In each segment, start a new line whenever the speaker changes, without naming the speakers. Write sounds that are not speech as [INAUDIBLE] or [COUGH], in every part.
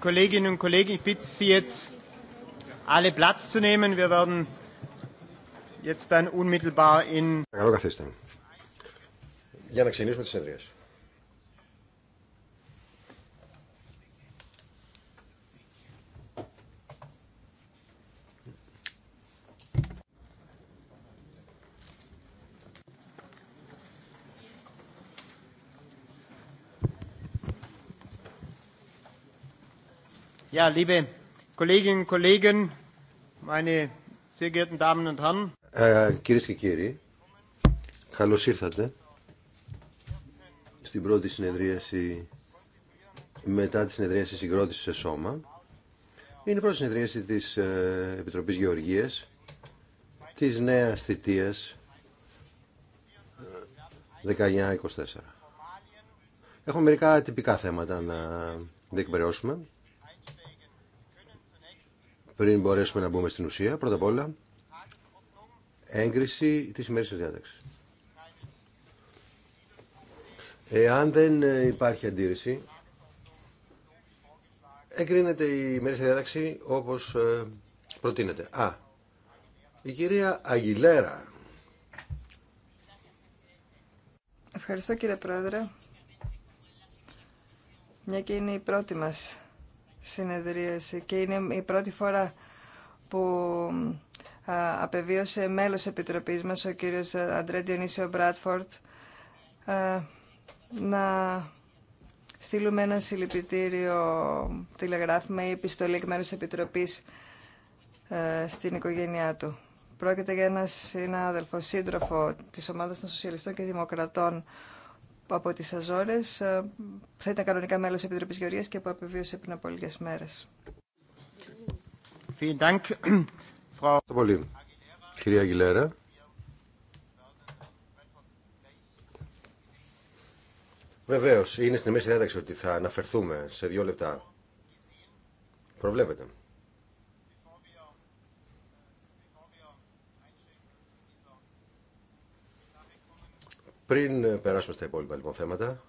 Kolleginnen und Kollegen, ich bitte Sie jetzt alle Platz zu nehmen. Wir werden
jetzt dann unmittelbar in. Για να ξεκινήσουμε
Ja, liebe Kolleginnen und Kollegen, meine sehr geehrten Damen und Herren.
Äh, κυρίες και κύριοι, καλώς ήρθατε στην πρώτη συνεδρίαση μετά τη συνεδρίαση συγκρότηση σε σώμα. Είναι η πρώτη συνεδρίαση της ε, Επιτροπής Γεωργίας της νέας 1924. Ε, Έχουμε μερικά τυπικά θέματα να διεκπαιρεώσουμε πριν μπορέσουμε να μπούμε στην ουσία. Πρώτα απ' όλα, έγκριση της ημέρης της διάταξης. Εάν δεν ε, υπάρχει αντίρρηση, εγκρίνεται η ημέρης διάταξη όπως ε, προτείνεται. Α, η κυρία Αγγιλέρα.
Ευχαριστώ κύριε Πρόεδρε. Μια και είναι η πρώτη μας συνεδρίαση και είναι η πρώτη φορά που απεβίωσε μέλος Επιτροπής μας ο κύριος Αντρέ Διονύσιο Μπράτφορτ να στείλουμε ένα συλληπιτήριο τηλεγράφημα ή επιστολή εκ μέρους Επιτροπής στην οικογένειά του. Πρόκειται για ένα συνάδελφο, σύντροφο της ομάδας των Σοσιαλιστών και Δημοκρατών από τις Αζόρες ε, θα ήταν κανονικά μέλος της Επιτροπής Γεωργίας και που απεβίωσε πριν από λίγες μέρες. [CLEARS THROAT]
Ευχαριστώ πολύ. Κυρία Αγγιλέρα. Βεβαίω, είναι στη μέση διάταξη ότι θα αναφερθούμε σε δύο λεπτά. Προβλέπετε. Πριν περάσουμε στα υπόλοιπα λοιπόν θέματα,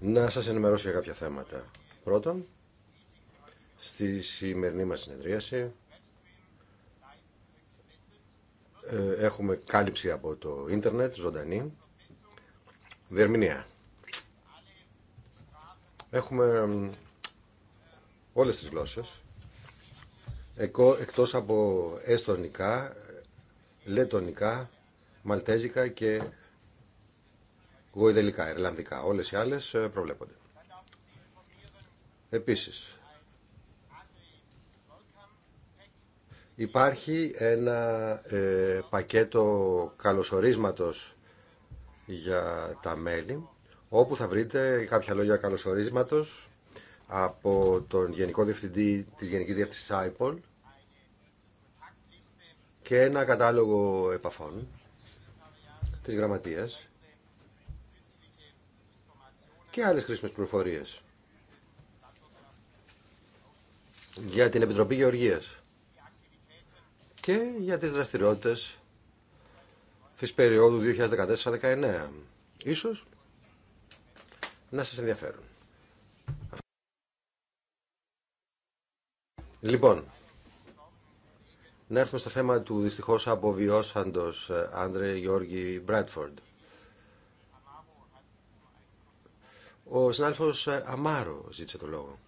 να σας ενημερώσω για κάποια θέματα. Πρώτον, στη σημερινή μας συνεδρίαση ε, έχουμε κάλυψη από το ίντερνετ, ζωντανή, διερμηνία. Έχουμε όλες τις γλώσσες, εκτός από εστονικά, λετονικά, μαλτέζικα και γοηδελικά, Ερλανδικά. Όλες οι άλλες ε, προβλέπονται. Επίσης, υπάρχει ένα ε, πακέτο καλωσορίσματος για τα μέλη, όπου θα βρείτε κάποια λόγια καλωσορίσματος από τον Γενικό Διευθυντή της Γενικής Διεύθυνσης ΆΙΠΟΛ και ένα κατάλογο επαφών της Γραμματείας και άλλες χρήσιμες πληροφορίες για την Επιτροπή Γεωργίας και για τις δραστηριότητες της περίοδου 2014-2019. Ίσως να σας ενδιαφέρουν. Λοιπόν, να έρθουμε στο θέμα του δυστυχώς αποβιώσαντος ε, Άντρε Γιώργη Μπράτφορντ. Ο συνάδελφος ε, Αμάρο ζήτησε το λόγο.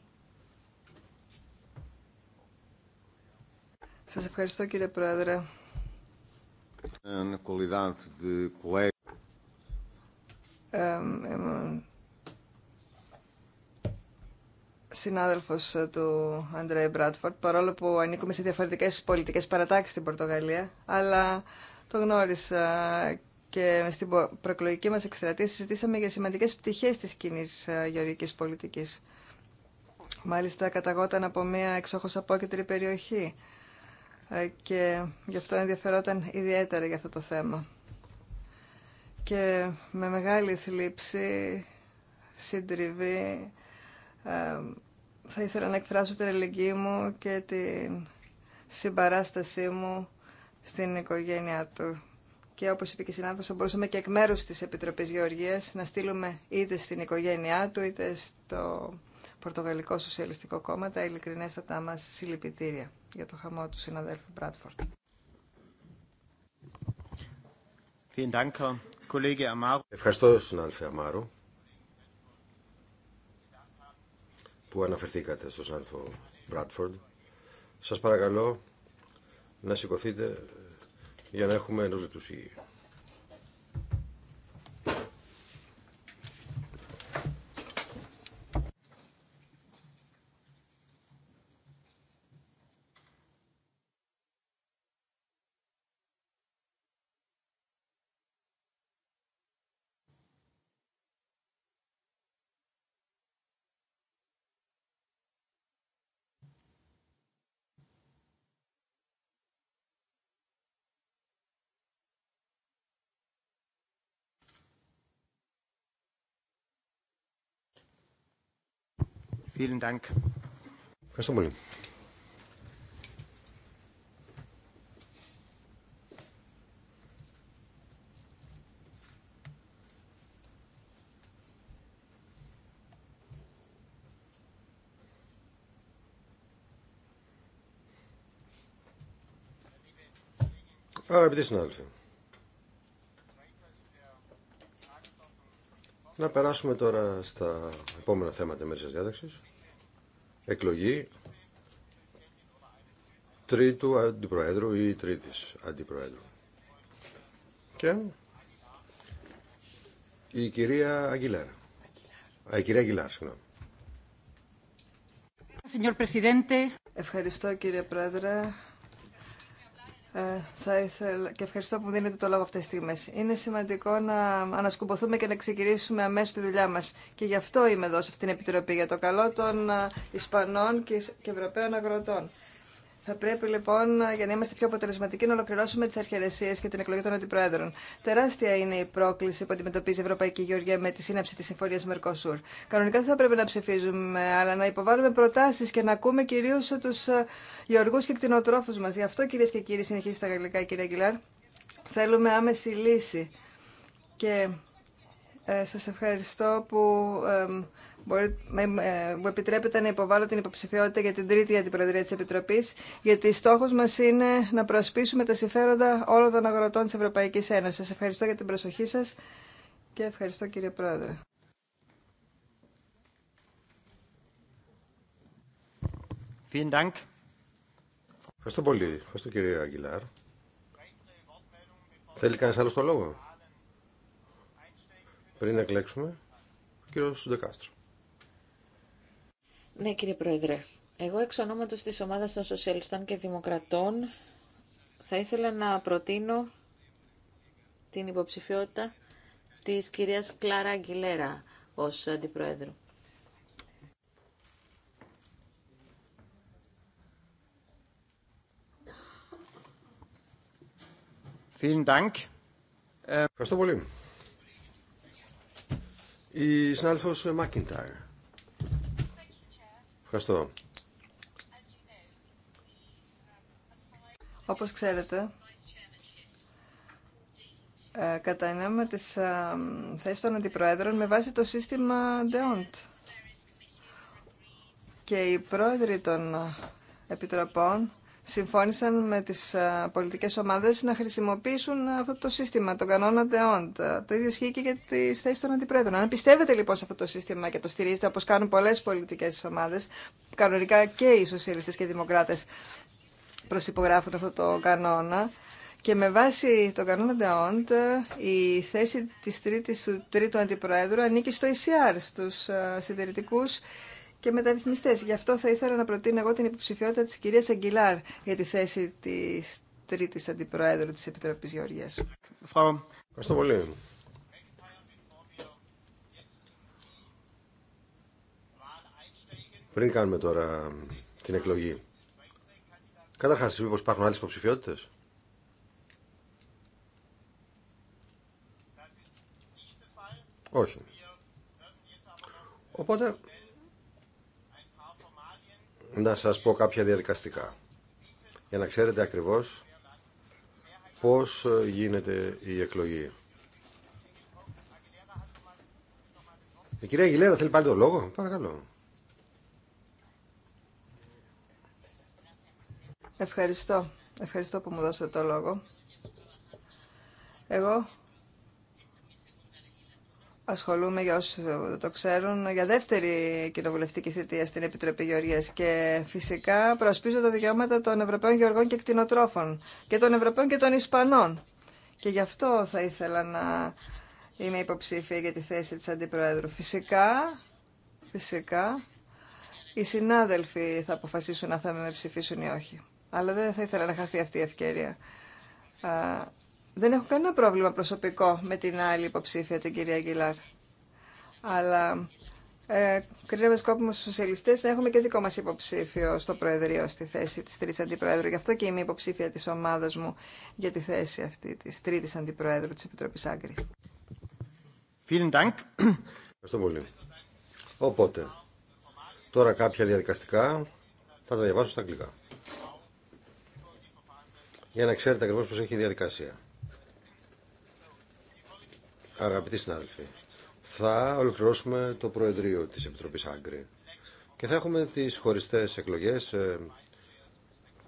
Σας ευχαριστώ κύριε Πρόεδρε. Ε, συνάδελφο ε, του Αντρέα Μπράτφορντ, παρόλο που ανήκουμε σε διαφορετικέ πολιτικέ παρατάξει στην Πορτογαλία, αλλά το γνώρισα και στην προεκλογική μα εκστρατεία συζητήσαμε για σημαντικέ πτυχέ τη κοινή ε, γεωργική πολιτική. Μάλιστα καταγόταν από μια εξόχω απόκεντρη περιοχή ε, και γι' αυτό ενδιαφερόταν ιδιαίτερα για αυτό το θέμα. Και με μεγάλη θλίψη, συντριβή, θα ήθελα να εκφράσω την ελληνική μου και την συμπαράστασή μου στην οικογένειά του. Και όπως είπε και η συνάδελφος, θα μπορούσαμε και εκ μέρους της Επιτροπής Γεωργίας να στείλουμε είτε στην οικογένειά του, είτε στο Πορτογαλικό Σοσιαλιστικό Κόμμα τα ειλικρινέστατά μας συλληπιτήρια για το χαμό του συναδέλφου Μπράτφορντ.
Ευχαριστώ, συνάδελφε Αμάρου. που αναφερθήκατε στο Σάνθο Bradford. Σας παρακαλώ να σηκωθείτε για να έχουμε ενός λεπτού Ευχαριστώ πολύ. Αγαπητοί συνάδελφοι, Να περάσουμε τώρα στα επόμενα θέματα μέσα τη διάταξης. Εκλογή τρίτου αντιπροέδρου ή τρίτης αντιπροέδρου. Και η κυρία Αγγιλέρα. η κυρία Αγγιλάρ, συγγνώμη.
Ευχαριστώ κύριε Πρόεδρε. Ε, θα και ευχαριστώ που μου δίνετε το λόγο αυτές τις στιγμέ. Είναι σημαντικό να ανασκουμποθούμε και να ξεκινήσουμε αμέσως τη δουλειά μας. Και γι' αυτό είμαι εδώ σε αυτήν την Επιτροπή, για το καλό των ε, Ισπανών και Ευρωπαίων αγροτών. Θα πρέπει λοιπόν για να είμαστε πιο αποτελεσματικοί να ολοκληρώσουμε τι αρχαιρεσίε και την εκλογή των αντιπροέδρων. Τεράστια είναι η πρόκληση που αντιμετωπίζει η Ευρωπαϊκή Γεωργία με τη σύναψη τη Συμφωνία Μερκοσούρ. Κανονικά δεν θα πρέπει να ψηφίζουμε, αλλά να υποβάλουμε προτάσει και να ακούμε κυρίω του ε, γεωργού και κτηνοτρόφου μα. Γι' αυτό κυρίε και κύριοι, συνεχίζει στα γαλλικά, κύριε Αγγιλάρ. Θέλουμε άμεση λύση. Και ε, σας ευχαριστώ που ε, μου επιτρέπετε να υποβάλω την υποψηφιότητα για την τρίτη αντιπροεδρία τη Επιτροπή, γιατί στόχο μα είναι να προσπίσουμε τα συμφέροντα όλων των αγροτών τη ευρωπαϊκή Ένωση. Σα ευχαριστώ για την προσοχή σα και ευχαριστώ κύριε Πρόεδρε.
Ευχαριστώ
πολύ. Ευχαριστώ κύριε Αγγιλάρ. Θέλει κανεί άλλο το λόγο. Πριν εκλέξουμε, κύριο Σουντεκάστρο.
Ναι κύριε Πρόεδρε, εγώ εξ ονόματος της ομάδας των Σοσιαλιστών και Δημοκρατών θα ήθελα να προτείνω την υποψηφιότητα της κυρίας Κλάρα Αγγιλέρα ως Αντιπρόεδρου.
Ευχαριστώ πολύ. Η συνάδελφος Μάκιντάρ. Ευχαριστώ.
Όπως ξέρετε, ε, κατανέμε τις ε, θέσεις των αντιπροέδρων με βάση το σύστημα DEONT. Και οι πρόεδροι των ε, επιτροπών συμφώνησαν με τις ε, πολιτικές ομάδες να χρησιμοποιήσουν αυτό το σύστημα, τον κανόνα ΔΕΟΝΤ. Το ίδιο ισχύει και για τι θέσεις των αντιπρόεδρων. Αν πιστεύετε λοιπόν σε αυτό το σύστημα και το στηρίζετε, όπως κάνουν πολλές πολιτικές ομάδες, κανονικά και οι σοσιαλιστές και οι δημοκράτες προσυπογράφουν αυτό το κανόνα, και με βάση τον κανόνα ΔΕΟΝΤ, η θέση της τρίτης, του τρίτου αντιπροέδρου ανήκει στο ECR, στους ε, συντηρητικούς και μεταρρυθμιστές. Γι' αυτό θα ήθελα να προτείνω εγώ την υποψηφιότητα της κυρίας Αγγιλάρ για τη θέση της τρίτης αντιπροέδρου της Επιτροπής Γεωργία.
Ευχαριστώ πολύ. Πριν κάνουμε τώρα την εκλογή, καταρχά, πώς υπάρχουν άλλες υποψηφιότητε. Όχι. Οπότε να σας πω κάποια διαδικαστικά για να ξέρετε ακριβώς πώς γίνεται η εκλογή. Η κυρία Αγγιλέρα θέλει πάλι το λόγο. Παρακαλώ.
Ευχαριστώ. Ευχαριστώ που μου δώσατε το λόγο. Εγώ ασχολούμαι, για όσους το ξέρουν, για δεύτερη κοινοβουλευτική θητεία στην Επιτροπή Γεωργίας και φυσικά προασπίζω τα δικαιώματα των Ευρωπαίων Γεωργών και Κτηνοτρόφων και των Ευρωπαίων και των Ισπανών. Και γι' αυτό θα ήθελα να είμαι υποψήφια για τη θέση της Αντιπροέδρου. Φυσικά, φυσικά, οι συνάδελφοι θα αποφασίσουν αν θα με ψηφίσουν ή όχι. Αλλά δεν θα ήθελα να χαθεί αυτή η ευκαιρία. Δεν έχω κανένα πρόβλημα προσωπικό με την άλλη υποψήφια, την κυρία Γκυλάρ. Αλλά ε, κρίνουμε σκόπιμο στους σοσιαλιστές να έχουμε και δικό μας υποψήφιο στο Προεδρείο στη θέση της τρίτης αντιπροέδρου. Γι' αυτό και είμαι υποψήφια της ομάδας μου για τη θέση αυτή της τρίτης αντιπροέδρου της Επιτροπής Άγκρη.
Ευχαριστώ πολύ. Οπότε, τώρα κάποια διαδικαστικά θα τα διαβάσω στα αγγλικά. Για να ξέρετε ακριβώς πώς έχει η διαδικασία. Αγαπητοί συνάδελφοι, θα ολοκληρώσουμε το Προεδρείο της Επιτροπής Άγκρη και θα έχουμε τις χωριστές εκλογές ε,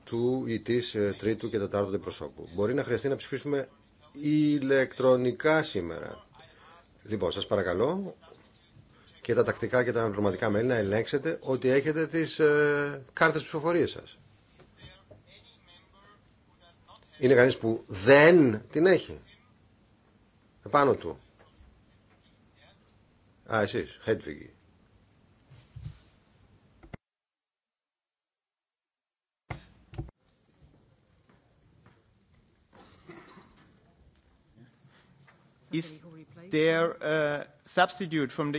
του ή της ε, τρίτου και τετάρτου αντιπροσώπου. Μπορεί να χρειαστεί να ψηφίσουμε ηλεκτρονικά σήμερα. Λοιπόν, σας παρακαλώ και τα τακτικά και τα αναπληρωματικά μέλη να ελέγξετε ότι έχετε τις ε, κάρτες ψηφοφορίας σας. Είναι κανείς που δεν την έχει επάνω του. Α, εσείς, Χέντβικη.
Is from the...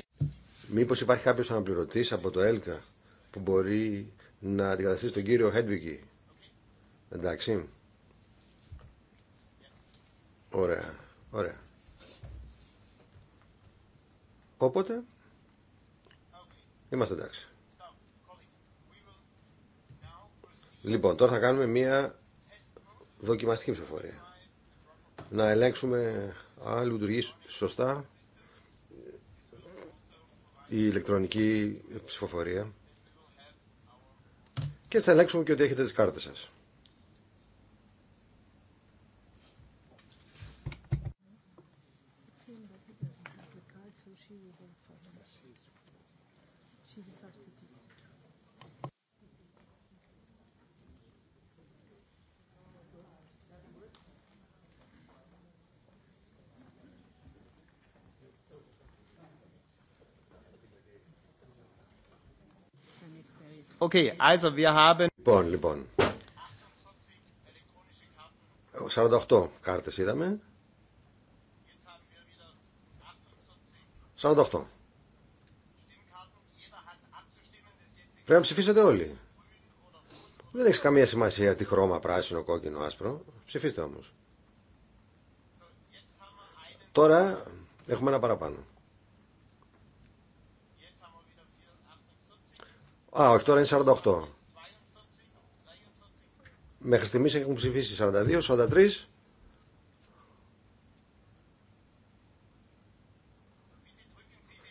Μήπως υπάρχει κάποιος αναπληρωτής από το ΕΛΚΑ που μπορεί να αντικαταστήσει τον κύριο Χέντβικη. Εντάξει. Ωραία, ωραία. Οπότε είμαστε εντάξει. Λοιπόν, τώρα θα κάνουμε μία δοκιμαστική ψηφοφορία. Να ελέγξουμε αν λειτουργεί σωστά η ηλεκτρονική ψηφοφορία και θα ελέγξουμε και ότι έχετε τις κάρτες σας. Okay, also wir haben... Λοιπόν, λοιπόν. 48 κάρτε είδαμε. 48. Πρέπει να ψηφίσετε όλοι. Δεν έχει καμία σημασία τι χρώμα, πράσινο, κόκκινο, άσπρο. Ψηφίστε όμως. Τώρα έχουμε ένα παραπάνω. Α, όχι, τώρα είναι 48. Μέχρι στιγμής έχουν ψηφίσει 42, 43.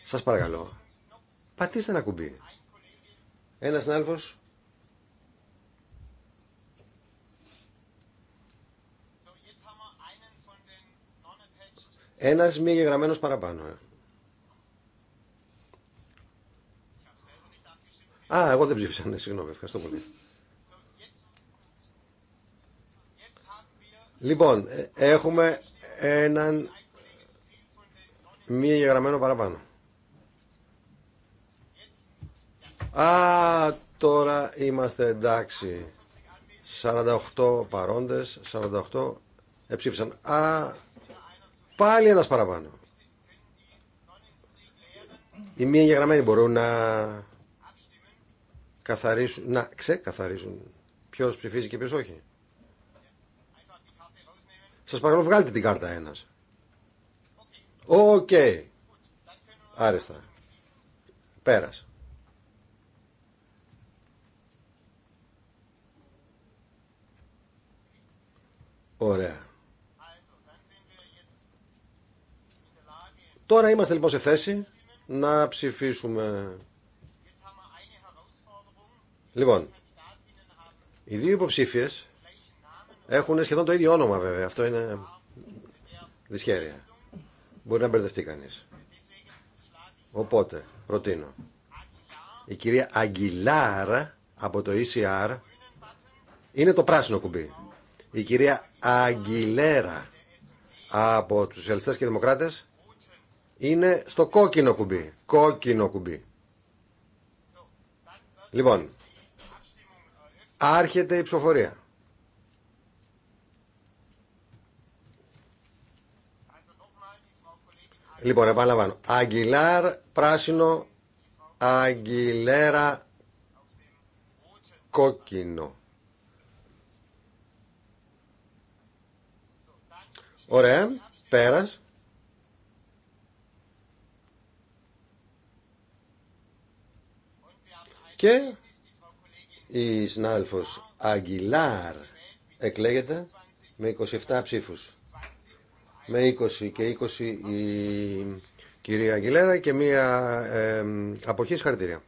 Σας παρακαλώ. Πατήστε ένα κουμπί. Ένας συνάδελφος. Ένας μη γεγραμμένος παραπάνω. Α, εγώ δεν ψήφισα, ναι, συγγνώμη, ευχαριστώ πολύ. Λοιπόν, ε, έχουμε έναν μία εγγεγραμμένο παραπάνω. Α, τώρα είμαστε εντάξει. 48 παρόντες, 48 εψήφισαν. Α, πάλι ένας παραπάνω. Οι μη εγγεγραμμένοι μπορούν να καθαρίσουν, να ξεκαθαρίζουν ποιος ψηφίζει και ποιος όχι. Σας παρακαλώ βγάλτε την κάρτα ένας. Οκ. Okay. Άρεστα. Πέρας. Ωραία. Τώρα είμαστε λοιπόν σε θέση να ψηφίσουμε Λοιπόν, οι δύο υποψήφιες έχουν σχεδόν το ίδιο όνομα βέβαια. Αυτό είναι δυσχέρεια. Μπορεί να μπερδευτεί κανείς. Οπότε, προτείνω. Η κυρία Αγγιλάρα από το ECR είναι το πράσινο κουμπί. Η κυρία Αγγιλέρα από τους Σοσιαλιστές και Δημοκράτες είναι στο κόκκινο κουμπί. Κόκκινο κουμπί. Λοιπόν, Άρχεται η ψηφοφορία. Λοιπόν, επαναλαμβάνω. Αγγιλάρ, πράσινο, Αγγιλέρα, κόκκινο. Ωραία, πέρας. Και η συνάδελφος Αγγιλάρ εκλέγεται με 27 ψήφους. Με 20 και 20 η κυρία Αγγιλέρα και μία ε, αποχή συγχαρητήρια.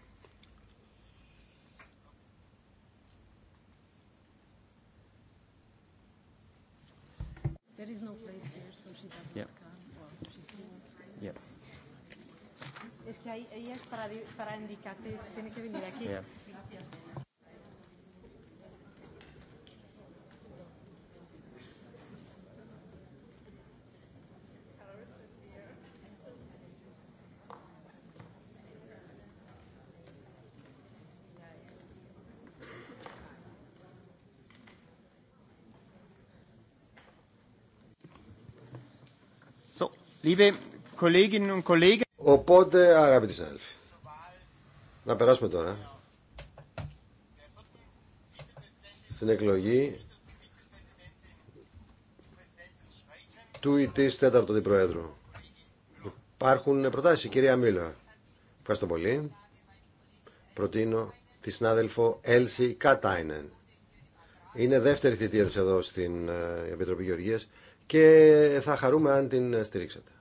Οπότε, αγαπητοί συνάδελφοι, να περάσουμε τώρα στην εκλογή του ή της τέταρτου αντιπροέδρου. Υπάρχουν προτάσεις, η κυρία Μίλα. Ευχαριστώ πολύ. Προτείνω τη συνάδελφο Έλση Κατάινεν. Είναι δεύτερη θητεία της τεταρτου διπροέδρου υπαρχουν προτασεις κυρια μιλα ευχαριστω πολυ προτεινω τη συναδελφο ελση καταινεν ειναι δευτερη θητεια της εδω στην ε, Επιτροπή Γεωργίας και θα χαρούμε αν την στηρίξετε.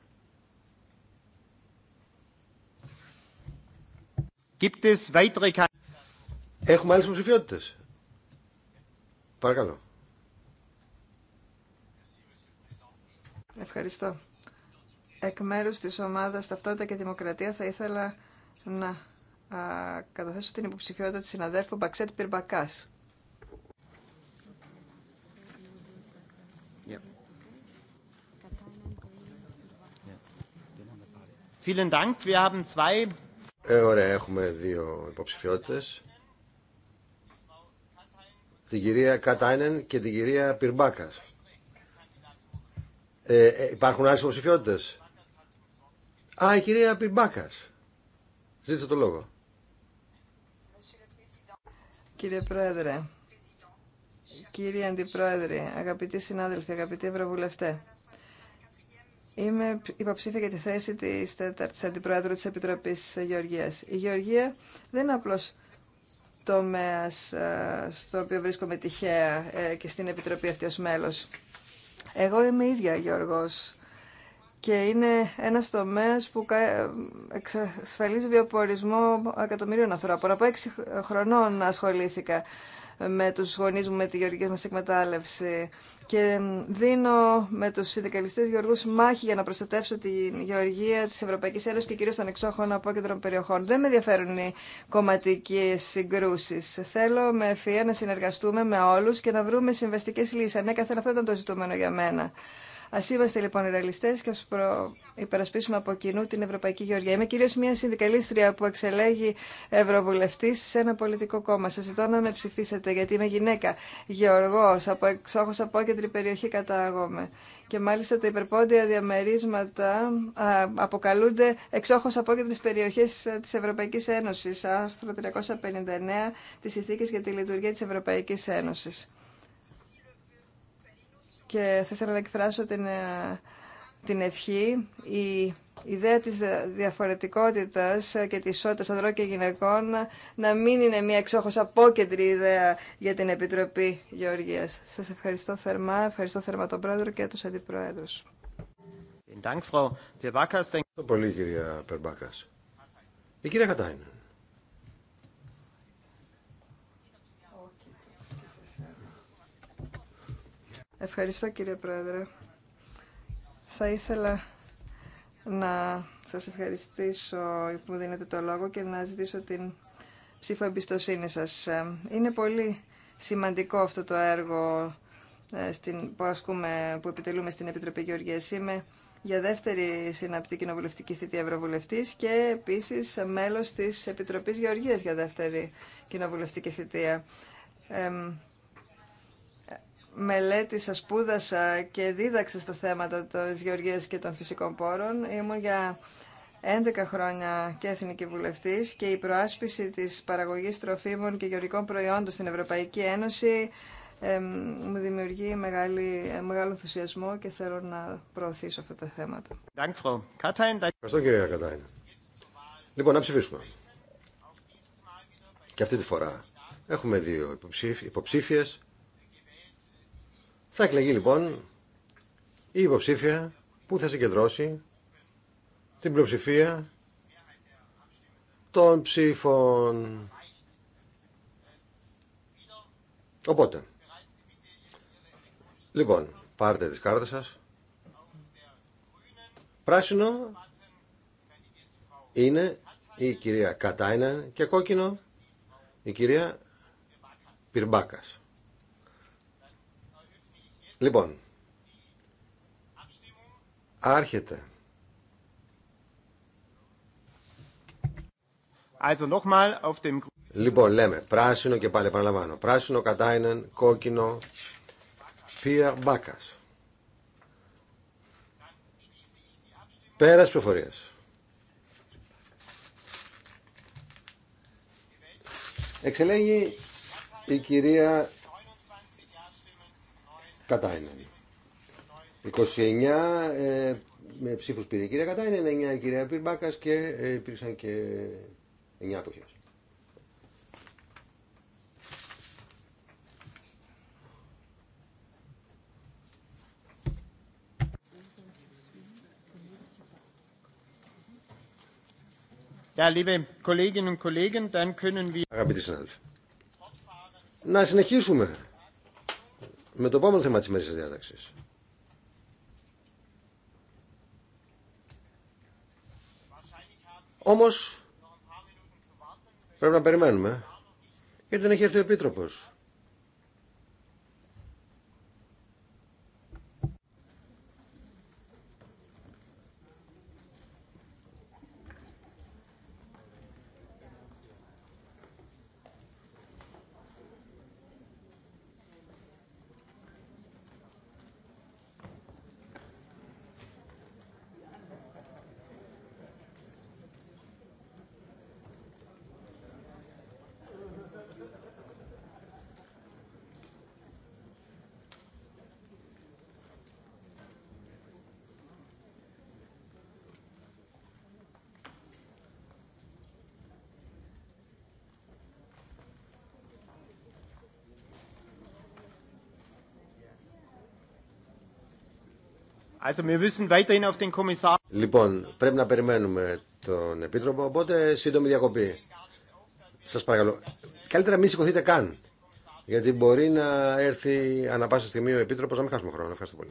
Έχουμε άλλες υποψηφιότητες. Παρακαλώ.
Ευχαριστώ. Εκ μέρου της ομάδας Ταυτότητα και Δημοκρατία θα ήθελα να α, καταθέσω την υποψηφιότητα της συναδέλφου Μπαξέτ Πυρμπακάς.
Vielen Wir haben zwei...
Ε, ωραία, έχουμε δύο υποψηφιότητες. Την κυρία Κατάινεν και την κυρία Πυρμπάκα. Ε, ε, υπάρχουν άλλε υποψηφιότητες. Α, η κυρία Πυρμπάκα. Ζήτησε το λόγο.
Κύριε Πρόεδρε, κύριε Αντιπρόεδρε, αγαπητοί συνάδελφοι, αγαπητοί ευρωβουλευτέ. Είμαι υποψήφια για τη θέση τη τέταρτη αντιπρόεδρου τη Επιτροπή Γεωργία. Η Γεωργία δεν είναι απλώ τομέα ε, στο οποίο βρίσκομαι τυχαία ε, και στην Επιτροπή αυτή ω μέλο. Εγώ είμαι ίδια Γεωργό και είναι ένα τομέα που ε, εξασφαλίζει βιοπορισμό εκατομμυρίων ανθρώπων. Από έξι χρονών ασχολήθηκα με τους γονείς μου, με τη γεωργική μας εκμετάλλευση, και δίνω με του συνδικαλιστέ γεωργούς μάχη για να προστατεύσω τη γεωργία τη Ευρωπαϊκή Ένωση και κυρίω των από απόκεντρων περιοχών. Δεν με ενδιαφέρουν οι κομματικές συγκρούσεις. Θέλω με ευφυα να συνεργαστούμε με όλου και να βρούμε συμβαστικές λύσεις. Ανέκαθεν αυτό ήταν το ζητούμενο για μένα. Α είμαστε λοιπόν ρεαλιστέ και α προ... υπερασπίσουμε από κοινού την Ευρωπαϊκή Γεωργία. Είμαι κυρίω μια συνδικαλίστρια που εξελέγει Ευρωβουλευτή σε ένα πολιτικό κόμμα. Σα ζητώ να με ψηφίσετε, γιατί είμαι γυναίκα, γεωργό, από εξόχω απόκεντρη περιοχή κατάγομαι. Και μάλιστα τα υπερπόντια διαμερίσματα αποκαλούνται εξόχω απόκεντρε περιοχέ ε, τη Ευρωπαϊκή Ένωση, άρθρο 359 τη Ηθίκη για τη Λειτουργία τη Ευρωπαϊκή Ένωση και θα ήθελα να εκφράσω την, ε, την ευχή η ιδέα της διαφορετικότητας και της ισότητας ανδρών και γυναικών να μην είναι μια εξόχως απόκεντρη ιδέα για την Επιτροπή Γεωργίας. Σας ευχαριστώ θερμά, ευχαριστώ θερμά τον Πρόεδρο και τους Αντιπροέδρους.
Ευχαριστώ
πολύ κυρία Περμπάκας. Η κυρία Κατάινεν.
Ευχαριστώ κύριε Πρόεδρε. Θα ήθελα να σας ευχαριστήσω που μου δίνετε το λόγο και να ζητήσω την ψήφο εμπιστοσύνη σας. Είναι πολύ σημαντικό αυτό το έργο ε, στην, που, ασκούμε, που επιτελούμε στην Επιτροπή Γεωργίας. Είμαι για δεύτερη συναπτή κοινοβουλευτική θητεία Ευρωβουλευτής και επίσης μέλος της Επιτροπής Γεωργίας για δεύτερη κοινοβουλευτική θητεία μελέτησα, σπούδασα και δίδαξα στα θέματα της γεωργίας και των φυσικών πόρων. Ήμουν για 11 χρόνια και εθνική βουλευτής και η προάσπιση της παραγωγής τροφίμων και γεωργικών προϊόντων στην Ευρωπαϊκή Ένωση μου δημιουργεί μεγάλη, μεγάλο ενθουσιασμό και θέλω να προωθήσω αυτά τα θέματα.
Ευχαριστώ κυρία Κατάιν. Λοιπόν, να ψηφίσουμε. Και αυτή τη φορά έχουμε δύο υποψήφιες θα εκλεγεί λοιπόν η υποψήφια που θα συγκεντρώσει την πλειοψηφία των ψήφων. Οπότε, λοιπόν, πάρτε τις κάρτες σας. Πράσινο είναι η κυρία Κατάιναν και κόκκινο η κυρία Πυρμπάκας. Λοιπόν, άρχεται. Λοιπόν, λέμε πράσινο και πάλι επαναλαμβάνω. Πράσινο, έναν, κόκκινο, Πιερ Μπάκα. Πέρα προφορία. Εξελέγει η κυρία Κατά έναν. 29 ε, με ψήφου πήρε η κυρία Κατά 9 η κυρία Πυρμπάκα και ε, υπήρξαν και 9 αποχέ.
Ja, liebe Kolleginnen und Kollegen, dann
können wir... Αγαπητοί συνάδελφοι, να συνεχίσουμε με το επόμενο θέμα της τη διάταξη. Όμω πρέπει να περιμένουμε γιατί δεν έχει έρθει ο επίτροπο. Λοιπόν, πρέπει να περιμένουμε τον Επίτροπο, οπότε σύντομη διακοπή. Σας παρακαλώ. Καλύτερα μην σηκωθείτε καν, γιατί μπορεί να έρθει ανα πάσα στιγμή ο Επίτροπος να μην χάσουμε χρόνο. Ευχαριστώ πολύ.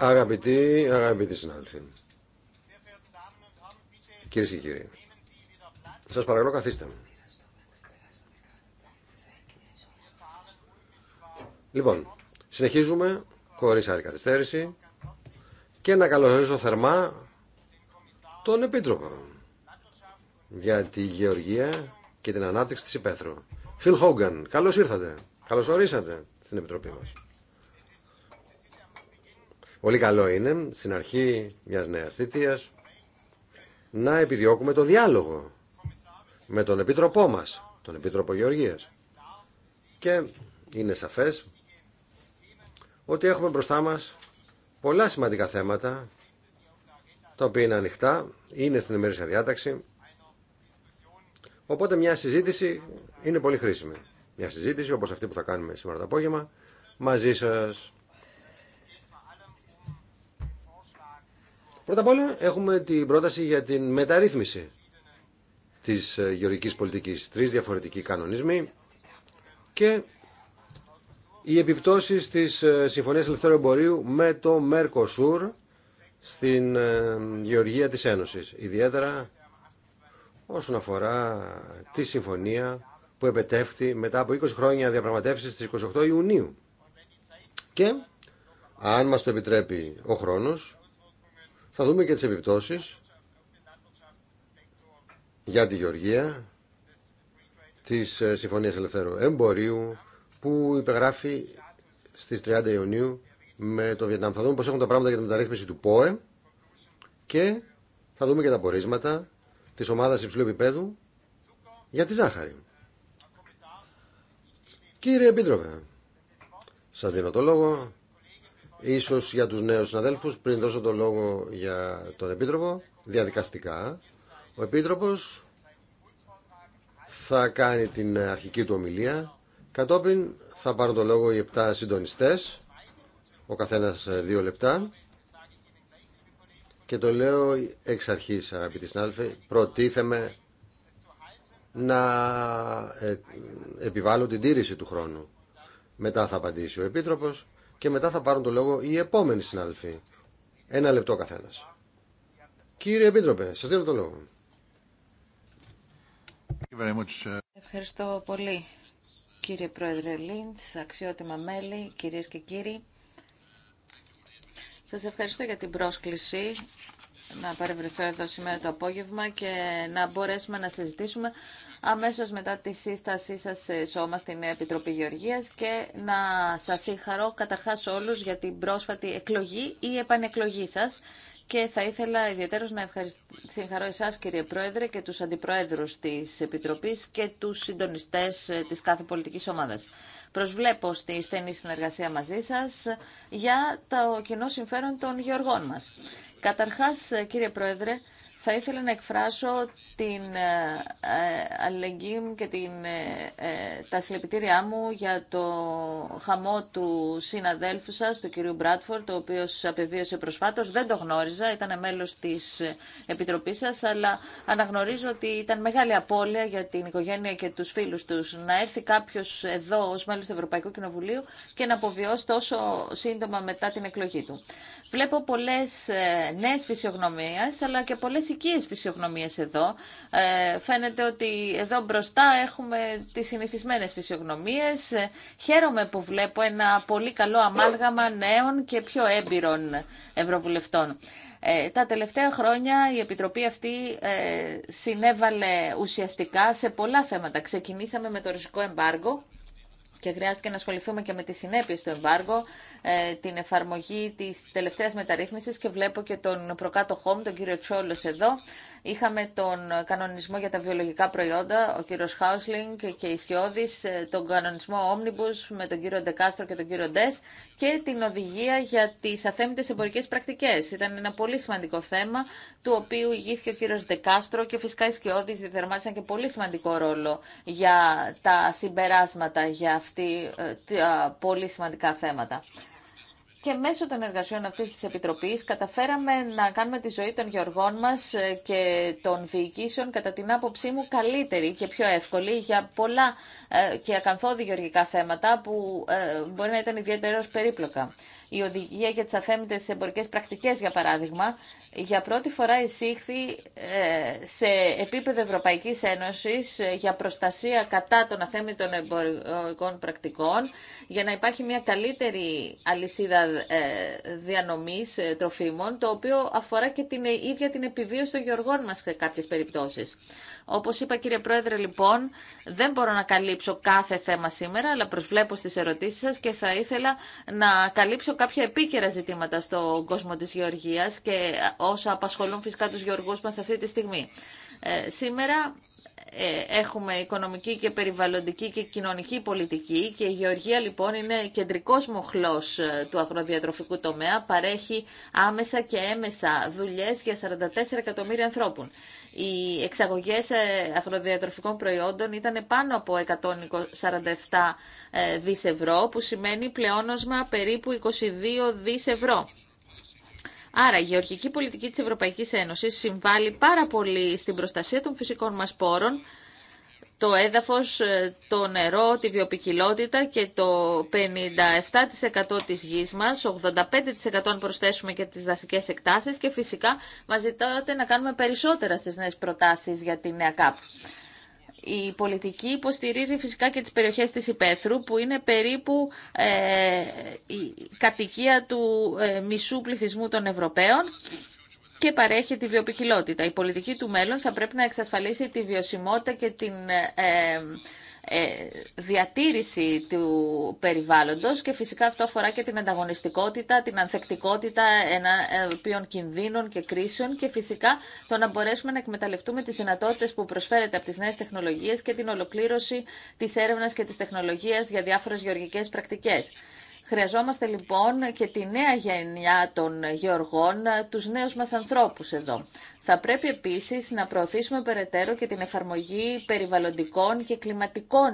Αγαπητοί, αγαπητοί συνάδελφοι, κυρίε και κύριοι, σα παρακαλώ καθίστε. Λοιπόν, συνεχίζουμε χωρί άλλη καθυστέρηση και να καλωσορίσω θερμά τον Επίτροπο για τη Γεωργία και την Ανάπτυξη της Υπέθρου. Φιλ Χόγκαν, καλώς ήρθατε, καλώς ορίσατε στην Επιτροπή μας. Πολύ καλό είναι στην αρχή μιας νέα θητεία να επιδιώκουμε το διάλογο με τον Επίτροπό μα, τον Επίτροπο Γεωργία. Και είναι σαφές ότι έχουμε μπροστά μας πολλά σημαντικά θέματα τα οποία είναι ανοιχτά, είναι στην ημερήσια διάταξη οπότε μια συζήτηση είναι πολύ χρήσιμη. Μια συζήτηση όπως αυτή που θα κάνουμε σήμερα το απόγευμα μαζί σας Πρώτα απ' όλα έχουμε την πρόταση για την μεταρρύθμιση της ε, γεωργικής πολιτικής. Τρεις διαφορετικοί κανονισμοί και οι επιπτώσεις της ε, Συμφωνίας Ελευθέρου Εμπορίου με το Mercosur στην ε, γεωργία της Ένωσης. Ιδιαίτερα όσον αφορά τη συμφωνία που επετεύχθη μετά από 20 χρόνια διαπραγματεύσεις στις 28 Ιουνίου. Και αν μας το επιτρέπει ο χρόνος, θα δούμε και τις επιπτώσεις για τη Γεωργία της ε, Συμφωνίας Ελευθέρου Εμπορίου που υπεγράφει στις 30 Ιουνίου με το Βιετνάμ. Θα δούμε πώς έχουν τα πράγματα για τη μεταρρύθμιση του ΠΟΕ και θα δούμε και τα πορίσματα της ομάδας υψηλού επίπεδου για τη ζάχαρη. Κύριε Επίτροπε, σας δίνω το λόγο Ίσως για τους νέους συναδέλφους, πριν δώσω το λόγο για τον Επίτροπο, διαδικαστικά, ο Επίτροπος θα κάνει την αρχική του ομιλία. Κατόπιν θα πάρουν το λόγο οι 7 συντονιστές, ο καθένας δύο λεπτά. Και το λέω εξ αρχής, αγαπητοί συνάδελφοι, προτίθεμε να ε, επιβάλλω την τήρηση του χρόνου. Μετά θα απαντήσει ο Επίτροπος και μετά θα πάρουν το λόγο οι επόμενοι συνάδελφοι. Ένα λεπτό καθένας. Κύριε Επίτροπε, σας δίνω το λόγο. Uh,
ευχαριστώ πολύ κύριε Πρόεδρε Λίντς, αξιότιμα μέλη, κυρίες και κύριοι. Σα ευχαριστώ για την πρόσκληση να παρευρεθώ εδώ σήμερα το απόγευμα και να μπορέσουμε να συζητήσουμε αμέσως μετά τη σύστασή σας σε σώμα στην Επιτροπή Γεωργίας και να σας συγχαρώ καταρχάς όλους για την πρόσφατη εκλογή ή επανεκλογή σας και θα ήθελα ιδιαίτερως να ευχαριστήσω συγχαρώ εσάς κύριε Πρόεδρε και τους αντιπροέδρους της Επιτροπής και τους συντονιστές ε, της κάθε πολιτικής ομάδας. Προσβλέπω στη στενή συνεργασία μαζί σας για το κοινό συμφέρον των γεωργών μας. Καταρχάς ε, κύριε Πρόεδρε θα ήθελα να εκφράσω την ε, ε, αλληλεγγύη μου και την, ε, τα συλλεπιτήριά μου για το χαμό του συναδέλφου σας, του κυρίου Μπράτφορντ, ο οποίος απεβίωσε προσφάτως. Δεν το γνώριζα, ήταν μέλος της Επιτροπής σας, αλλά αναγνωρίζω ότι ήταν μεγάλη απώλεια για την οικογένεια και τους φίλους τους να έρθει κάποιος εδώ ως μέλος του Ευρωπαϊκού Κοινοβουλίου και να αποβιώσει τόσο σύντομα μετά την εκλογή του. Βλέπω πολλές ε, νέες φυσιογνωμίες, αλλά και πολλές οικίες φυσιογνωμίες εδώ. Ε, φαίνεται ότι εδώ μπροστά έχουμε τις συνηθισμένες φυσιογνωμίες. Ε, χαίρομαι που βλέπω ένα πολύ καλό αμάλγαμα νέων και πιο έμπειρων ευρωβουλευτών. Τα τελευταία χρόνια η Επιτροπή αυτή συνέβαλε ουσιαστικά σε πολλά θέματα. Ξεκινήσαμε με το ρωσικό εμπάργο και χρειάστηκε να ασχοληθούμε και με τις συνέπειες του εμπάργου, ε, την εφαρμογή της τελευταίας μεταρρύθμισης και βλέπω και τον προκάτοχό μου, τον κύριο Τσόλος εδώ. Είχαμε τον κανονισμό για τα βιολογικά προϊόντα, ο κύριο Χάουσλινγκ και η Σκιώδη, ε, τον κανονισμό Omnibus με τον κύριο Ντεκάστρο και τον κύριο Ντε και την οδηγία για τις αθέμητε εμπορικέ πρακτικές. Ήταν ένα πολύ σημαντικό θέμα, του οποίου ηγήθηκε ο κύριο Ντεκάστρο και φυσικά οι Σκιώδη διδερμάτισαν και πολύ σημαντικό ρόλο για τα συμπεράσματα για αυτή ε, τα πολύ σημαντικά θέματα και μέσω των εργασιών αυτή τη επιτροπή καταφέραμε να κάνουμε τη ζωή των γεωργών μας ε, και των διοικήσεων κατά την άποψή μου καλύτερη και πιο εύκολη για πολλά ε, και ακαθόδη γεωργικά θέματα που ε, μπορεί να ήταν ιδιαίτερα περίπλοκα. Η οδηγία για τις αθέμητες εμπορικές πρακτικές, για παράδειγμα, για πρώτη φορά εισήχθη ε, σε επίπεδο Ευρωπαϊκής Ένωσης ε, για προστασία κατά των αθέμητων εμπορικών πρακτικών, για να υπάρχει μια καλύτερη αλυσίδα ε, διανομής τροφίμων, το οποίο αφορά και την ίδια την επιβίωση των γεωργών μας σε κάποιες περιπτώσεις. Όπω είπα κύριε Πρόεδρε λοιπόν, δεν μπορώ να καλύψω κάθε θέμα σήμερα, αλλά προσβλέπω στι ερωτήσει σα, και θα ήθελα να καλύψω κάποια επίκαιρα ζητήματα στον κόσμο της γεωργίας και όσα απασχολούν φυσικά τους γεωργού μα αυτή τη στιγμή. Ε, σήμερα ε, έχουμε οικονομική και περιβαλλοντική και κοινωνική πολιτική και η γεωργία λοιπόν είναι κεντρικός μοχλός ε, του αγροδιατροφικού τομέα, παρέχει άμεσα και έμεσα δουλειές για 44 εκατομμύρια ανθρώπων οι εξαγωγές ε, αγροδιατροφικών προϊόντων ήταν πάνω από 147 ε, δις ευρώ, που σημαίνει πλεόνασμα περίπου 22 δις ευρώ. Άρα η γεωργική πολιτική της Ευρωπαϊκής Ένωσης συμβάλλει πάρα πολύ στην προστασία των φυσικών μας πόρων, το έδαφος, ε, το νερό, τη βιοπικιλότητα και το 57% της γης μας, 85% αν προσθέσουμε και τις δασικές εκτάσεις και φυσικά μας ζητάτε να κάνουμε περισσότερα στις νέες προτάσεις για την νέα ΚΑΠ. Η πολιτική υποστηρίζει φυσικά και τις περιοχές της Υπέθρου που είναι περίπου ε, η κατοικία του ε, μισού πληθυσμού των Ευρωπαίων και παρέχει τη βιοπικιλότητα. Η πολιτική του μέλλον θα πρέπει να εξασφαλίσει τη βιωσιμότητα και την ε, ε διατήρηση του περιβάλλοντος και φυσικά αυτό αφορά και την ανταγωνιστικότητα, την ανθεκτικότητα ενώπιον κινδύνων και κρίσεων και φυσικά το να μπορέσουμε να εκμεταλλευτούμε τις δυνατότητες που προσφέρεται από τις νέες τεχνολογίες και την ολοκλήρωση της έρευνας και της τεχνολογίας για διάφορες γεωργικές πρακτικές. Χρειαζόμαστε λοιπόν και τη νέα γενιά των γεωργών, τους νέους μας ανθρώπους εδώ. Θα πρέπει επίσης να προωθήσουμε περαιτέρω και την εφαρμογή περιβαλλοντικών και κλιματικών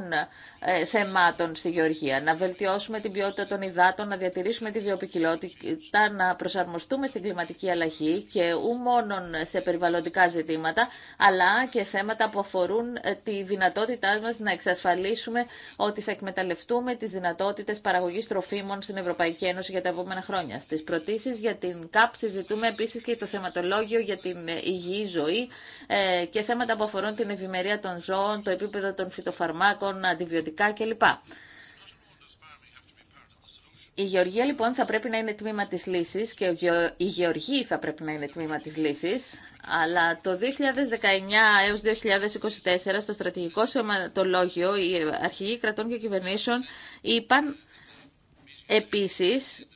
ε, θεμάτων στη γεωργία. Να βελτιώσουμε την ποιότητα των υδάτων, να διατηρήσουμε τη βιοποικιλότητα, να προσαρμοστούμε στην κλιματική αλλαγή και ου μόνο σε περιβαλλοντικά ζητήματα, αλλά και θέματα που αφορούν ε, τη δυνατότητά μας να εξασφαλίσουμε ότι θα εκμεταλλευτούμε τις δυνατότητες παραγωγής τροφίμων στην Ευρωπαϊκή Ένωση για τα επόμενα χρόνια. Στις προτήσεις για την ΚΑΠ συζητούμε επίσης και το θεματολόγιο για την ε, υγιή ζωή ε, και θέματα που αφορούν την ευημερία των ζώων, το επίπεδο των φυτοφαρμάκων, αντιβιωτικά κλπ. Η γεωργία λοιπόν θα πρέπει να είναι τμήμα της λύσης και η γεωργία θα πρέπει να είναι τμήμα της λύσης, αλλά το 2019 έως 2024 στο στρατηγικό σωματολόγιο οι αρχηγοί κρατών και κυβερνήσεων είπαν επίσης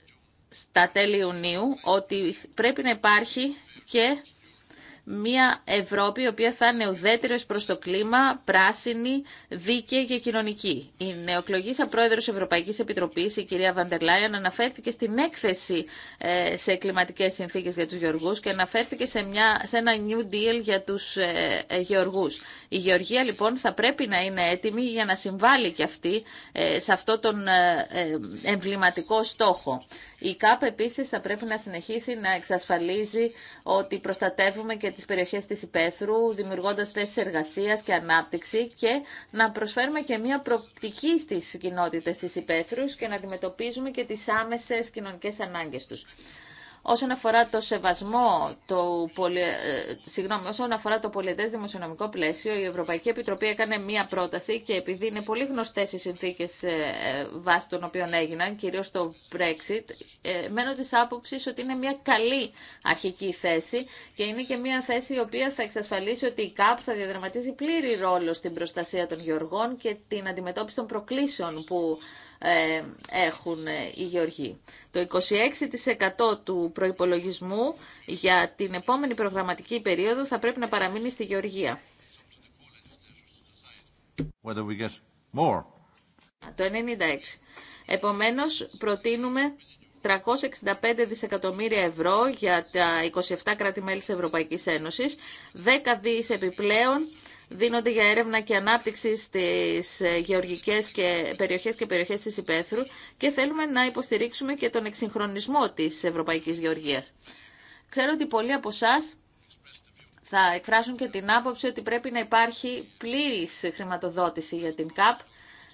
στα τέλη Ιουνίου ότι πρέπει να υπάρχει και μια Ευρώπη η οποία θα είναι ουδέτερος προς το κλίμα, πράσινη, δίκαιη και κοινωνική. Η νεοκλογήσα πρόεδρος Ευρωπαϊκής Επιτροπής, η κυρία Βαντερ αναφέρθηκε στην έκθεση ε, σε κλιματικές συνθήκες για τους γεωργούς και αναφέρθηκε σε, μια, σε ένα New Deal για τους ε, ε, γεωργούς. Η γεωργία λοιπόν θα πρέπει να είναι έτοιμη για να συμβάλλει και αυτή σε αυτό τον εμβληματικό στόχο. Η ΚΑΠ επίση θα πρέπει να συνεχίσει να εξασφαλίζει ότι προστατεύουμε και τις περιοχές της υπαίθρου, δημιουργώντας θέσει εργασίας και ανάπτυξη και να προσφέρουμε και μια προοπτική στις κοινότητε της υπαίθρου και να αντιμετωπίζουμε και τις άμεσες κοινωνικές ανάγκες τους. Όσον αφορά το σεβασμό, το ε, Συγγνώμη, όσον αφορά το πολιτές δημοσιονομικό πλαίσιο, η Ευρωπαϊκή Επιτροπή έκανε μία πρόταση και επειδή είναι πολύ γνωστές οι συνθήκες ε, ε, βάσει των οποίων έγιναν, κυρίως το Brexit, μένω της άποψης ότι είναι μία καλή αρχική θέση και είναι και μία θέση η οποία θα εξασφαλίσει ότι η ΚΑΠ θα διαδραματίζει πλήρη ρόλο στην προστασία των γεωργών και την αντιμετώπιση των προκλήσεων που ε, έχουν ε, οι γεωργοί. Το 26% του προϋπολογισμού για την επόμενη προγραμματική περίοδο θα πρέπει να παραμείνει στη γεωργία. Το 96. Επομένως, προτείνουμε 365 δισεκατομμύρια ευρώ για τα 27 κράτη-μέλη της Ευρωπαϊκής Ένωσης, 10 δις επιπλέον δίνονται για έρευνα και ανάπτυξη στις ε, γεωργικές και περιοχές και περιοχές της υπαίθρου και θέλουμε να υποστηρίξουμε και τον εξυγχρονισμό της Ευρωπαϊκής Γεωργίας. Ξέρω ότι πολλοί από εσά θα εκφράσουν και την άποψη ότι πρέπει να υπάρχει πλήρης χρηματοδότηση για την ΚΑΠ.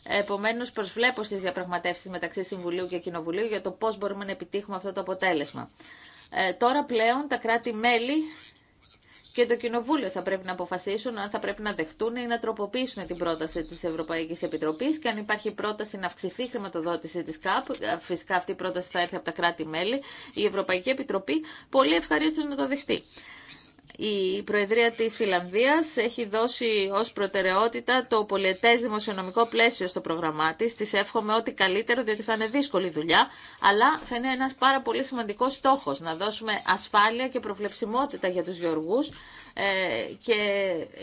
Επομένως, προσβλέπω στις διαπραγματεύσεις μεταξύ Συμβουλίου και Κοινοβουλίου για το πώς μπορούμε να επιτύχουμε αυτό το αποτέλεσμα. Ε, τώρα πλέον τα κράτη-μέλη και το Κοινοβούλιο θα πρέπει να αποφασίσουν αν θα πρέπει να δεχτούν ή να τροποποιήσουν την πρόταση τη Ευρωπαϊκή Επιτροπή και αν υπάρχει πρόταση να αυξηθεί η χρηματοδότηση τη ΚΑΠ. Ε, φυσικά αυτή η πρόταση θα έρθει από τα κράτη-μέλη. Η Ευρωπαϊκή Επιτροπή πολύ ευχαρίστω να το δεχτεί η Προεδρία της Φιλανδίας έχει δώσει ως προτεραιότητα το πολιετές δημοσιονομικό πλαίσιο στο πρόγραμμά της. Της εύχομαι ό,τι καλύτερο, διότι θα είναι δύσκολη δουλειά, αλλά θα είναι ένας πάρα πολύ σημαντικός στόχος, να δώσουμε ασφάλεια και προβλεψιμότητα για τους γεωργούς ε, και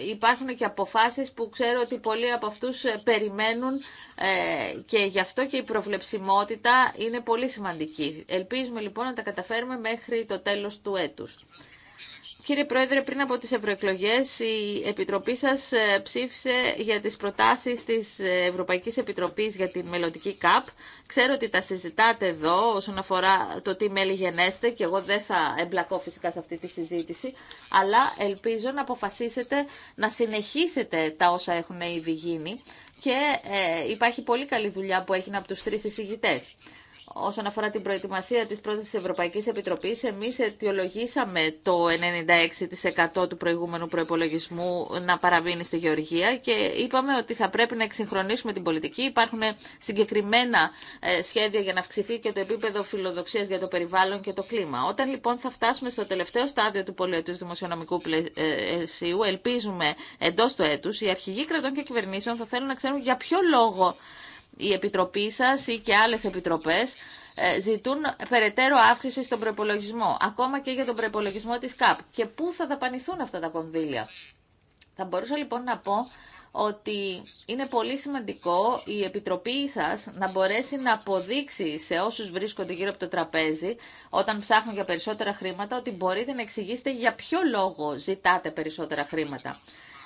υπάρχουν και αποφάσεις που ξέρω ότι πολλοί από αυτούς ε, περιμένουν ε, και γι' αυτό και η προβλεψιμότητα είναι πολύ σημαντική. Ελπίζουμε λοιπόν να τα καταφέρουμε μέχρι το τέλος του έτους. Κύριε Πρόεδρε, πριν από τις ευρωεκλογέ, η Επιτροπή σας ε, ψήφισε για τις προτάσεις της Ευρωπαϊκής Επιτροπής για την μελλοντική ΚΑΠ. Ξέρω ότι τα συζητάτε εδώ όσον αφορά το τι μέλη γενέστε και εγώ δεν θα εμπλακώ φυσικά σε αυτή τη συζήτηση, αλλά ελπίζω να αποφασίσετε να συνεχίσετε τα όσα έχουν ήδη γίνει και ε, υπάρχει πολύ καλή δουλειά που έγινε από τους τρεις εισηγητές όσον αφορά την προετοιμασία της πρόταση της Ευρωπαϊκής Επιτροπής, εμείς αιτιολογήσαμε το 96% του προηγούμενου προϋπολογισμού να παραμείνει στη Γεωργία και είπαμε ότι θα πρέπει να εξυγχρονίσουμε την πολιτική. Υπάρχουν συγκεκριμένα ε, σχέδια για να αυξηθεί και το επίπεδο φιλοδοξίας για το περιβάλλον και το κλίμα. Όταν λοιπόν θα φτάσουμε στο τελευταίο στάδιο του Πολιτικού δημοσιονομικού ε, πλαισίου, ελπίζουμε εντός του έτους, οι αρχηγοί κρατών και κυβερνήσεων θα θέλουν να ξέρουν για ποιο λόγο η Επιτροπή σας ή και άλλες επιτροπές ε, ζητούν περαιτέρω αύξηση στον προπολογισμό, ακόμα και για τον προπολογισμό της ΚΑΠ. Και πού θα δαπανηθούν αυτά τα κονδύλια. Θα μπορούσα λοιπόν να πω ότι είναι πολύ σημαντικό η Επιτροπή σας να μπορέσει να αποδείξει σε όσους βρίσκονται γύρω από το τραπέζι όταν ψάχνουν για περισσότερα χρήματα ότι μπορείτε να εξηγήσετε για ποιο λόγο ζητάτε περισσότερα χρήματα.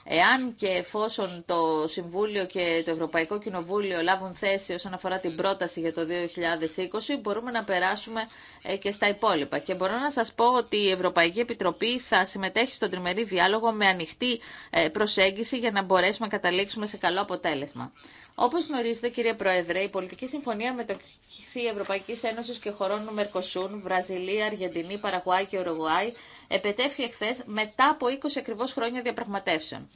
Εάν και εφόσον το Συμβούλιο και το Ευρωπαϊκό Κοινοβούλιο λάβουν θέση όσον αφορά την πρόταση για το 2020, μπορούμε να περάσουμε ε, και στα υπόλοιπα. Και μπορώ να σας πω ότι η Ευρωπαϊκή Επιτροπή θα συμμετέχει στον τριμερή διάλογο με ανοιχτή ε, προσέγγιση για να μπορέσουμε να καταλήξουμε σε καλό αποτέλεσμα. Όπω γνωρίζετε κύριε Πρόεδρε, η πολιτική συμφωνία μεταξύ Ευρωπαϊκή Ένωση και χωρών Μερκοσούν, Βραζιλία, Αργεντινή, Παραγουάη και Ουρουγουάη, επετέφθη εχθέ μετά από 20 ακριβώ χρόνια διαπραγματεύσεων.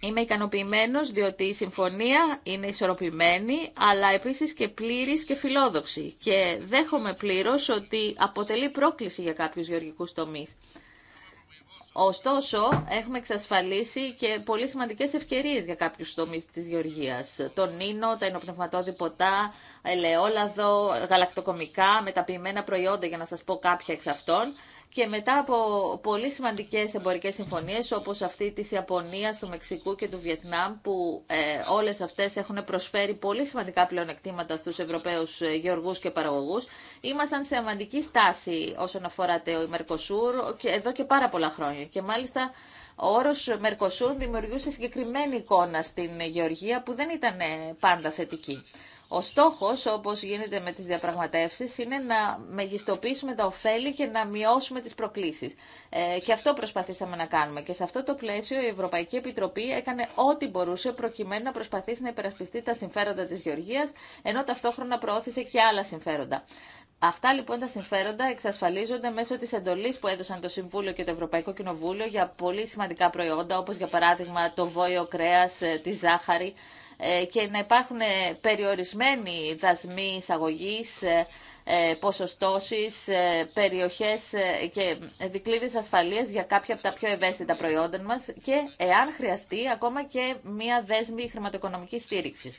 Είμαι ικανοποιημένο διότι η συμφωνία είναι ισορροπημένη, αλλά επίση και πλήρη και φιλόδοξη. Και δέχομαι πλήρω ότι αποτελεί πρόκληση για κάποιου γεωργικού τομεί. Ωστόσο, έχουμε εξασφαλίσει και πολύ σημαντικές ευκαιρίες για κάποιους τομείς της γεωργίας. Τον νίνο, τα ενοπνευματώδη ποτά, ελαιόλαδο, γαλακτοκομικά, μεταποιημένα προϊόντα, για να σας πω κάποια εξ αυτών και μετά από πολύ σημαντικές εμπορικές συμφωνίες όπως αυτή της Ιαπωνίας, του Μεξικού και του Βιετνάμ που ε, όλες αυτές έχουν προσφέρει πολύ σημαντικά πλεονεκτήματα στους Ευρωπαίους ε, γεωργούς και παραγωγούς ήμασταν σε σημαντική στάση όσον αφορά το Μερκοσούρ και εδώ και πάρα πολλά χρόνια και μάλιστα ο όρο Μερκοσούρ δημιουργούσε συγκεκριμένη εικόνα στην Γεωργία που δεν ήταν ε, πάντα θετική. Ο στόχο όπω γίνεται με τι διαπραγματεύσει είναι να μεγιστοποιήσουμε τα ωφέλη και να μειώσουμε τι προκλήσει. Ε, και αυτό προσπαθήσαμε να κάνουμε. Και σε αυτό το πλαίσιο η Ευρωπαϊκή Επιτροπή έκανε ό,τι μπορούσε προκειμένου να προσπαθήσει να υπερασπιστεί τα συμφέροντα τη Γεωργία, ενώ ταυτόχρονα προώθησε και άλλα συμφέροντα. Αυτά λοιπόν τα συμφέροντα εξασφαλίζονται μέσω τη εντολή που έδωσαν το Συμβούλιο και το Ευρωπαϊκό Κοινοβούλιο για πολύ σημαντικά προϊόντα, όπω για παράδειγμα το βόηο κρέα, ε, τη ζάχαρη, ε, και να υπάρχουν ε, περιορισμένοι δασμοί εισαγωγή, ε, ποσοστώσεις, περιοχές και δικλείδε ασφαλείας για κάποια από τα πιο ευαίσθητα προϊόντα μας και, εάν χρειαστεί, ακόμα και μία δέσμη χρηματοοικονομικής στήριξη.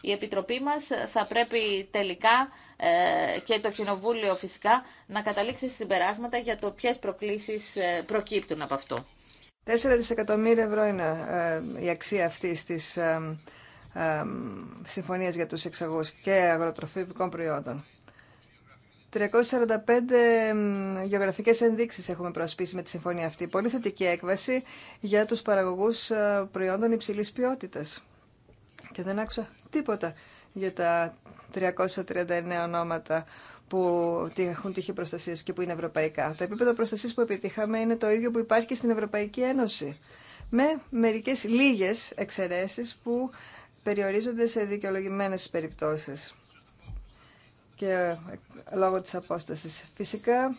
Η Επιτροπή μας θα πρέπει τελικά και το Κοινοβούλιο φυσικά να καταλήξει συμπεράσματα για το ποιες προκλήσεις προκύπτουν από αυτό.
4 δισεκατομμύρια ευρώ είναι η αξία αυτής της συμφωνίες για τους εξαγωγούς και αγροτροφικών προϊόντων. 345 γεωγραφικές ενδείξεις έχουμε προσπίσει με τη συμφωνία αυτή. Πολύ θετική έκβαση για τους παραγωγούς ε, προϊόντων υψηλής ποιότητας. Και δεν άκουσα τίποτα για τα 339 ονόματα που έχουν τύχει προστασία και που είναι ευρωπαϊκά. Το επίπεδο προστασία που επιτύχαμε είναι το ίδιο που υπάρχει και στην Ευρωπαϊκή Ένωση. Με μερικές λίγες εξαιρεσει που περιορίζονται σε δικαιολογημένες περιπτώσεις και ε, λόγω της απόστασης. Φυσικά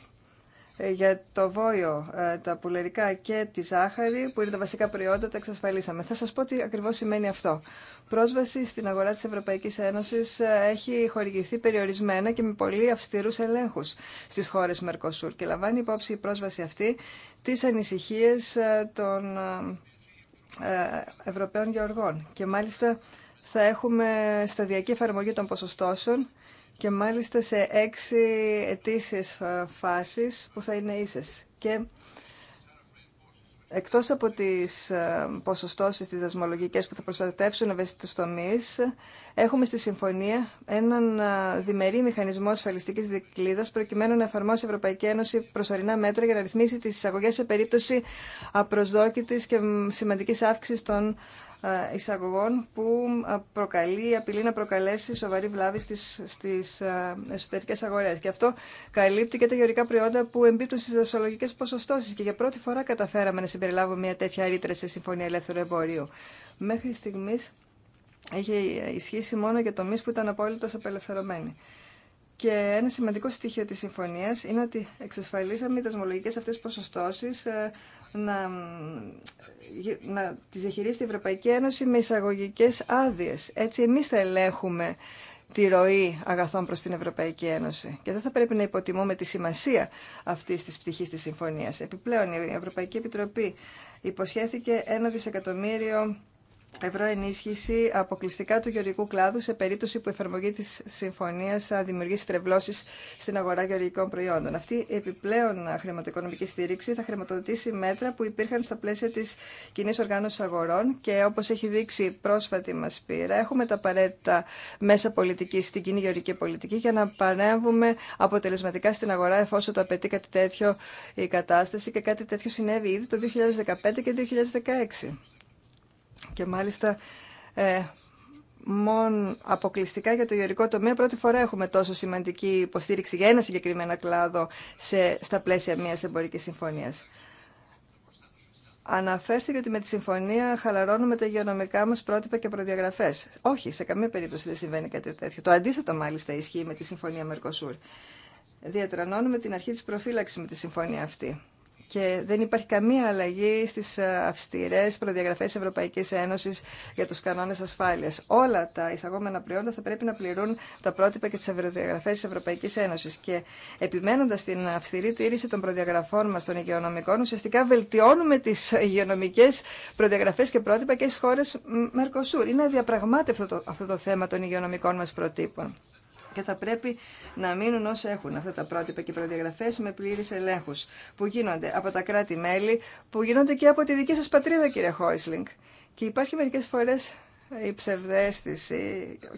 ε, για το βόλιο, ε, τα πουλερικά και τη ζάχαρη, που είναι τα βασικά προϊόντα, τα εξασφαλίσαμε. Θα σας πω τι ακριβώς σημαίνει αυτό. Πρόσβαση στην αγορά της Ευρωπαϊκής Ένωσης έχει χορηγηθεί περιορισμένα και με πολύ αυστηρούς ελέγχους στις χώρες Μερκοσούρ και λαμβάνει υπόψη η πρόσβαση αυτή τις ανησυχίες των ε, Ευρωπαίων Γεωργών. Και μάλιστα θα έχουμε σταδιακή εφαρμογή των ποσοστώσεων και μάλιστα σε έξι ετήσιες φάσεις που θα είναι ίσες. Και εκτός από τις ε, ποσοστώσεις της δασμολογικές που θα προστατεύσουν ευαίσθητους τομείς, έχουμε στη Συμφωνία έναν ε, διμερή μηχανισμό ασφαλιστικής δικλίδας προκειμένου να εφαρμόσει η Ευρωπαϊκή Ένωση προσωρινά μέτρα για να ρυθμίσει τις εισαγωγές σε περίπτωση απροσδόκητης και σημαντικής αύξησης των ε, εισαγωγών που ε, προκαλεί, απειλεί να προκαλέσει σοβαρή βλάβη στις, στις ε, εσωτερικές αγορές. Και αυτό καλύπτει και τα γεωρικά προϊόντα που εμπίπτουν στι δασολογικές ποσοστώσεις και για πρώτη φορά καταφέραμε να συμπεριλάβουμε μια τέτοια ρήτρα σε Συμφωνία Ελεύθερου Εμπορίου. Μέχρι στιγμής έχει ισχύσει μόνο για τομείς που ήταν απόλυτο απελευθερωμένοι. Και ένα σημαντικό στοιχείο της συμφωνίας είναι ότι εξασφαλίσαμε οι δασμολογικές αυτές ποσοστώσεις να, να τις διαχειρίζεται η Ευρωπαϊκή Ένωση με εισαγωγικέ άδειε. Έτσι εμεί θα ελέγχουμε τη ροή αγαθών προς την Ευρωπαϊκή Ένωση. Και δεν θα πρέπει να υποτιμούμε τη σημασία αυτής της πτυχής της συμφωνίας. Επιπλέον, η Ευρωπαϊκή Επιτροπή υποσχέθηκε ένα δισεκατομμύριο ευρώ ενίσχυση αποκλειστικά του γεωργικού κλάδου σε περίπτωση που η εφαρμογή τη Συμφωνία θα δημιουργήσει τρευλώσει στην αγορά γεωργικών προϊόντων. Αυτή η επιπλέον χρηματοοικονομική στήριξη θα χρηματοδοτήσει μέτρα που υπήρχαν στα πλαίσια τη κοινή οργάνωση αγορών και όπω έχει δείξει πρόσφατη μα πείρα έχουμε τα απαραίτητα μέσα πολιτική στην κοινή γεωργική πολιτική για να παρέμβουμε αποτελεσματικά στην αγορά εφόσον το απαιτεί κάτι τέτοιο η κατάσταση και κάτι τέτοιο συνέβη ήδη το 2015 και 2016. Και μάλιστα ε, μόνο αποκλειστικά για το γεωρικό τομέα πρώτη φορά έχουμε τόσο σημαντική υποστήριξη για ένα συγκεκριμένο κλάδο σε, στα πλαίσια μιας εμπορικής συμφωνίας. Αναφέρθηκε ότι με τη συμφωνία χαλαρώνουμε τα υγειονομικά μα πρότυπα και προδιαγραφέ. Όχι, σε καμία περίπτωση δεν συμβαίνει κάτι τέτοιο. Το αντίθετο μάλιστα ισχύει με τη συμφωνία Μερκοσούρ. Διατρανώνουμε την αρχή τη προφύλαξη με τη συμφωνία αυτή και δεν υπάρχει καμία αλλαγή στις ε, αυστηρές προδιαγραφές της Ευρωπαϊκής Ένωσης για τους κανόνες ασφάλειας. Όλα τα εισαγόμενα προϊόντα θα πρέπει να πληρούν τα πρότυπα και τις προδιαγραφές της Ευρωπαϊκής Ένωσης και επιμένοντας την αυστηρή τήρηση των προδιαγραφών μας των υγειονομικών ουσιαστικά βελτιώνουμε τις υγειονομικές προδιαγραφές και πρότυπα και στις χώρες Μερκοσούρ. Είναι αδιαπραγμάτευτο αυτό το θέμα των υγειονομικών μας προτύπων και θα πρέπει να μείνουν όσα έχουν αυτά τα πρότυπα και προδιαγραφέ με πλήρη ελέγχου που γίνονται από τα κράτη-μέλη, που γίνονται και από τη δική σα πατρίδα κύριε Χόισλινγκ. Και υπάρχει μερικέ φορέ η ψευδέστηση,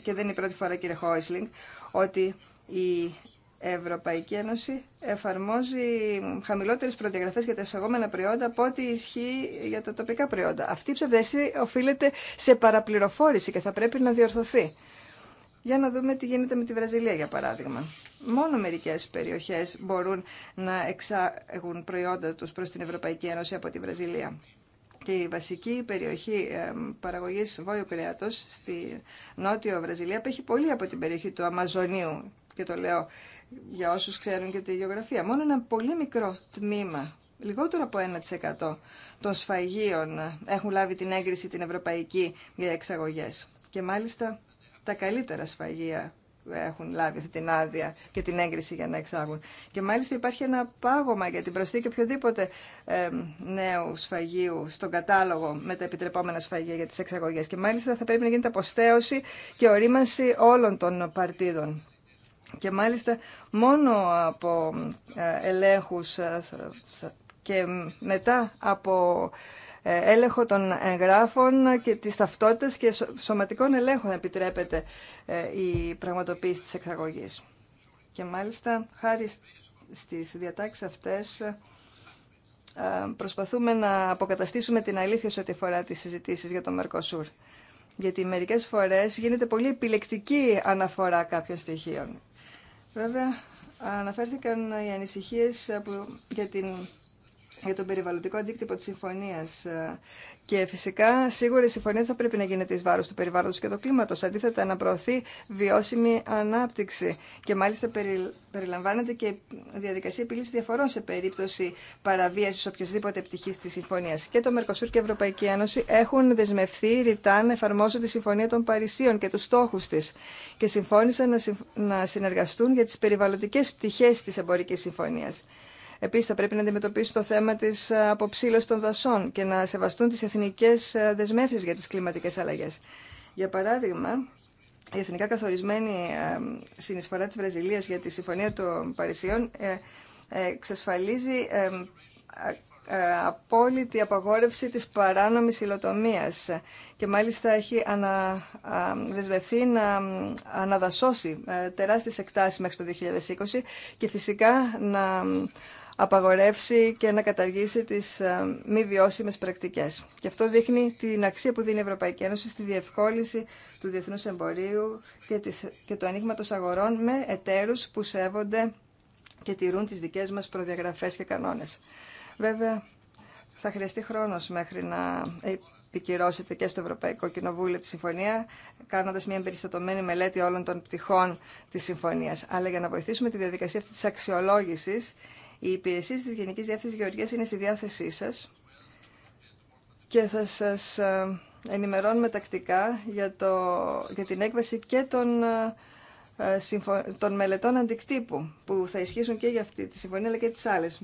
και δεν είναι η πρώτη φορά κύριε Χόισλινγκ, ότι η Ευρωπαϊκή Ένωση εφαρμόζει χαμηλότερε προδιαγραφέ για τα εισαγόμενα προϊόντα από ό,τι ισχύει για τα τοπικά προϊόντα. Αυτή η ψευδέστηση οφείλεται σε παραπληροφόρηση και θα πρέπει να διορθωθεί. Για να δούμε τι γίνεται με τη Βραζιλία, για παράδειγμα. Μόνο μερικέ περιοχέ μπορούν να εξάγουν προϊόντα του προ την Ευρωπαϊκή Ένωση από τη Βραζιλία. Και η βασική περιοχή παραγωγή βόλου κρέατο στη νότιο Βραζιλία απέχει πολύ από την περιοχή του Αμαζονίου. Και το λέω για όσου ξέρουν και τη γεωγραφία. Μόνο ένα πολύ μικρό τμήμα λιγότερο από 1% των σφαγείων έχουν λάβει την έγκριση την ευρωπαϊκή για εξαγωγές. Και μάλιστα τα καλύτερα σφαγεία έχουν λάβει αυτή την άδεια και την έγκριση για να εξάγουν. Και μάλιστα υπάρχει ένα πάγωμα για την προσθήκη οποιοδήποτε ε, νέου σφαγίου στον κατάλογο με τα επιτρεπόμενα σφαγεία για τις εξαγωγές. Και μάλιστα θα πρέπει να γίνεται αποστέωση και ορίμανση όλων των παρτίδων. Και μάλιστα μόνο από ε, ελέγχους ε, και μετά από ε, έλεγχο των εγγράφων και της ταυτότητας και σωματικών ελέγχων επιτρέπεται ε, η πραγματοποίηση της εξαγωγής. Και μάλιστα, χάρη στις διατάξεις αυτές, ε, προσπαθούμε να αποκαταστήσουμε την αλήθεια σε ό,τι αφορά τις συζητήσεις για το Μερκοσούρ. Γιατί μερικές φορές γίνεται πολύ επιλεκτική αναφορά κάποιων στοιχείων. Βέβαια, αναφέρθηκαν οι ανησυχίες για την για τον περιβαλλοντικό αντίκτυπο τη συμφωνία. Ε, και φυσικά σίγουρα η συμφωνία θα πρέπει να γίνεται ει βάρο του περιβάλλοντο και του κλίματο. αντίθετα να προωθεί βιώσιμη ανάπτυξη. Και μάλιστα περιλαμβάνεται και διαδικασία επίλυσης διαφορών σε περίπτωση παραβίασης οποιοδήποτε πτυχή τη συμφωνία. Και το Μερκοσούρ και η Ευρωπαϊκή Ένωση έχουν δεσμευθεί ρητά να εφαρμόσουν τη Συμφωνία των Παρισίων και του στόχου τη. και συμφώνησαν να συνεργαστούν για τι περιβαλλοντικέ πτυχέ τη εμπορική συμφωνία. Επίσης θα πρέπει να αντιμετωπίσουν το θέμα της ε, αποψήλωσης των δασών και να σεβαστούν τις εθνικές ε, δεσμεύσεις για τις κλιματικές αλλαγές. Για παράδειγμα, η εθνικά καθορισμένη ε, συνεισφορά της Βραζιλίας για τη Συμφωνία των Παρισιών εξασφαλίζει απόλυτη απαγόρευση της παράνομης υλοτομίας και μάλιστα έχει ανα, δεσμευθεί να αναδασώσει τεράστιες εκτάσεις μέχρι το 2020 και φυσικά να απαγορεύσει και να καταργήσει τις ε, μη βιώσιμες πρακτικές. Και αυτό δείχνει την αξία που δίνει η Ευρωπαϊκή Ένωση στη διευκόλυνση του διεθνούς εμπορίου και, της, και του ανοίγματο αγορών με εταίρους που σέβονται και τηρούν τις δικές μας προδιαγραφές και κανόνες. Βέβαια, θα χρειαστεί χρόνος μέχρι να επικυρώσετε και στο Ευρωπαϊκό Κοινοβούλιο τη συμφωνία, κάνοντα μια εμπεριστατωμένη μελέτη όλων των πτυχών τη συμφωνία. Αλλά για να βοηθήσουμε τη διαδικασία αυτή τη αξιολόγηση. Οι υπηρεσίες της Γενικής Διεύθυνσης Γεωργίας είναι στη διάθεσή σας και θα σας ε, ενημερώνουμε τακτικά για, το, για την έκβαση και των, ε, των μελετών αντικτύπου που θα ισχύσουν και για αυτή τη συμφωνία αλλά και τις άλλες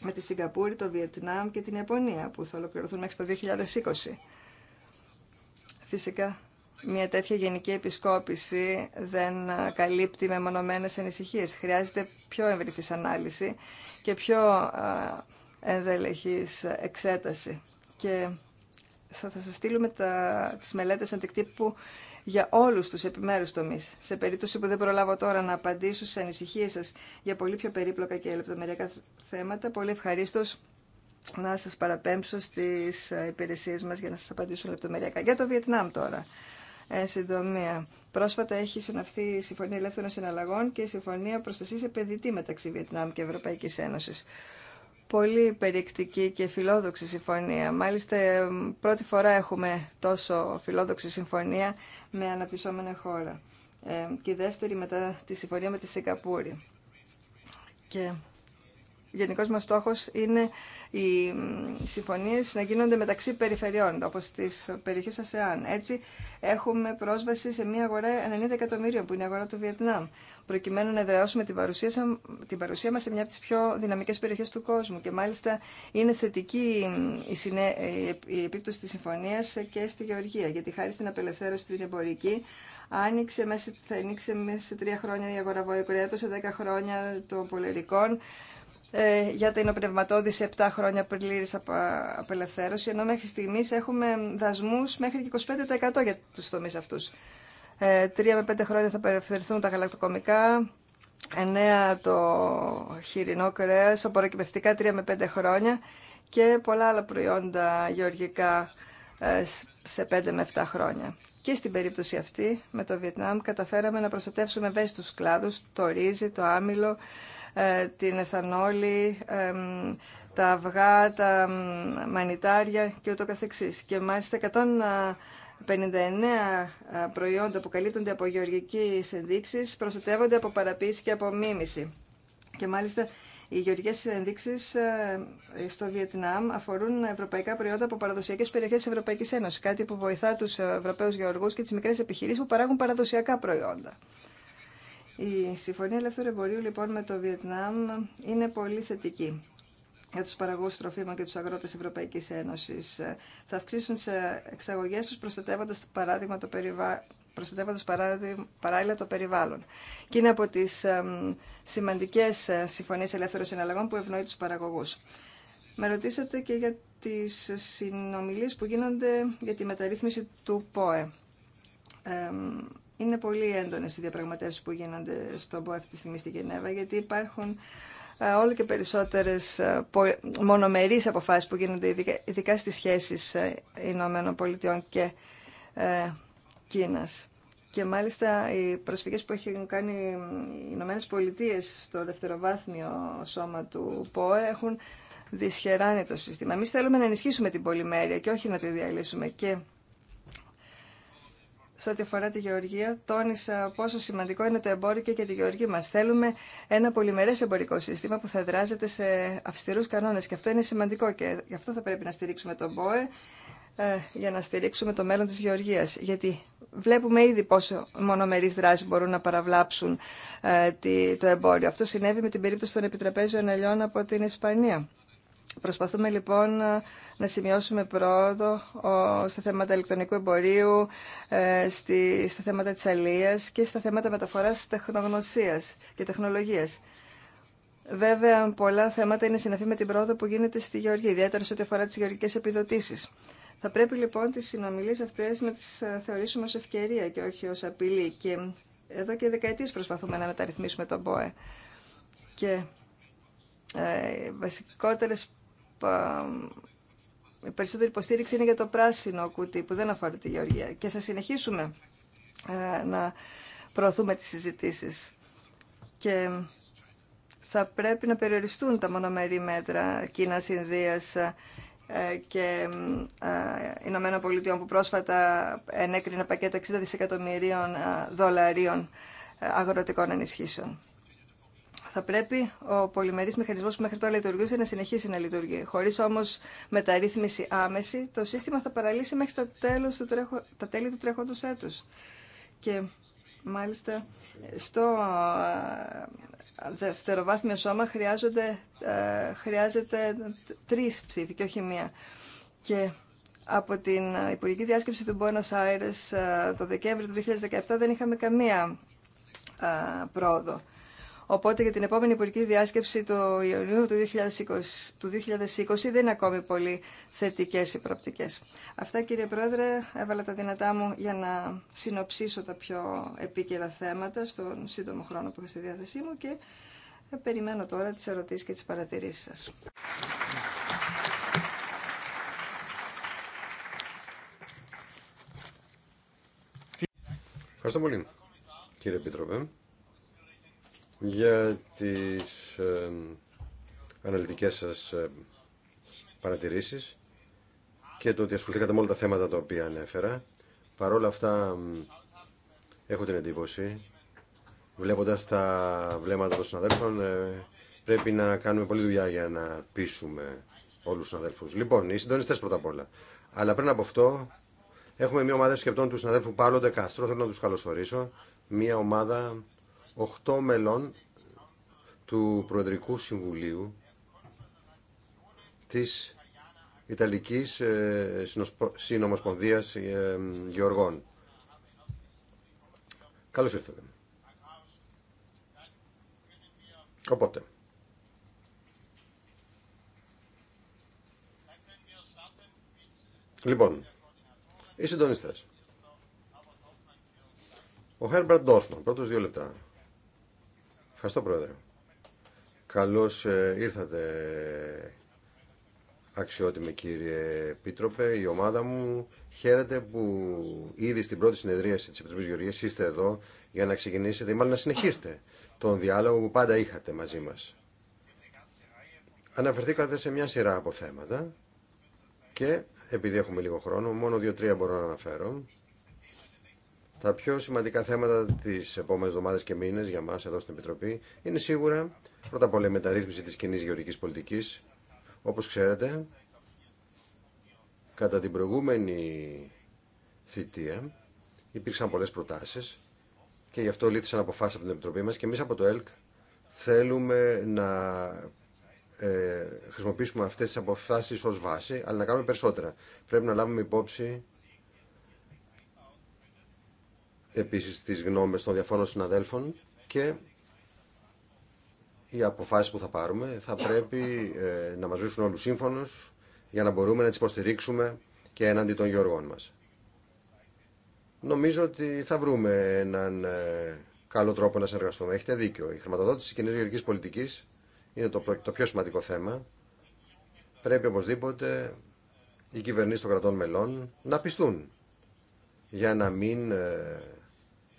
με τη Σιγκαπούρη, το Βιετνάμ και την Ιαπωνία που θα ολοκληρωθούν μέχρι το 2020. Φυσικά μια τέτοια γενική επισκόπηση δεν ε, καλύπτει με μονομένες ανησυχίες. Χρειάζεται πιο ευρύτης ανάλυση και πιο ε, ενδελεχής εξέταση. Και θα, θα σας στείλουμε τα, τις μελέτες αντικτύπου για όλους τους επιμέρους τομείς. Σε περίπτωση που δεν προλάβω τώρα να απαντήσω στις ανησυχίες σας για πολύ πιο περίπλοκα και λεπτομεριακά θέματα, πολύ ευχαρίστω να σας παραπέμψω στις ε, υπηρεσίες μας για να σας απαντήσω λεπτομεριακά. Για το Βιετνάμ τώρα. Ε, συντομία, πρόσφατα έχει συναυθεί η Συμφωνία Ελεύθερων Συναλλαγών και η Συμφωνία Προστασία Επενδυτή μεταξύ Βιετνάμ και Ευρωπαϊκή Ένωση. Πολύ περιεκτική και φιλόδοξη συμφωνία. Μάλιστα, ε, πρώτη φορά έχουμε τόσο φιλόδοξη συμφωνία με αναπτυσσόμενη χώρα. Ε, και η δεύτερη μετά τη συμφωνία με τη Σιγκαπούρη. Και γενικός μας στόχος είναι οι συμφωνίες να γίνονται μεταξύ περιφερειών, όπως τις περιοχές ΑΣΕΑΝ. Έτσι έχουμε πρόσβαση σε μια αγορά 90 εκατομμύριων, που είναι η αγορά του Βιετνάμ, προκειμένου να εδραιώσουμε την παρουσία, την παρουσία μας σε μια από τις πιο δυναμικές περιοχές του κόσμου. Και μάλιστα είναι θετική η, συνέ, η επίπτωση της συμφωνίας και στη Γεωργία, γιατί χάρη στην απελευθέρωση την εμπορική, άνοιξε μέσα, θα ανοίξει μέσα σε τρία χρόνια η αγορά Βορειοκορεάτου, σε δέκα χρόνια των πολερικών, ε, για την οπνευματώδη σε 7 χρόνια πλήρη απελευθέρωση, ενώ μέχρι στιγμή έχουμε δασμούς μέχρι και 25% για τους τομείς αυτούς. 3 ε, με 5 χρόνια θα απελευθερωθούν τα γαλακτοκομικά, 9 το χοιρινό κρέα, απορροκυπευτικά 3 με 5 χρόνια και πολλά άλλα προϊόντα γεωργικά ε, σε 5 με 7 χρόνια. Και στην περίπτωση αυτή με το Βιετνάμ καταφέραμε να προστατεύσουμε ευαίσθητους κλάδους, το ρύζι, το άμυλο, ε, την εθανόλη, τα αυγά, τα μανιτάρια και ούτω καθεξής. Και μάλιστα 159 ε, προϊόντα που καλύπτονται από γεωργικές ενδείξεις προστατεύονται από παραποίηση και από μίμηση. Και μάλιστα οι γεωργικές ενδείξεις ε, στο Βιετνάμ αφορούν ευρωπαϊκά προϊόντα από παραδοσιακές περιοχές της Ευρωπαϊκής Ένωση, κάτι που βοηθά τους Ευρωπαίους γεωργούς και τις μικρές επιχειρήσεις που παράγουν παραδοσιακά προϊόντα. Η Συμφωνία Ελεύθερου Εμπορίου λοιπόν με το Βιετνάμ είναι πολύ θετική για τους παραγωγούς τροφίμων και τους αγρότες Ευρωπαϊκής Ένωσης. Θα αυξήσουν σε εξαγωγές τους προστατεύοντας, παράδειγμα, το παράλληλα το περιβάλλον. Και είναι από τις σημαντικές ε, συμφωνίες ελεύθερων συναλλαγών που ευνοεί τους παραγωγούς. Με ρωτήσατε και για τις συνομιλίες που γίνονται για τη μεταρρύθμιση του ΠΟΕ. Είναι πολύ έντονε οι διαπραγματεύσει που γίνονται στον ΠΟΕ αυτή τη στιγμή στη Γενέβα, γιατί υπάρχουν ε, όλο και περισσότερε ε, μονομερεί αποφάσει που γίνονται ειδικά στι σχέσει ε, Ηνωμένων Πολιτειών και κίνα. Και μάλιστα οι προσφυγέ που έχουν κάνει οι Ηνωμένε Πολιτείε στο δευτεροβάθμιο σώμα του ΠΟΕ έχουν δυσχεράνει το σύστημα. Εμεί θέλουμε να ενισχύσουμε την πολυμέρεια και όχι να τη διαλύσουμε. Και σε ό,τι αφορά τη γεωργία, τόνισα πόσο σημαντικό είναι το εμπόριο και για τη γεωργία μα. Θέλουμε ένα πολυμερέ εμπορικό σύστημα που θα δράζεται σε αυστηρού κανόνε. Και αυτό είναι σημαντικό και γι' αυτό θα πρέπει να στηρίξουμε τον ΠΟΕ ε, για να στηρίξουμε το μέλλον της γεωργίας. Γιατί βλέπουμε ήδη πόσο μονομερείς δράσεις μπορούν να παραβλάψουν ε, το εμπόριο. Αυτό συνέβη με την περίπτωση των επιτραπέζων ελιών από την Ισπανία. Προσπαθούμε λοιπόν να σημειώσουμε πρόοδο στα θέματα ηλεκτρονικού εμπορίου, ε, στα θέματα της αλίας και στα θέματα μεταφοράς τεχνογνωσίας και τεχνολογίας. Βέβαια, πολλά θέματα είναι συναφή με την πρόοδο που γίνεται στη Γεωργία, ιδιαίτερα σε ό,τι αφορά τι γεωργικές επιδοτήσει. Θα πρέπει λοιπόν τι συνομιλίε αυτές να τις ε, θεωρήσουμε ως ευκαιρία και όχι ως απειλή. Και εδώ και δεκαετίες προσπαθούμε να μεταρρυθμίσουμε τον ΠΟΕ. Και ε, οι η περισσότερη υποστήριξη είναι για το πράσινο κουτί που δεν αφορά τη γεωργία. Και θα συνεχίσουμε ε, να προωθούμε τις συζητήσεις. Και θα πρέπει να περιοριστούν τα μονομερή μέτρα Κίνας, Ινδίας ε, και ε, Ηνωμένων Πολιτειών που πρόσφατα ενέκρινε πακέτο 60 δισεκατομμυρίων δολαρίων αγροτικών ενισχύσεων θα πρέπει ο πολυμερής μηχανισμός που μέχρι τώρα λειτουργούσε να συνεχίσει να λειτουργεί. Χωρίς όμως μεταρρύθμιση άμεση, το σύστημα θα παραλύσει μέχρι τα, τέλος του τρέχο, τα τέλη του τρέχοντος έτους. Και μάλιστα στο δευτεροβάθμιο σώμα χρειάζονται, χρειάζεται τρεις ψήφοι και όχι μία. Και από την Υπουργική Διάσκεψη του Buenos Aires το Δεκέμβριο του 2017 δεν είχαμε καμία πρόοδο. Οπότε για την επόμενη πολιτική διάσκεψη του Ιουνίου του 2020, του 2020 δεν είναι ακόμη πολύ θετικές οι προοπτικέ. Αυτά κύριε Πρόεδρε, έβαλα τα δυνατά μου για να συνοψίσω τα πιο επίκαιρα θέματα στον σύντομο χρόνο που έχω στη διάθεσή μου και ε, περιμένω τώρα τις ερωτήσεις και τις παρατηρήσεις σας.
Ευχαριστώ πολύ, κύριε Επίτροπε για τις ε, αναλυτικές σας ε, παρατηρήσεις και το ότι ασχοληθήκατε με όλα τα θέματα τα οποία ανέφερα. παρόλα αυτά έχω την εντύπωση, βλέποντας τα βλέμματα των συναδέλφων, ε, πρέπει να κάνουμε πολλή δουλειά για να πείσουμε όλους τους συναδέλφους. Λοιπόν, οι συντονιστές πρώτα απ' όλα. Αλλά πριν από αυτό, έχουμε μια ομάδα σκεπτών του συναδέλφου Πάλλοντε Κάστρο. θέλω να τους καλωσορίσω. Μια ομάδα Οχτώ μελών του Προεδρικού Συμβουλίου της Ιταλικής ε, Συνομοσπονδίας ε, Γεωργών. Καλώς ήρθατε. Οπότε. Λοιπόν, οι συντονιστές. Ο Herbert Ντόρφμαν, πρώτος δύο λεπτά. Ευχαριστώ, Πρόεδρε. Καλώς ε, ήρθατε, αξιότιμη κύριε Πίτροπε. Η ομάδα μου Χαίρετε που ήδη στην πρώτη συνεδρίαση της Επιτροπής Γεωργίας είστε εδώ για να ξεκινήσετε ή μάλλον να συνεχίσετε τον διάλογο που πάντα είχατε μαζί μας. Αναφερθήκατε σε μια σειρά από θέματα και επειδή έχουμε λίγο χρόνο, μόνο δύο-τρία μπορώ να αναφέρω. Τα πιο σημαντικά θέματα τι επόμενε εβδομάδε και μήνε για μα εδώ στην Επιτροπή είναι σίγουρα πρώτα απ' όλα η μεταρρύθμιση τη κοινή γεωργική πολιτική. Όπω ξέρετε, κατά την προηγούμενη θητεία υπήρξαν πολλέ προτάσει και γι' αυτό λήθησαν αποφάσει από την Επιτροπή μα και εμεί από το ΕΛΚ θέλουμε να ε, χρησιμοποιήσουμε αυτέ τι αποφάσει ω βάση, αλλά να κάνουμε περισσότερα. Πρέπει να λάβουμε υπόψη επίσης τις γνώμες των διαφόρων συναδέλφων και οι αποφάσεις που θα πάρουμε θα πρέπει ε, να μας βρίσκουν όλους σύμφωνος για να μπορούμε να τις υποστηρίξουμε και έναντι των γεωργών μας. Νομίζω ότι θα βρούμε έναν ε, καλό τρόπο να συνεργαστούμε. Έχετε δίκιο. Η χρηματοδότηση της κοινής γεωργικής πολιτικής είναι το πιο σημαντικό θέμα. Πρέπει οπωσδήποτε οι κυβερνήσεις των κρατών μελών να πιστούν για να μην ε,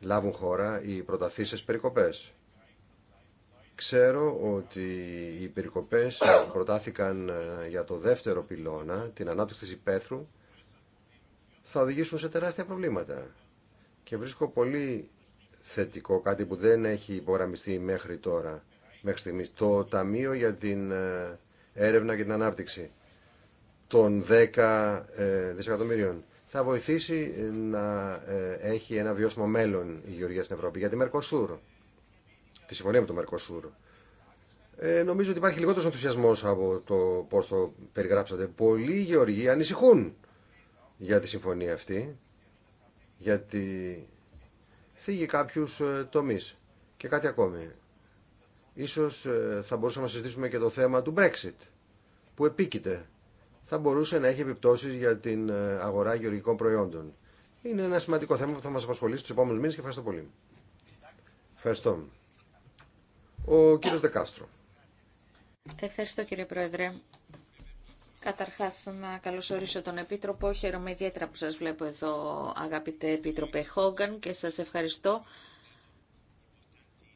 λάβουν χώρα οι προταθήσεις περικοπές. Ξέρω ότι οι περικοπές προτάθηκαν ε, για το δεύτερο πυλώνα, την ανάπτυξη της υπαίθρου, θα οδηγήσουν σε τεράστια προβλήματα. Και βρίσκω πολύ θετικό κάτι που δεν έχει υπογραμμιστεί μέχρι τώρα, μέχρι στιγμής, το Ταμείο για την ε, Έρευνα και την Ανάπτυξη των 10 ε, δισεκατομμύριων θα βοηθήσει να ε, έχει ένα βιώσιμο μέλλον η Γεωργία στην Ευρώπη. Για τη Μερκοσούρ, τη συμφωνία με το Μερκοσούρ, ε, νομίζω ότι υπάρχει λιγότερο ενθουσιασμό από το πώ το περιγράψατε. Πολλοί Γεωργοί ανησυχούν για τη συμφωνία αυτή, γιατί θίγει κάποιου ε, τομεί. Και κάτι ακόμη. Ίσως ε, θα μπορούσαμε να συζητήσουμε και το θέμα του Brexit, που επίκειται θα μπορούσε να έχει επιπτώσεις για την ε, αγορά γεωργικών προϊόντων. Είναι ένα σημαντικό θέμα που θα μας απασχολήσει του επόμενους μήνες και ευχαριστώ πολύ. Ευχαριστώ. Ο κύριος Δεκάστρο.
Ευχαριστώ κύριε Πρόεδρε. Καταρχάς να καλωσορίσω τον Επίτροπο. Χαίρομαι ιδιαίτερα που σας βλέπω εδώ αγαπητέ Επίτροπε Χόγκαν και σα ευχαριστώ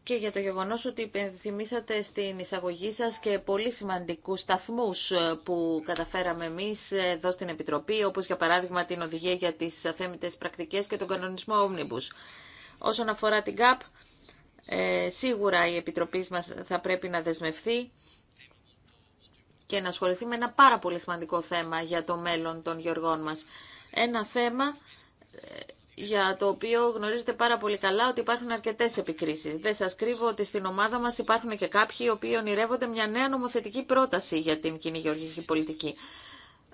και για το γεγονός ότι θυμήσατε στην εισαγωγή σας και πολύ σημαντικούς σταθμούς ε, που καταφέραμε εμείς εδώ στην Επιτροπή, όπως για παράδειγμα την οδηγία για τις αθέμητες πρακτικές και τον κανονισμό Omnibus. Όσον αφορά την ΚΑΠ, ε, σίγουρα η Επιτροπή μας θα πρέπει να δεσμευθεί και να ασχοληθεί με ένα πάρα πολύ σημαντικό θέμα για το μέλλον των γεωργών μας. Ένα θέμα ε, για το οποίο γνωρίζετε πάρα πολύ καλά ότι υπάρχουν αρκετέ επικρίσει. Δεν σα κρύβω ότι στην ομάδα μα υπάρχουν και κάποιοι οι οποίοι ονειρεύονται μια νέα νομοθετική πρόταση για την κοινή γεωργική πολιτική.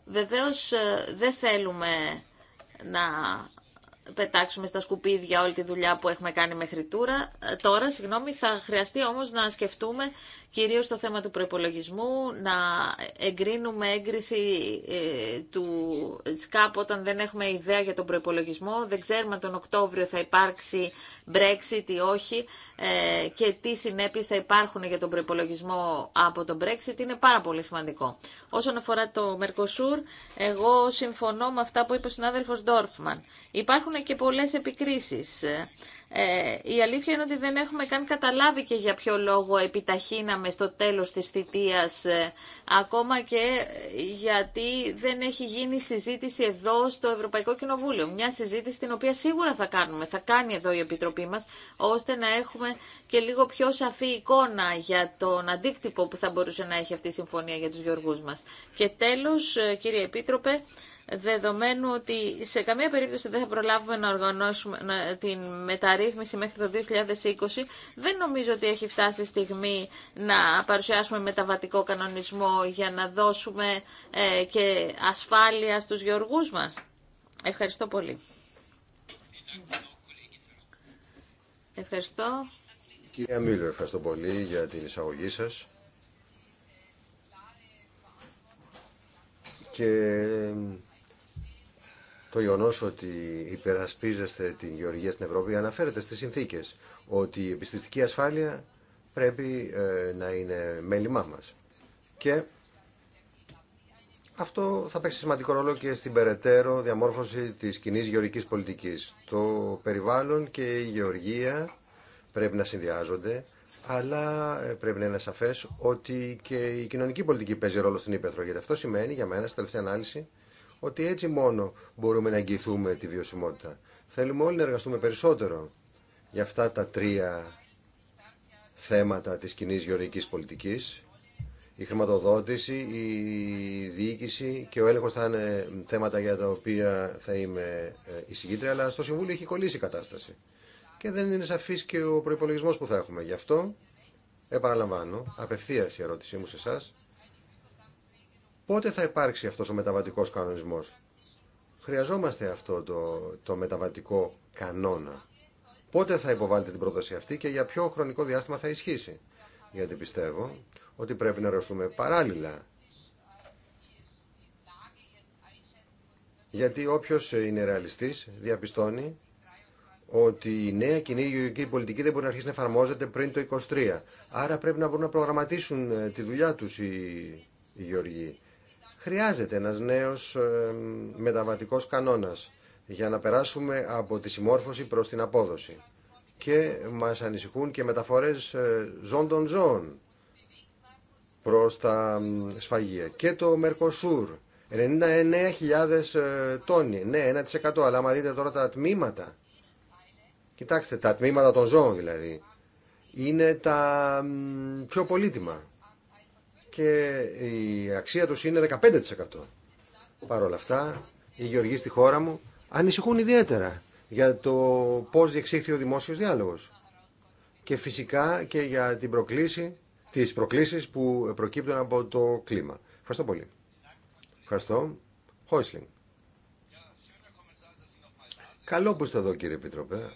Βεβαίω, ε, δεν θέλουμε να πετάξουμε στα σκουπίδια όλη τη δουλειά που έχουμε κάνει μέχρι τώρα. Ε, τώρα, συγγνώμη, θα χρειαστεί όμως να σκεφτούμε κυρίως το θέμα του προϋπολογισμού, να εγκρίνουμε έγκριση ε, του ΣΚΑΠ όταν δεν έχουμε ιδέα για τον προπολογισμό. Δεν ξέρουμε τον Οκτώβριο θα υπάρξει Brexit ή όχι ε, και τι συνέπειες θα υπάρχουν για τον προπολογισμό από τον Brexit. Είναι πάρα πολύ σημαντικό. Όσον αφορά το Mercosur, εγώ συμφωνώ με αυτά που είπε ο συνάδελφος Ντόρφμαν. Υπάρχουν υπάρχουν και πολλές επικρίσεις. Ε, ε, η αλήθεια είναι ότι δεν έχουμε καν καταλάβει και για ποιο λόγο επιταχύναμε στο τέλος της θητείας ε, ακόμα και γιατί δεν έχει γίνει συζήτηση εδώ στο Ευρωπαϊκό Κοινοβούλιο. Μια συζήτηση την οποία σίγουρα θα κάνουμε, θα κάνει εδώ η Επιτροπή μας ώστε να έχουμε και λίγο πιο σαφή εικόνα για τον αντίκτυπο που θα μπορούσε να έχει αυτή η συμφωνία για τους γεωργούς μας. Και τέλος, ε, κύριε Επίτροπε, δεδομένου ότι σε καμία περίπτωση δεν θα προλάβουμε να οργανώσουμε την μεταρρύθμιση μέχρι το 2020, δεν νομίζω ότι έχει φτάσει η στιγμή να παρουσιάσουμε μεταβατικό κανονισμό για να δώσουμε ε, και ασφάλεια στους γεωργούς μας. Ευχαριστώ πολύ. Ευχαριστώ.
Κυρία Μίλλερ, ευχαριστώ πολύ για την εισαγωγή σας. Και το γεγονό ότι υπερασπίζεστε την γεωργία στην Ευρώπη αναφέρεται στις συνθήκες ότι η επιστηστική ασφάλεια πρέπει ε, να είναι μέλημά μας. Και αυτό θα παίξει σημαντικό ρόλο και στην περαιτέρω διαμόρφωση της κοινή γεωργικής πολιτικής. Το περιβάλλον και η γεωργία πρέπει να συνδυάζονται, αλλά ε, πρέπει να είναι σαφές ότι και η κοινωνική πολιτική παίζει ρόλο στην Ήπεθρο, γιατί αυτό σημαίνει για μένα, στη τελευταία ανάλυση, ότι έτσι μόνο μπορούμε να εγγυηθούμε τη βιωσιμότητα. Θέλουμε όλοι να εργαστούμε περισσότερο για αυτά τα τρία θέματα της κοινή γεωργικής πολιτικής. Η χρηματοδότηση, η διοίκηση και ο έλεγχος θα είναι θέματα για τα οποία θα είμαι ε, εισηγήτρια, αλλά στο Συμβούλιο έχει κολλήσει η κατάσταση. Και δεν είναι σαφής και ο προϋπολογισμός που θα έχουμε. Γι' αυτό, επαναλαμβάνω, απευθείας η ερώτησή μου σε εσάς, Πότε θα υπάρξει αυτός ο μεταβατικός κανονισμός. Χρειαζόμαστε αυτό το, το μεταβατικό κανόνα. Πότε θα υποβάλλετε την πρόταση αυτή και για ποιο χρονικό διάστημα θα ισχύσει. Γιατί πιστεύω ότι πρέπει να ρωστούμε παράλληλα. Γιατί όποιος είναι ρεαλιστής διαπιστώνει ότι η νέα κοινή γεωργική πολιτική δεν μπορεί να αρχίσει να εφαρμόζεται πριν το 23. Άρα πρέπει να μπορούν να προγραμματίσουν ε, τη δουλειά τους οι, οι γεωργοί. Χρειάζεται ένας νέος ε, μεταβατικός κανόνας για να περάσουμε από τη συμμόρφωση προς την απόδοση. Και μας ανησυχούν και μεταφορές ε, ζών των ζώων προς τα σφαγεία. Και το Μερκοσούρ, 99.000 ε, τόνοι, ναι 1% αλλά άμα δείτε τώρα τα τμήματα, κοιτάξτε τα τμήματα των ζώων δηλαδή, είναι τα πιο πολύτιμα και η αξία τους είναι 15%. Παρ' όλα αυτά, οι γεωργοί στη χώρα μου ανησυχούν ιδιαίτερα για το πώς διεξήχθη ο δημόσιος διάλογος. Και φυσικά και για την προκλήση, τις προκλήσεις που προκύπτουν από το κλίμα. Ευχαριστώ πολύ. Ευχαριστώ. Χόισλινγκ. Καλό που είστε εδώ κύριε Επίτροπε.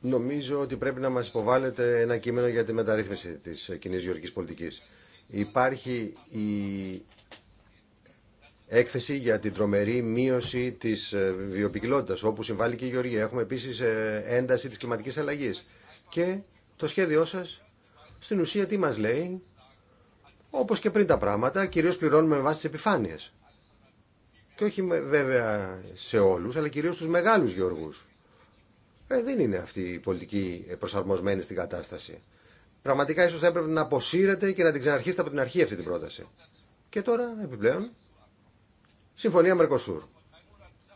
Νομίζω ότι πρέπει να μας υποβάλλετε ένα κείμενο για τη μεταρρύθμιση της κοινή γεωργικής πολιτικής. Υπάρχει η έκθεση για την τρομερή μείωση της ε, βιοπικιλότητας, όπου συμβάλλει και η Γεωργία. Έχουμε επίσης ε, ένταση της κλιματικής αλλαγής. Και το σχέδιό σας, στην ουσία τι μας λέει, όπως και πριν τα πράγματα, κυρίως πληρώνουμε με βάση τις επιφάνειες. Και όχι βέβαια σε όλους, αλλά κυρίως στους μεγάλους γεωργούς. Ε, δεν είναι αυτή η πολιτική ε, προσαρμοσμένη στην κατάσταση. Πραγματικά ίσως θα έπρεπε να αποσύρετε και να την ξαναρχίσετε από την αρχή αυτή την πρόταση. Και τώρα, επιπλέον, συμφωνία Μερκοσούρ.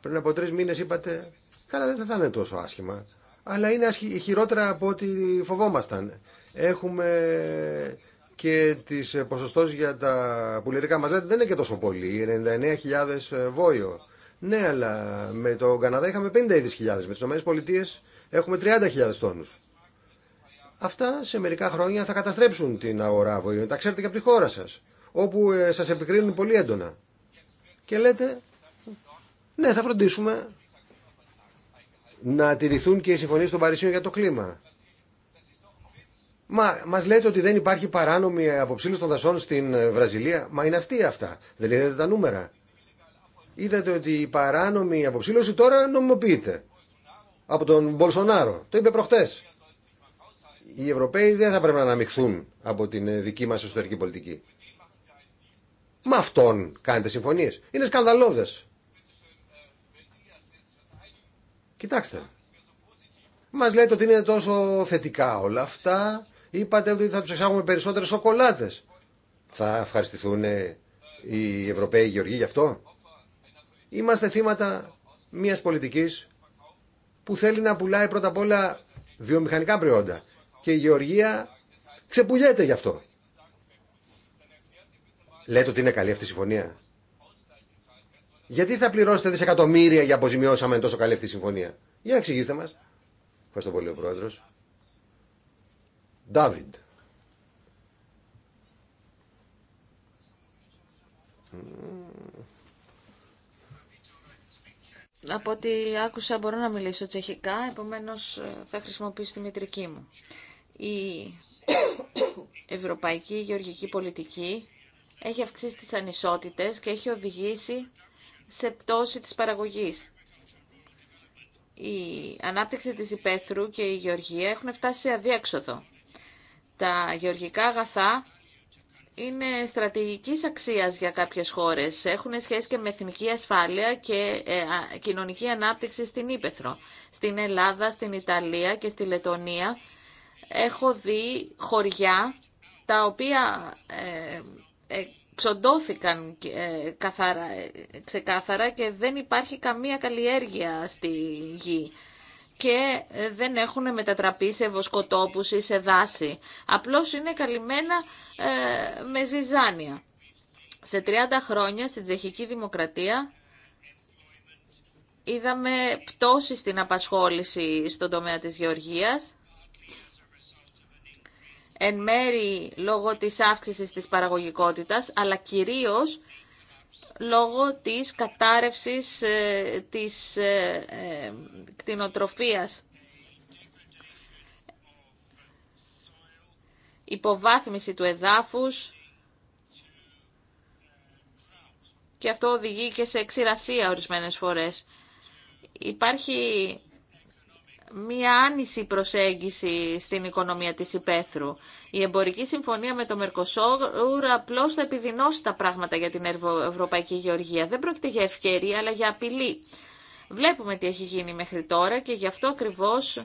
Πριν από τρει μήνε είπατε, καλά δεν θα είναι τόσο άσχημα, αλλά είναι χειρότερα από ό,τι φοβόμασταν. Έχουμε και τι ποσοστό για τα πουλερικά μα λέτε δεν είναι και τόσο πολύ, 99.000 ε, βόλιο. Ναι, αλλά με τον Καναδά είχαμε 50.000, με τι ΗΠΑ έχουμε 30.000 τόνου. Αυτά σε μερικά χρόνια θα καταστρέψουν την αγορά βοήθεια. Τα ξέρετε και από τη χώρα σα, όπου ε, σα επικρίνουν πολύ έντονα. Και λέτε, ναι, θα φροντίσουμε να τηρηθούν και οι συμφωνίε των Παρισίων για το κλίμα. Μα μας λέτε ότι δεν υπάρχει παράνομη αποψήλωση των δασών στην ε, Βραζιλία. Μα είναι αστεία αυτά. Δεν είδατε τα νούμερα. Είδατε ότι η παράνομη αποψήλωση τώρα νομιμοποιείται από τον Μπολσονάρο. Το είπε προχτές. Οι Ευρωπαίοι δεν θα πρέπει να αναμειχθούν από την δική μας εσωτερική πολιτική. Με αυτόν κάνετε συμφωνίες. Είναι σκανδαλώδες. Κοιτάξτε. Μας λέτε ότι είναι τόσο θετικά όλα αυτά. Είπατε ότι θα τους εξάγουμε περισσότερες σοκολάτες. Θα ευχαριστηθούν οι Ευρωπαίοι Γεωργοί γι' αυτό. Είμαστε θύματα μιας πολιτικής που θέλει να πουλάει πρώτα απ' όλα βιομηχανικά προϊόντα. Και η Γεωργία ξεπουλιέται γι' αυτό. Λέτε ότι είναι καλή αυτή η συμφωνία. Γιατί θα πληρώσετε δισεκατομμύρια για αποζημιώσαμε τόσο καλή αυτή η συμφωνία. Για εξηγήστε μας. Ευχαριστώ πολύ ο Πρόεδρος. Ντάβιντ.
Από ό,τι άκουσα μπορώ να μιλήσω τσεχικά, επομένως ε, θα χρησιμοποιήσω τη μητρική μου. Η ευρωπαϊκή γεωργική πολιτική έχει αυξήσει τις ανισότητες και έχει οδηγήσει σε πτώση της παραγωγής. Η ανάπτυξη της υπαίθρου και η γεωργία έχουν φτάσει σε αδίέξοδο. Τα γεωργικά αγαθά είναι στρατηγικής αξίας για κάποιες χώρες. Έχουν σχέση και με εθνική ασφάλεια και ε, κοινωνική ανάπτυξη στην Ήπεθρο. Στην Ελλάδα, στην Ιταλία και στη Λετωνία έχω δει χωριά τα οποία ε, ε, ξοντώθηκαν καθαρά, ξεκάθαρα και δεν υπάρχει καμία καλλιέργεια στη γη και ε, δεν έχουν μετατραπεί σε βοσκοτόπους ή σε δάση. Απλώς είναι καλυμμένα ε, με ζυζάνια. Σε 30 χρόνια στην Τσεχική Δημοκρατία είδαμε πτώση στην απασχόληση στον τομέα της γεωργίας εν μέρη λόγω της αύξησης της παραγωγικότητας, αλλά κυρίως λόγω της κατάρρευσης ε, της ε, ε, κτηνοτροφίας. Υποβάθμιση του εδάφους και αυτό οδηγεί και σε ξηρασία ορισμένες φορές. Υπάρχει μια άνηση προσέγγιση στην οικονομία της υπαίθρου. Η εμπορική συμφωνία με το Μερκοσόρ απλώς θα επιδεινώσει τα πράγματα για την Ευρωπαϊκή Γεωργία. Δεν πρόκειται για ευκαιρία, αλλά για απειλή. Βλέπουμε τι έχει γίνει μέχρι τώρα και γι' αυτό ακριβώς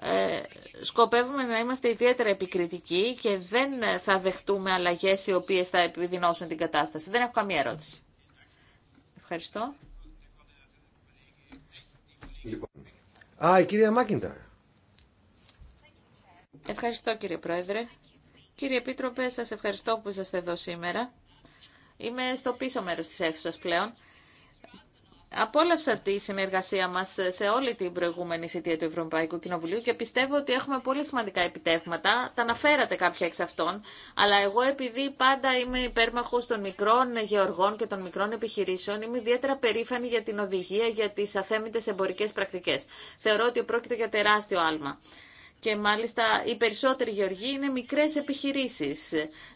ε, σκοπεύουμε να είμαστε ιδιαίτερα επικριτικοί και δεν θα δεχτούμε αλλαγές οι οποίες θα επιδεινώσουν την κατάσταση. Δεν έχω καμία ερώτηση. Ευχαριστώ.
Λοιπόν, Α, η κυρία Μάκινταρ.
Ευχαριστώ κύριε Πρόεδρε. Κύριε Επίτροπε, σας ευχαριστώ που είσαστε εδώ σήμερα. Είμαι στο πίσω μέρος της αίθουσας πλέον. Απόλαυσα τη συνεργασία μας σε όλη την προηγούμενη θητεία του Ευρωπαϊκού Κοινοβουλίου και πιστεύω ότι έχουμε πολύ σημαντικά επιτεύγματα. Τα αναφέρατε κάποια εξ αυτών, αλλά εγώ επειδή πάντα είμαι υπέρμαχο των μικρών γεωργών και των μικρών επιχειρήσεων, είμαι ιδιαίτερα περήφανη για την οδηγία για τις αθέμητε εμπορικέ πρακτικέ. Θεωρώ ότι πρόκειται για τεράστιο άλμα και μάλιστα οι περισσότεροι γεωργοί είναι μικρές επιχειρήσεις.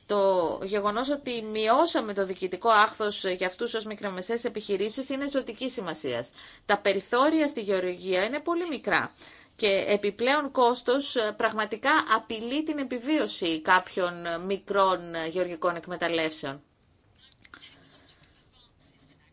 Το γεγονός ότι μειώσαμε το διοικητικό άχθος για αυτούς ως μικρομεσαίες επιχειρήσεις είναι ζωτική σημασία. Τα περιθώρια στη γεωργία είναι πολύ μικρά και επιπλέον κόστος πραγματικά απειλεί την επιβίωση κάποιων μικρών γεωργικών εκμεταλλεύσεων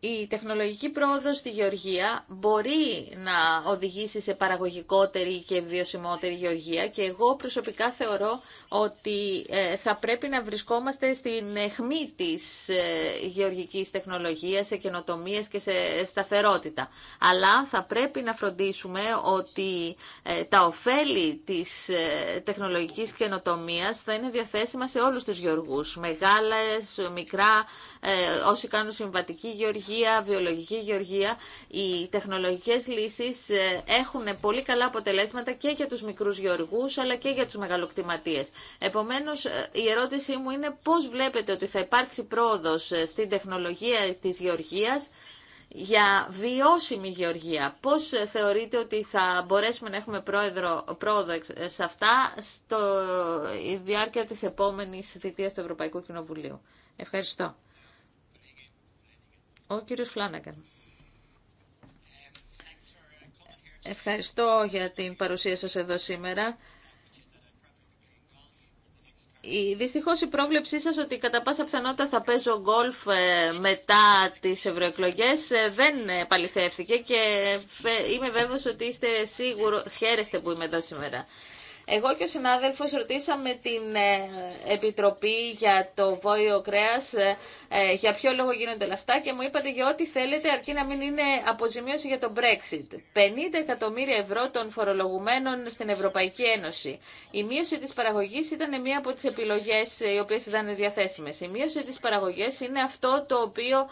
η τεχνολογική πρόοδος στη γεωργία μπορεί να οδηγήσει σε παραγωγικότερη και βιωσιμότερη γεωργία και εγώ προσωπικά θεωρώ ότι ε, θα πρέπει να βρισκόμαστε στην αιχμή της ε, γεωργικής τεχνολογίας, σε καινοτομίες και σε σταθερότητα. Αλλά θα πρέπει να φροντίσουμε ότι ε, τα ωφέλη της τεχνολογικής καινοτομίας θα είναι διαθέσιμα σε όλους τους γεωργούς, μεγάλες, μικρά, ε, όσοι κάνουν συμβατική γεωργία, βιολογική γεωργία, οι τεχνολογικές λύσεις ε, έχουν πολύ καλά αποτελέσματα και για τους μικρούς γεωργούς αλλά και για τους μεγαλοκτηματίες. Επομένως, ε, η ερώτησή μου είναι πώς βλέπετε ότι θα υπάρξει πρόοδος στην τεχνολογία της γεωργίας για βιώσιμη γεωργία. Πώς θεωρείτε ότι θα μπορέσουμε να έχουμε πρόοδο σε αυτά στο διάρκεια της επόμενης θητείας του Ευρωπαϊκού Κοινοβουλίου. Ευχαριστώ. Ο κύριος Φλάναγκαν. Ευχαριστώ για την παρουσία σας εδώ σήμερα. Δυστυχώ η πρόβλεψή σα ότι κατά πάσα πιθανότητα θα παίζω γκολφ ε, μετά τι ευρωεκλογέ ε, δεν παληθεύτηκε και είμαι βέβαιο ότι είστε σίγουρο, χαίρεστε που είμαι εδώ σήμερα. Εγώ και ο συνάδελφος ρωτήσαμε την ε, Επιτροπή για το Βόηο Κρέας ε, ε, για ποιο λόγο γίνονται όλα αυτά και μου είπατε για ό,τι θέλετε αρκεί να μην είναι αποζημίωση για το Brexit. 50 εκατομμύρια ευρώ των φορολογουμένων στην Ευρωπαϊκή Ένωση. Η μείωση της παραγωγής ήταν μία από τις επιλογές οι οποίες ήταν διαθέσιμες. Η μείωση της παραγωγής είναι αυτό το οποίο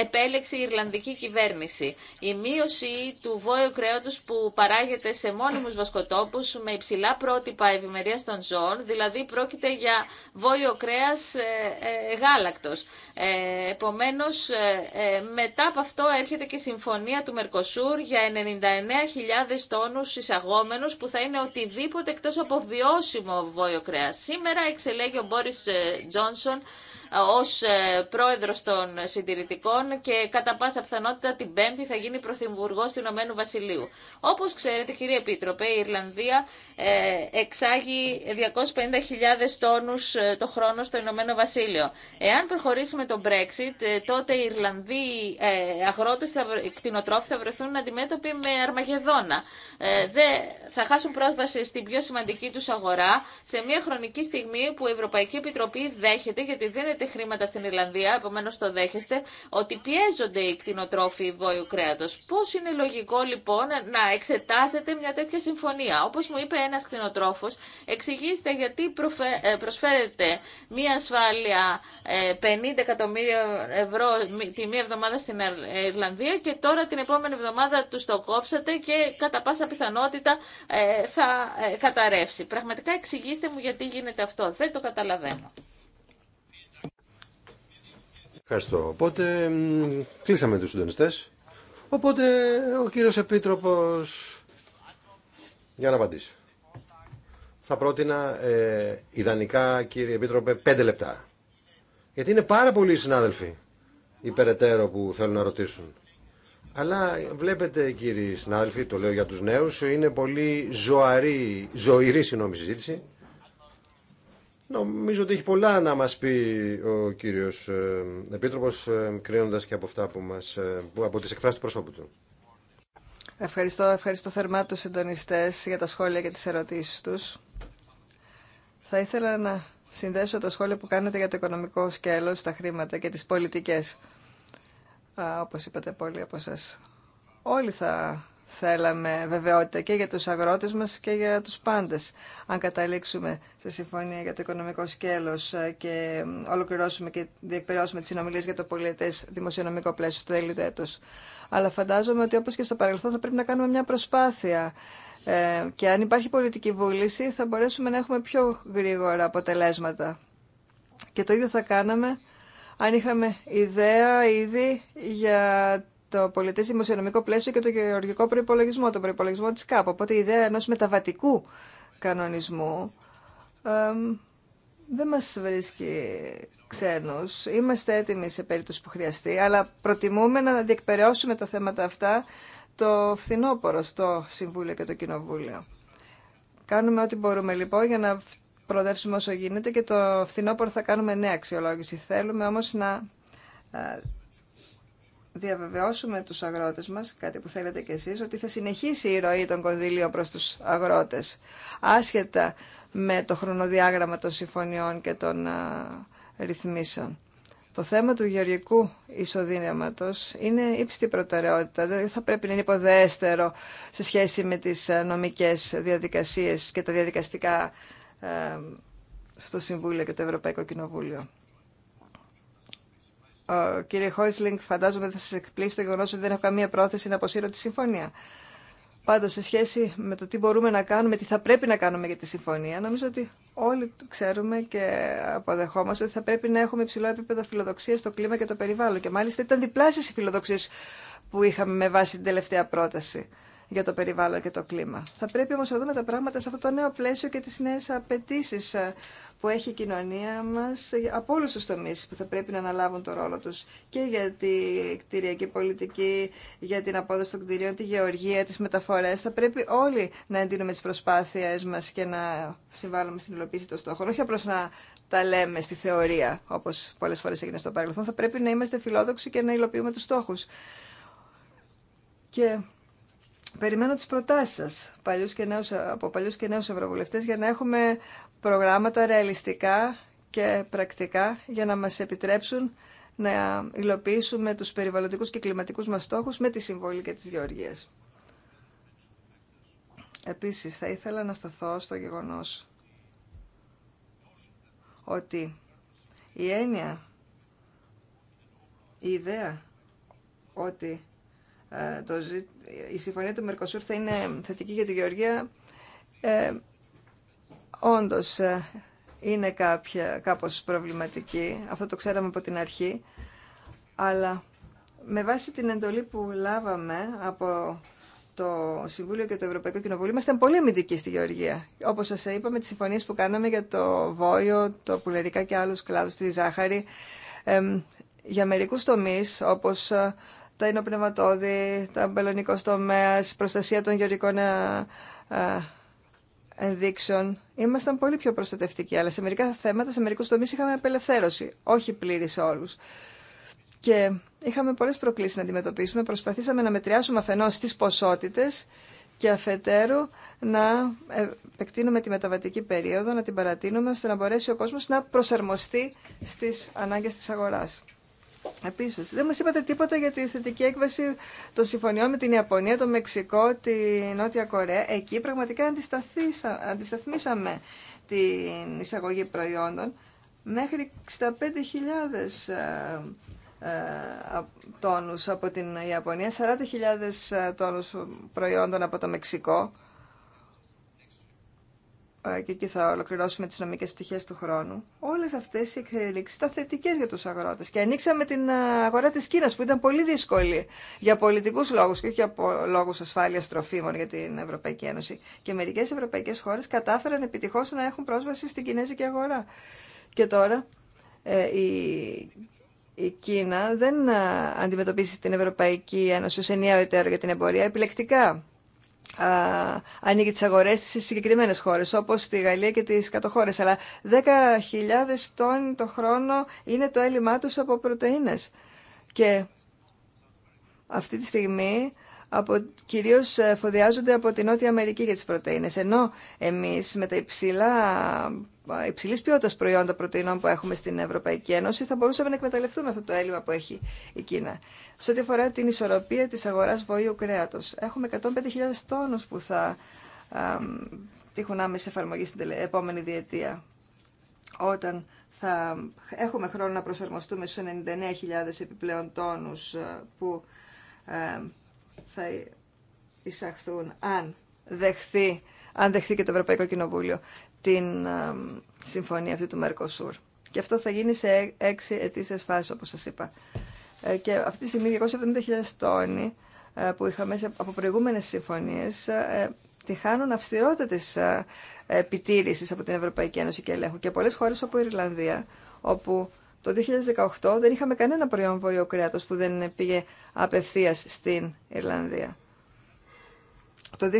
επέλεξε η Ιρλανδική κυβέρνηση. Η μείωση του βόηου κρέατος που παράγεται σε μόνιμους βασκοτόπους με υψηλά πρότυπα ευημερία των ζώων, δηλαδή πρόκειται για βόλιο κρέα ε, ε γάλακτο. Ε, Επομένω, ε, μετά από αυτό έρχεται και η συμφωνία του Μερκοσούρ για 99.000 τόνου εισαγόμενου που θα είναι οτιδήποτε εκτό από βιώσιμο βόλιο κρέα. Σήμερα εξελέγει ο Μπόρι Τζόνσον ως ε, πρόεδρος των συντηρητικών και κατά πάσα πιθανότητα την Πέμπτη θα γίνει πρωθυπουργό του Ηνωμένου Βασιλείου. Όπως ξέρετε κύριε Επίτροπε, η Ιρλανδία ε, εξάγει 250.000 τόνους ε, το χρόνο στο Ηνωμένο Βασίλειο. Εάν προχωρήσουμε τον Brexit, τότε οι Ιρλανδοί αγρότες, και κτηνοτρόφοι θα βρεθούν αντιμέτωποι με αρμαγεδόνα. θα χάσουν πρόσβαση στην πιο σημαντική του αγορά σε μια χρονική στιγμή που η Ευρωπαϊκή Επιτροπή δέχεται γιατί δίνεται δίνετε χρήματα στην Ιρλανδία, επομένω το δέχεστε, ότι πιέζονται οι κτηνοτρόφοι βόλου κρέατο. Πώ είναι λογικό λοιπόν να εξετάσετε μια τέτοια συμφωνία. Όπω μου είπε ένα κτηνοτρόφο, εξηγήστε γιατί ε, προσφέρετε μια ασφάλεια 50 ε, εκατομμύρια ευρώ τη μία εβδομάδα στην Ιρλανδία και τώρα την επόμενη εβδομάδα του το κόψατε και κατά πάσα πιθανότητα ε, θα καταρρεύσει. Πραγματικά εξηγήστε μου γιατί γίνεται αυτό. Δεν το καταλαβαίνω.
Ευχαριστώ. Οπότε κλείσαμε τους συντονιστές. Οπότε ο κύριος Επίτροπος για να απαντήσει. Θα πρότεινα ε, ιδανικά κύριε Επίτροπε πέντε λεπτά. Γιατί είναι πάρα πολλοί συνάδελφοι υπεραιτέρω που θέλουν να ρωτήσουν. Αλλά βλέπετε κύριοι συνάδελφοι, το λέω για τους νέους, είναι πολύ ζωαρή, ζωηρή συνόμη συζήτηση. Νομίζω ότι έχει πολλά να μας πει ο κύριος ε, Επίτροπος, ε, κρίνοντας και από, αυτά που μας, ε, από τις εκφράσεις του προσώπου του.
Ευχαριστώ, ευχαριστώ θερμά τους συντονιστές για τα σχόλια και τις ερωτήσεις τους. Θα ήθελα να συνδέσω τα σχόλια που κάνετε για το οικονομικό σκέλος, τα χρήματα και τις πολιτικές. Α, όπως είπατε πολλοί από σας. Όλοι θα θέλαμε βεβαιότητα και για τους αγρότες μας και για τους πάντες. Αν καταλήξουμε σε συμφωνία για το οικονομικό σκέλος ε, και ολοκληρώσουμε και διεκπαιρεώσουμε τις συνομιλίες για το πολιτές δημοσιονομικό πλαίσιο στο τέλειο έτος. Αλλά φαντάζομαι ότι όπως και στο παρελθόν θα πρέπει να κάνουμε μια προσπάθεια ε, και αν υπάρχει πολιτική βούληση θα μπορέσουμε να έχουμε πιο γρήγορα αποτελέσματα. Και το ίδιο θα κάναμε αν είχαμε ιδέα ήδη για το πολιτέ δημοσιονομικό πλαίσιο και το γεωργικό προπολογισμό, τον προπολογισμό τη ΚΑΠ. Οπότε η ιδέα ενό μεταβατικού κανονισμού ε, δεν μα βρίσκει ξένου. Είμαστε έτοιμοι σε περίπτωση που χρειαστεί, αλλά προτιμούμε να διεκπαιρεώσουμε τα θέματα αυτά το φθινόπωρο στο Συμβούλιο και το Κοινοβούλιο. Κάνουμε ό,τι μπορούμε λοιπόν για να προοδεύσουμε όσο γίνεται και το φθινόπωρο θα κάνουμε νέα αξιολόγηση. Θέλουμε όμως να ε, διαβεβαιώσουμε τους αγρότες μας, κάτι που θέλετε κι εσείς, ότι θα συνεχίσει η ροή των κονδύλιων προς τους αγρότες, άσχετα με το χρονοδιάγραμμα των συμφωνιών και των α, ρυθμίσεων. Το θέμα του γεωργικού ισοδύναματος είναι ύψητη προτεραιότητα. Δεν θα πρέπει να είναι υποδέστερο σε σχέση με τις νομικές διαδικασίες και τα διαδικαστικά ε, στο Συμβούλιο και το Ευρωπαϊκό Κοινοβούλιο. Ε, κύριε Χόισλινγκ, φαντάζομαι θα σα εκπλήσει το γεγονό ότι δεν έχω καμία πρόθεση να αποσύρω τη συμφωνία. Πάντω, σε σχέση με το τι μπορούμε να κάνουμε, τι θα πρέπει να κάνουμε για τη συμφωνία, νομίζω ότι όλοι ξέρουμε και αποδεχόμαστε ότι θα πρέπει να έχουμε υψηλό επίπεδο φιλοδοξία στο κλίμα και το περιβάλλον. Και μάλιστα ήταν διπλάσιε οι φιλοδοξίε που είχαμε με βάση την τελευταία πρόταση για το περιβάλλον και το κλίμα. Θα πρέπει όμως να δούμε τα πράγματα σε αυτό το νέο πλαίσιο και τις νέες απαιτήσει ε, που έχει η κοινωνία μας από όλους τους τομείς που θα πρέπει να αναλάβουν το ρόλο τους και για τη κτηριακή πολιτική, για την απόδοση των κτηρίων, τη γεωργία, τις μεταφορές. Θα πρέπει όλοι να εντείνουμε τις προσπάθειές μας και να συμβάλλουμε στην υλοποίηση των στόχων, όχι απλώς να τα λέμε στη θεωρία, όπως πολλές φορές έγινε στο παρελθόν. Θα πρέπει να είμαστε φιλόδοξοι και να υλοποιούμε τους στόχους. Και Περιμένω τις προτάσεις σας παλιούς από παλιούς και νέους ευρωβουλευτές για να έχουμε προγράμματα ρεαλιστικά και πρακτικά για να μας επιτρέψουν να υλοποιήσουμε τους περιβαλλοντικούς και κλιματικούς μας στόχους με τη συμβόλη και της γεωργίας. Επίσης, θα ήθελα να σταθώ στο γεγονός ότι η έννοια, η ιδέα ότι ε, το, η συμφωνία του Μερκοσούρ θα είναι θετική για τη Γεωργία, ε, όντως ε, είναι κάποια, κάπως προβληματική. Αυτό το ξέραμε από την αρχή. Αλλά με βάση την εντολή που λάβαμε από το Συμβούλιο και το Ευρωπαϊκό Κοινοβούλιο, είμαστε πολύ αμυντικοί στη Γεωργία. Όπω σα είπα, με τι συμφωνίε που κάναμε για το Βόιο, το πουλερικά και άλλου κλάδου στη ζάχαρη, για μερικού τομεί, όπω ε, τα ενοπνευματώδη, τα μπελονικό τομέα, προστασία των γεωρικών ε, ε, ενδείξεων. Ήμασταν πολύ πιο προστατευτικοί, αλλά σε μερικά θέματα, σε μερικού τομεί είχαμε απελευθέρωση, όχι πλήρη σε όλου. Και είχαμε πολλέ προκλήσει να αντιμετωπίσουμε. Προσπαθήσαμε να μετριάσουμε αφενό τι ποσότητε και αφετέρου να ε, επεκτείνουμε τη μεταβατική περίοδο, να την παρατείνουμε ώστε να μπορέσει ο κόσμος να προσαρμοστεί στις ανάγκες της αγοράς. Επίσης, δεν μας είπατε τίποτα για τη θετική έκβαση των συμφωνιών με την Ιαπωνία, το Μεξικό, τη Νότια Κορέα. Εκεί πραγματικά αντισταθμίσαμε την εισαγωγή προϊόντων μέχρι 65.000 ε, ε, τόνους από την Ιαπωνία, 40.000 ε, τόνους προϊόντων από το Μεξικό και εκεί θα ολοκληρώσουμε τις νομικές πτυχές του χρόνου, όλες αυτές οι εξελίξεις ήταν θετικέ για τους αγρότες. Και ανοίξαμε την ε, αγορά της Κίνας που ήταν πολύ δύσκολη για πολιτικούς λόγους και όχι για λόγους ασφάλειας τροφίμων για την Ευρωπαϊκή Ένωση. Και μερικές ευρωπαϊκές χώρες κατάφεραν επιτυχώς να έχουν πρόσβαση στην κινέζικη αγορά. Και τώρα ε, η Κίνα δεν ε, αντιμετωπίσει την Ευρωπαϊκή Ένωση ως ενιαίο εταίρο για την εμπορία επιλεκτικά ανοίγει τι αγορέ τη σε συγκεκριμένες χώρες όπως τη Γαλλία και τις Κατοχώρε. αλλά 10.000 τόνοι το χρόνο είναι το έλλειμμά τους από πρωτενε. και αυτή τη στιγμή από, κυρίως ε, φοδιάζονται από την Νότια Αμερική για τις πρωτεΐνες ενώ εμείς με τα υψηλά Υψηλή ποιότητα προϊόντα πρωτεϊνών που έχουμε στην Ευρωπαϊκή Ένωση, θα μπορούσαμε να εκμεταλλευτούμε αυτό το έλλειμμα που έχει η Κίνα. Σε ό,τι αφορά την ισορροπία τη αγορά βοήου κρέατος, έχουμε 105.000 τόνου που θα τύχουν άμεση εφαρμογή στην τελε... επόμενη διετία, όταν θα έχουμε χρόνο να προσαρμοστούμε στους 99.000 επιπλέον τόνους ε, που ε, θα εισαχθούν αν δεχθεί αν δεχθεί και το Ευρωπαϊκό Κοινοβούλιο την συμφωνία αυτή του Μερκοσούρ. Και αυτό θα γίνει σε έξι ετήσιες φάσεις, όπως σας είπα. Ε, και αυτή τη στιγμή 270.000 τόνοι ε, που είχαμε από προηγούμενες συμφωνίες ε, τη χάνουν επιτήρηση επιτήρησης από την Ευρωπαϊκή Ένωση και ελέγχου. Και πολλές χώρες όπως η Ιρλανδία, όπου το 2018 δεν είχαμε κανένα προϊόν βοηοκρέατος που δεν πήγε απευθείας στην Ιρλανδία. Το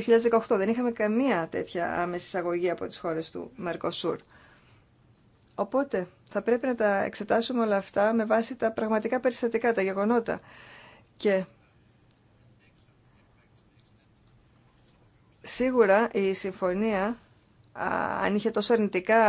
2018 δεν είχαμε καμία τέτοια άμεση εισαγωγή από τις χώρες του Μερκοσούρ. Οπότε θα πρέπει να τα εξετάσουμε όλα αυτά με βάση τα πραγματικά περιστατικά, τα γεγονότα. Και σίγουρα η συμφωνία, αν είχε τόσο αρνητικά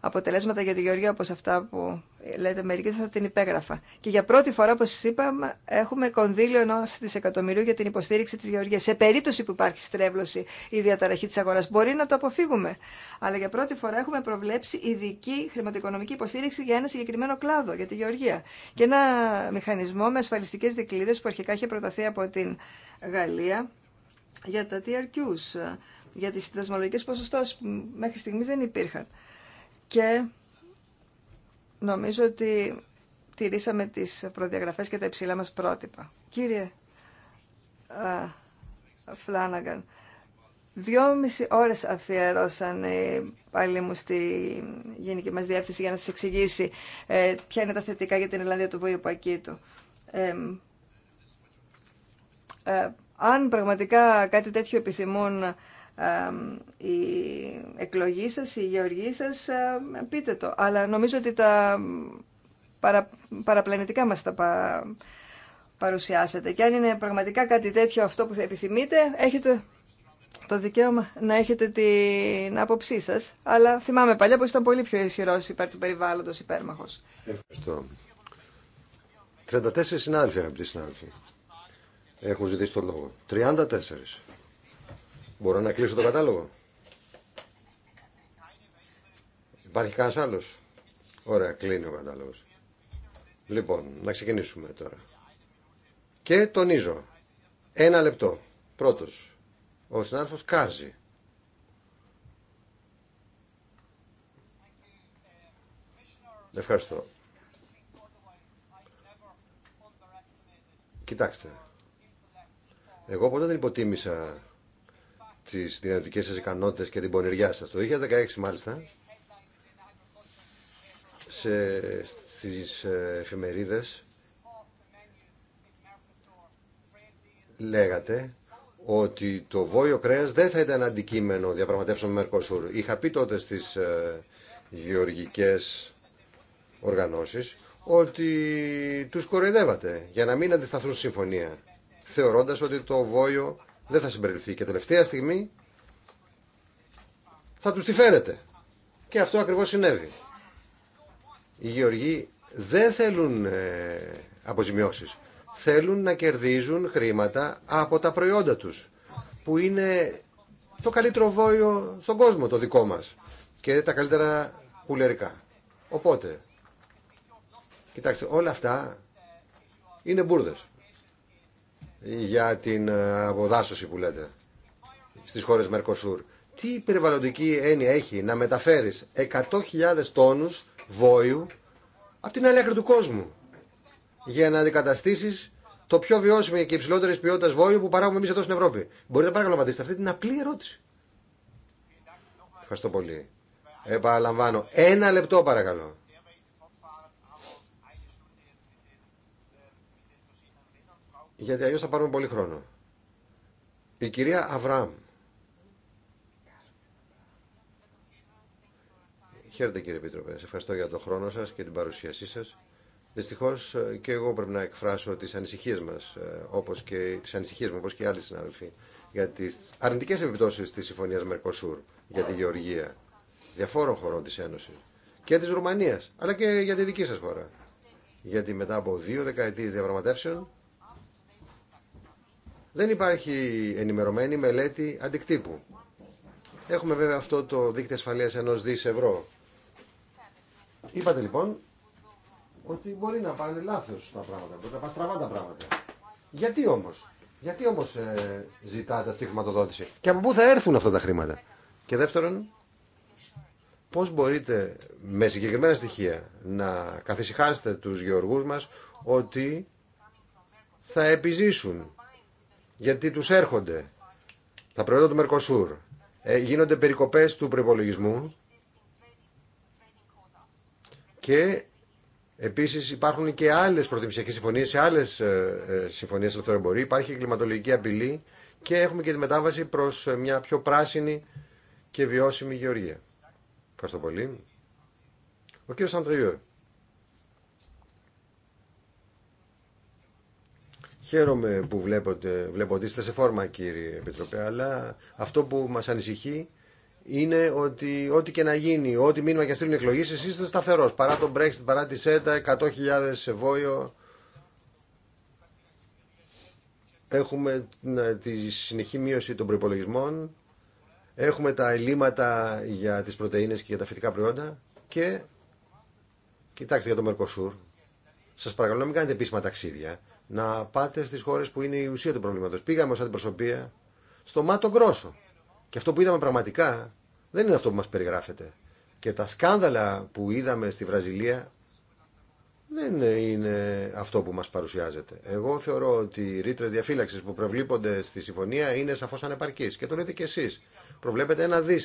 αποτελέσματα για τη Γεωργία όπως αυτά που λέτε μερικοί, θα την υπέγραφα. Και για πρώτη φορά, όπω σα είπα, έχουμε κονδύλιο ενό δισεκατομμυρίου για την υποστήριξη τη γεωργία. Σε περίπτωση που υπάρχει στρέβλωση ή διαταραχή τη αγορά, μπορεί να το αποφύγουμε. Αλλά για πρώτη φορά έχουμε προβλέψει ειδική χρηματοοικονομική υποστήριξη για ένα συγκεκριμένο κλάδο, για τη γεωργία. Και ένα μηχανισμό με ασφαλιστικέ δικλείδε που αρχικά είχε προταθεί από την Γαλλία για τα TRQs, για τι δασμολογικέ ποσοστώσει μέχρι στιγμή δεν υπήρχαν. Και Νομίζω ότι τηρήσαμε τις προδιαγραφές και τα υψηλά μας πρότυπα. Κύριε Φλάναγκαν, δυόμιση ώρες αφιερώσαν πάλι μου στη γενική μας διεύθυνση για να σας εξηγήσει ε, ποια είναι τα θετικά για την Ελλανδία του Βορείου Πακίτου. ε, αν πραγματικά κάτι τέτοιο επιθυμούν η εκλογή σας, η γεωργή σας, πείτε το. Αλλά νομίζω ότι τα παρα, παραπλανητικά μας τα πα, παρουσιάσατε. Και αν είναι πραγματικά κάτι τέτοιο αυτό που θα επιθυμείτε, έχετε το δικαίωμα να έχετε την άποψή σας. Αλλά θυμάμαι παλιά πως ήταν πολύ πιο ισχυρός υπέρ του περιβάλλοντος υπέρμαχος.
Ευχαριστώ. 34 συνάδελφοι, αγαπητοί συνάδελφοι, έχουν ζητήσει το λόγο. 34. Μπορώ να κλείσω το κατάλογο. Υπάρχει κανένα άλλο. Ωραία, κλείνει ο κατάλογο. Λοιπόν, να ξεκινήσουμε τώρα. Και τονίζω. Ένα λεπτό. Πρώτο. Ο συνάδελφο Κάζη. Ευχαριστώ. Κοιτάξτε. Εγώ ποτέ δεν υποτίμησα τις δυνατικέ σα ικανότητες και την πονηριά σα. Το 2016 μάλιστα σε, στις ε, εφημερίδες λέγατε ότι το βόλιο κρέας δεν θα ήταν αντικείμενο διαπραγματεύσεων με Μερκοσούρ. Είχα πει τότε στις ε, γεωργικές οργανώσεις ότι τους κοροϊδεύατε για να μην αντισταθούν στη συμφωνία θεωρώντας ότι το βόλιο δεν θα συμπεριληφθεί και τελευταία στιγμή θα τους τη φέρετε. Και αυτό ακριβώς συνέβη. Οι γεωργοί δεν θέλουν ε, αποζημιώσεις. Θέλουν να κερδίζουν χρήματα από τα προϊόντα τους, που είναι το καλύτερο βόλιο στον κόσμο το δικό μας και τα καλύτερα πουλερικά. Οπότε, κοιτάξτε, όλα αυτά είναι μπουρδες για την ε, αποδάσωση που λέτε στις χώρες Μερκοσούρ. Τι περιβαλλοντική έννοια έχει να μεταφέρεις 100.000 τόνους βόλου από την άλλη άκρη του κόσμου για να αντικαταστήσεις το πιο βιώσιμο και υψηλότερη ποιότητα βόλου που παράγουμε εμεί εδώ στην Ευρώπη. Μπορείτε παρακαλώ να απαντήσετε αυτή την απλή ερώτηση. Ευχαριστώ πολύ. Επαναλαμβάνω. Ένα λεπτό παρακαλώ. γιατί αλλιώς θα πάρουμε πολύ χρόνο. Η κυρία Αβραάμ. Χαίρετε κύριε Επίτροπε, Σε ευχαριστώ για τον χρόνο σας και την παρουσίασή σας. Δυστυχώς ε, και εγώ πρέπει να εκφράσω τις ανησυχίες μας, ε, όπως και, τις ανησυχίες μου, όπως και οι άλλοι συνάδελφοι, για τις αρνητικές επιπτώσεις της Συμφωνίας Μερκοσούρ για τη Γεωργία διαφόρων χωρών της Ένωσης και της Ρουμανίας, αλλά και για τη δική σας χώρα. Γιατί μετά από δύο δεκαετίες διαπραγματεύσεων δεν υπάρχει ενημερωμένη μελέτη αντικτύπου. Έχουμε βέβαια αυτό το δίκτυο ασφαλείας ενό δις ευρώ. Είπατε λοιπόν ότι μπορεί να πάνε λάθο τα πράγματα, μπορεί να πάνε στραβά τα πράγματα. Γιατί όμως, γιατί όμως ε, ζητάτε αυτή τη χρηματοδότηση και από πού θα έρθουν αυτά τα χρήματα. Και δεύτερον, πώς μπορείτε με συγκεκριμένα στοιχεία να καθησυχάσετε του γεωργού μα ότι θα επιζήσουν γιατί τους έρχονται τα προϊόντα του Μερκοσούρ. Ε, γίνονται περικοπές του προπολογισμού και επίσης υπάρχουν και άλλες προτιμησιακές συμφωνίες, σε άλλες ε, ε συμφωνίες ελευθερών Υπάρχει και κλιματολογική απειλή και έχουμε και τη μετάβαση προς μια πιο πράσινη και βιώσιμη γεωργία. Ευχαριστώ πολύ. Ο κύριος Αντριού. Χαίρομαι που βλέπετε, βλέπω ότι είστε σε φόρμα κύριε Επιτροπέ, αλλά αυτό που μας ανησυχεί είναι ότι ό,τι και να γίνει, ό,τι μήνυμα και στείλουν εκλογή εσείς είστε σταθερός. Παρά τον Brexit, παρά τη ΣΕΤΑ, 100.000 σε Έχουμε τη συνεχή μείωση των προπολογισμών. Έχουμε τα ελλείμματα για τις πρωτεΐνες και για τα φυτικά προϊόντα. Και κοιτάξτε για το Μερκοσούρ. Σας παρακαλώ να μην κάνετε επίσημα ταξίδια να πάτε στι χώρες που είναι η ουσία του προβλήματος. Πήγαμε ω αντιπροσωπεία στο Μάτο Γκρόσο. Και αυτό που είδαμε πραγματικά δεν είναι αυτό που μας περιγράφεται. Και τα σκάνδαλα που είδαμε στη Βραζιλία δεν είναι αυτό που μας παρουσιάζεται. Εγώ θεωρώ ότι οι ρήτρε διαφύλαξης που προβλήπονται στη συμφωνία είναι σαφώ ανεπαρκείς. Και το λέτε και εσεί. Προβλέπετε ένα δι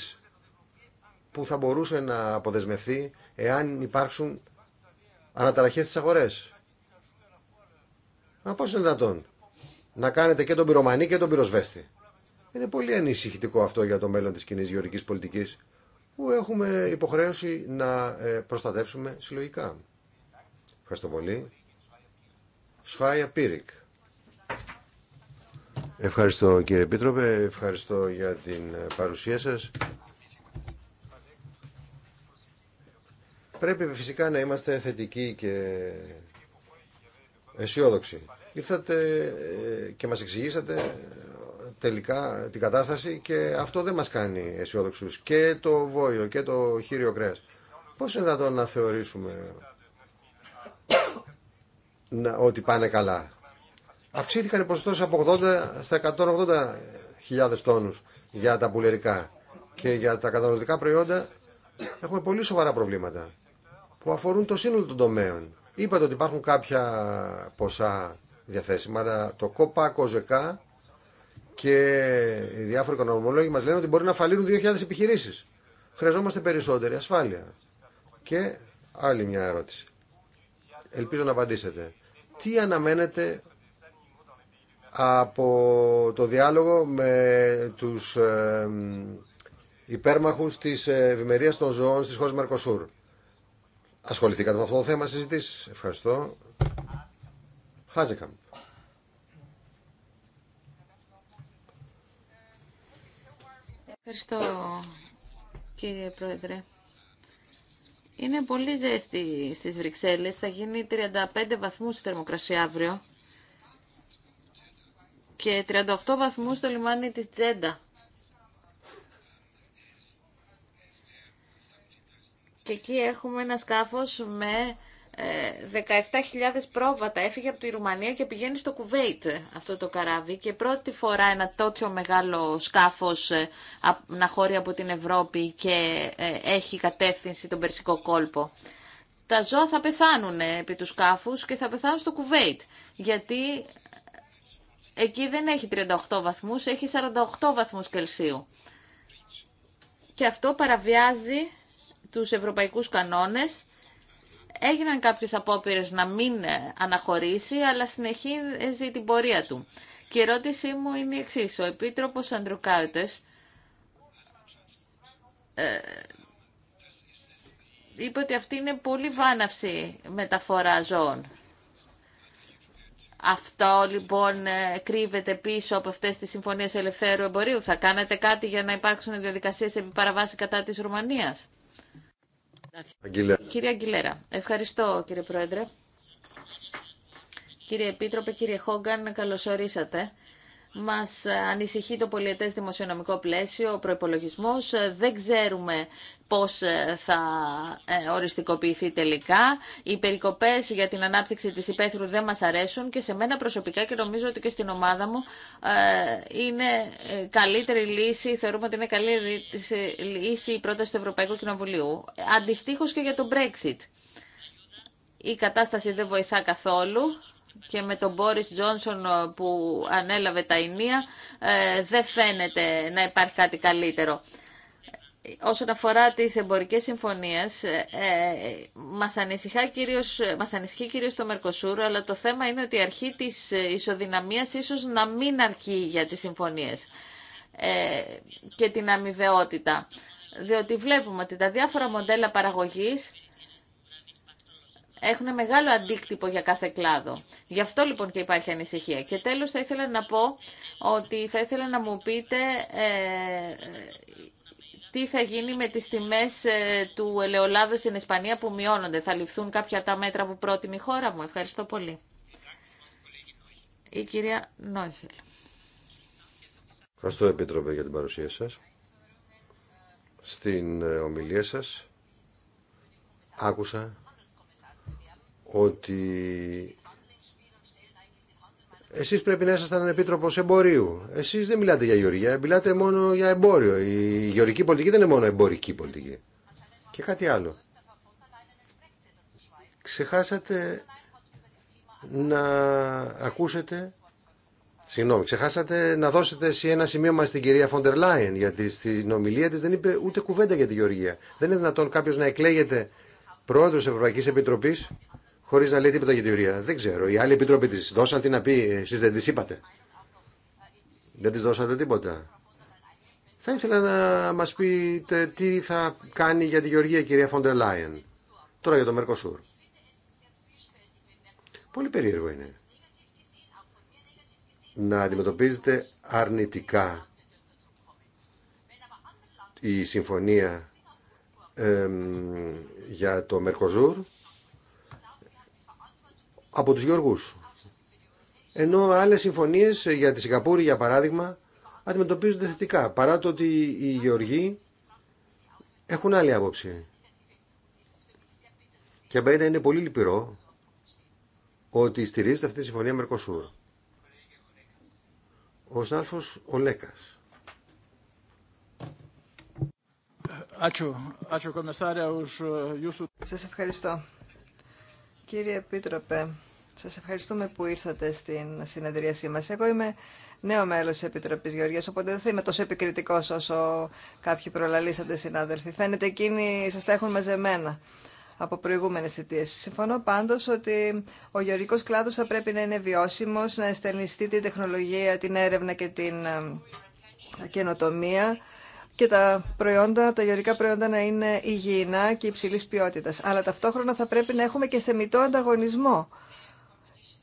που θα μπορούσε να αποδεσμευθεί εάν υπάρξουν αναταραχές στις αγορές. Μα πώς δυνατόν να κάνετε και τον πυρομανή και τον πυροσβέστη. Είναι πολύ ανησυχητικό αυτό για το μέλλον της κοινή γεωρικής πολιτικής που έχουμε υποχρέωση να ε, προστατεύσουμε συλλογικά. Ευχαριστώ πολύ. Σφάια Πύρικ. Ευχαριστώ κύριε Επίτροπε, ευχαριστώ για την ε, παρουσία σας. Πρέπει φυσικά να είμαστε θετικοί και αισιόδοξοι ήρθατε ε, και μας εξηγήσατε ε, τελικά την κατάσταση και αυτό δεν μας κάνει αισιόδοξου και το βόλιο και το χείριο κρέας. Πώς είναι δυνατόν να θεωρήσουμε ότι πάνε καλά. Αυξήθηκαν οι ποσοστώσεις από 80 στα 180.000 τόνους για τα πουλερικά και για τα κατανοητικά προϊόντα έχουμε πολύ σοβαρά προβλήματα που αφορούν το σύνολο των τομέων. Είπατε ότι υπάρχουν κάποια ποσά διαθέσιμα. Αλλά το ΚΟΠΑ, ΚΟΖΕΚΑ και οι διάφοροι οικονομολόγοι μας λένε ότι μπορεί να φαλήρουν 2.000 επιχειρήσεις. Χρειαζόμαστε περισσότερη ασφάλεια. Και άλλη μια ερώτηση. Ελπίζω να απαντήσετε. Τι αναμένετε από το διάλογο με τους υπέρμαχους της ευημερίας των ζώων στις χώρες Μαρκοσούρ. Ασχοληθήκατε με αυτό το θέμα συζητήσεις. Ευχαριστώ.
Ευχαριστώ κύριε Πρόεδρε. Είναι πολύ ζέστη στις Βρυξέλλες. Θα γίνει 35 βαθμούς η θερμοκρασία αύριο και 38 βαθμούς στο λιμάνι της Τζέντα. Και εκεί έχουμε ένα σκάφος με 17.000 πρόβατα έφυγε από τη Ρουμανία και πηγαίνει στο Κουβέιτ αυτό το καράβι και πρώτη φορά ένα τέτοιο μεγάλο σκάφος ε, να χωρεί από την Ευρώπη και ε, έχει κατεύθυνση τον Περσικό κόλπο. Τα ζώα θα πεθάνουν επί του σκάφους και θα πεθάνουν στο Κουβέιτ γιατί ε, εκεί δεν έχει 38 βαθμούς, έχει 48 βαθμούς Κελσίου. Και αυτό παραβιάζει τους ευρωπαϊκούς κανόνες έγιναν κάποιες απόπειρες να μην ε, αναχωρήσει, αλλά συνεχίζει την πορεία του. Και η ερώτησή μου είναι η εξής. Ο Επίτροπος Ανδρουκάουτες ε, είπε ότι αυτή είναι πολύ βάναυση μεταφορά ζώων. Αυτό λοιπόν ε, κρύβεται πίσω από αυτές τις συμφωνίες ελευθέρου εμπορίου. Θα κάνετε κάτι για να υπάρξουν διαδικασίες επί παραβάση κατά της Ρουμανίας. Κύριε Αγγιλέρα, ευχαριστώ κύριε Πρόεδρε. Κύριε Επίτροπε, κύριε Χόγκαν, καλωσορίσατε. Μα ανησυχεί το πολιετέ δημοσιονομικό πλαίσιο, ο προπολογισμό. Δεν ξέρουμε πώς ε, θα ε, οριστικοποιηθεί τελικά. Οι περικοπές για την ανάπτυξη της υπαίθρου δεν μας αρέσουν και σε μένα προσωπικά και νομίζω ότι και στην ομάδα μου ε, είναι καλύτερη λύση, θεωρούμε ότι είναι καλύτερη λύση η πρόταση του Ευρωπαϊκού Κοινοβουλίου. Αντιστοίχω και για τον Brexit. Η κατάσταση δεν βοηθά καθόλου και με τον Μπόρις Τζόνσον που ανέλαβε τα Ινία ε, δεν φαίνεται να υπάρχει κάτι καλύτερο. Όσον αφορά τις εμπορικές συμφωνίες, ε, μας, ανησυχεί κυρίως, μας ανησυχεί κυρίως το Μερκοσούρ, αλλά το θέμα είναι ότι η αρχή της ισοδυναμίας ίσως να μην αρκεί για τις συμφωνίες ε, και την αμοιβαιότητα. Διότι βλέπουμε ότι τα διάφορα μοντέλα παραγωγής έχουν μεγάλο αντίκτυπο για κάθε κλάδο. Γι' αυτό λοιπόν και υπάρχει ανησυχία. Και τέλος θα ήθελα να πω ότι θα ήθελα να μου πείτε ε, τι θα γίνει με τις τιμές ε, του ελαιολάδου στην Ισπανία που μειώνονται. Θα ληφθούν κάποια τα μέτρα που πρότεινε η χώρα μου. Ευχαριστώ πολύ. Η κυρία Νόχελ.
Ευχαριστώ Επίτροπε για την παρουσία σας. Στην ε, ομιλία σας άκουσα ότι εσείς πρέπει να ήσασταν επίτροπος εμπορίου. Εσείς δεν μιλάτε για γεωργία, μιλάτε μόνο για εμπόριο. Η γεωργική πολιτική δεν είναι μόνο εμπορική πολιτική. Και κάτι άλλο. Ξεχάσατε να ακούσετε Συγγνώμη, ξεχάσατε να δώσετε σε ένα σημείο μα στην κυρία Φόντερ Λάιεν, γιατί στην ομιλία τη δεν είπε ούτε κουβέντα για τη Γεωργία. Δεν είναι δυνατόν κάποιο να εκλέγεται πρόεδρο Ευρωπαϊκή Επιτροπή χωρί να λέει τίποτα για τη Ουρία. Δεν ξέρω. Οι άλλοι επίτροποι τη δώσαν τι να πει, εσεί δεν τη είπατε. Δεν τη δώσατε τίποτα. Θα ήθελα να μα πείτε τι θα κάνει για τη Γεωργία κυρία Φόντερ Λάιεν. Τώρα για το Μερκοσούρ. Πολύ περίεργο είναι να αντιμετωπίζετε αρνητικά η συμφωνία για το Μερκοζούρ από τους Γιώργους. Ενώ άλλες συμφωνίες ε, για τη Σιγκαπούρη, για παράδειγμα, αντιμετωπίζονται θετικά, παρά το ότι οι γεωργοί έχουν άλλη άποψη. Και απέναντι είναι πολύ λυπηρό ότι στηρίζεται αυτή τη συμφωνία Μερκοσούρ.
Ο Σάλφος
ο Λέκας.
Ε, Σας ευχαριστώ. Κύριε Επίτροπε, σας ευχαριστούμε που ήρθατε στην συνεδρίασή μας. Εγώ είμαι νέο μέλος της Επιτροπής Γεωργίας, οπότε δεν θα είμαι τόσο επικριτικός όσο κάποιοι προλαλήσατε συνάδελφοι. Φαίνεται εκείνοι σας τα έχουν μαζεμένα από προηγούμενες θητείες. Συμφωνώ πάντως ότι ο γεωργικός κλάδος θα πρέπει να είναι βιώσιμος, να εστερνιστεί την τεχνολογία, την έρευνα και την ε, καινοτομία και τα προϊόντα, τα γεωρικά προϊόντα να είναι υγιεινά και υψηλής ποιότητας. Αλλά ταυτόχρονα θα πρέπει να έχουμε και θεμητό ανταγωνισμό.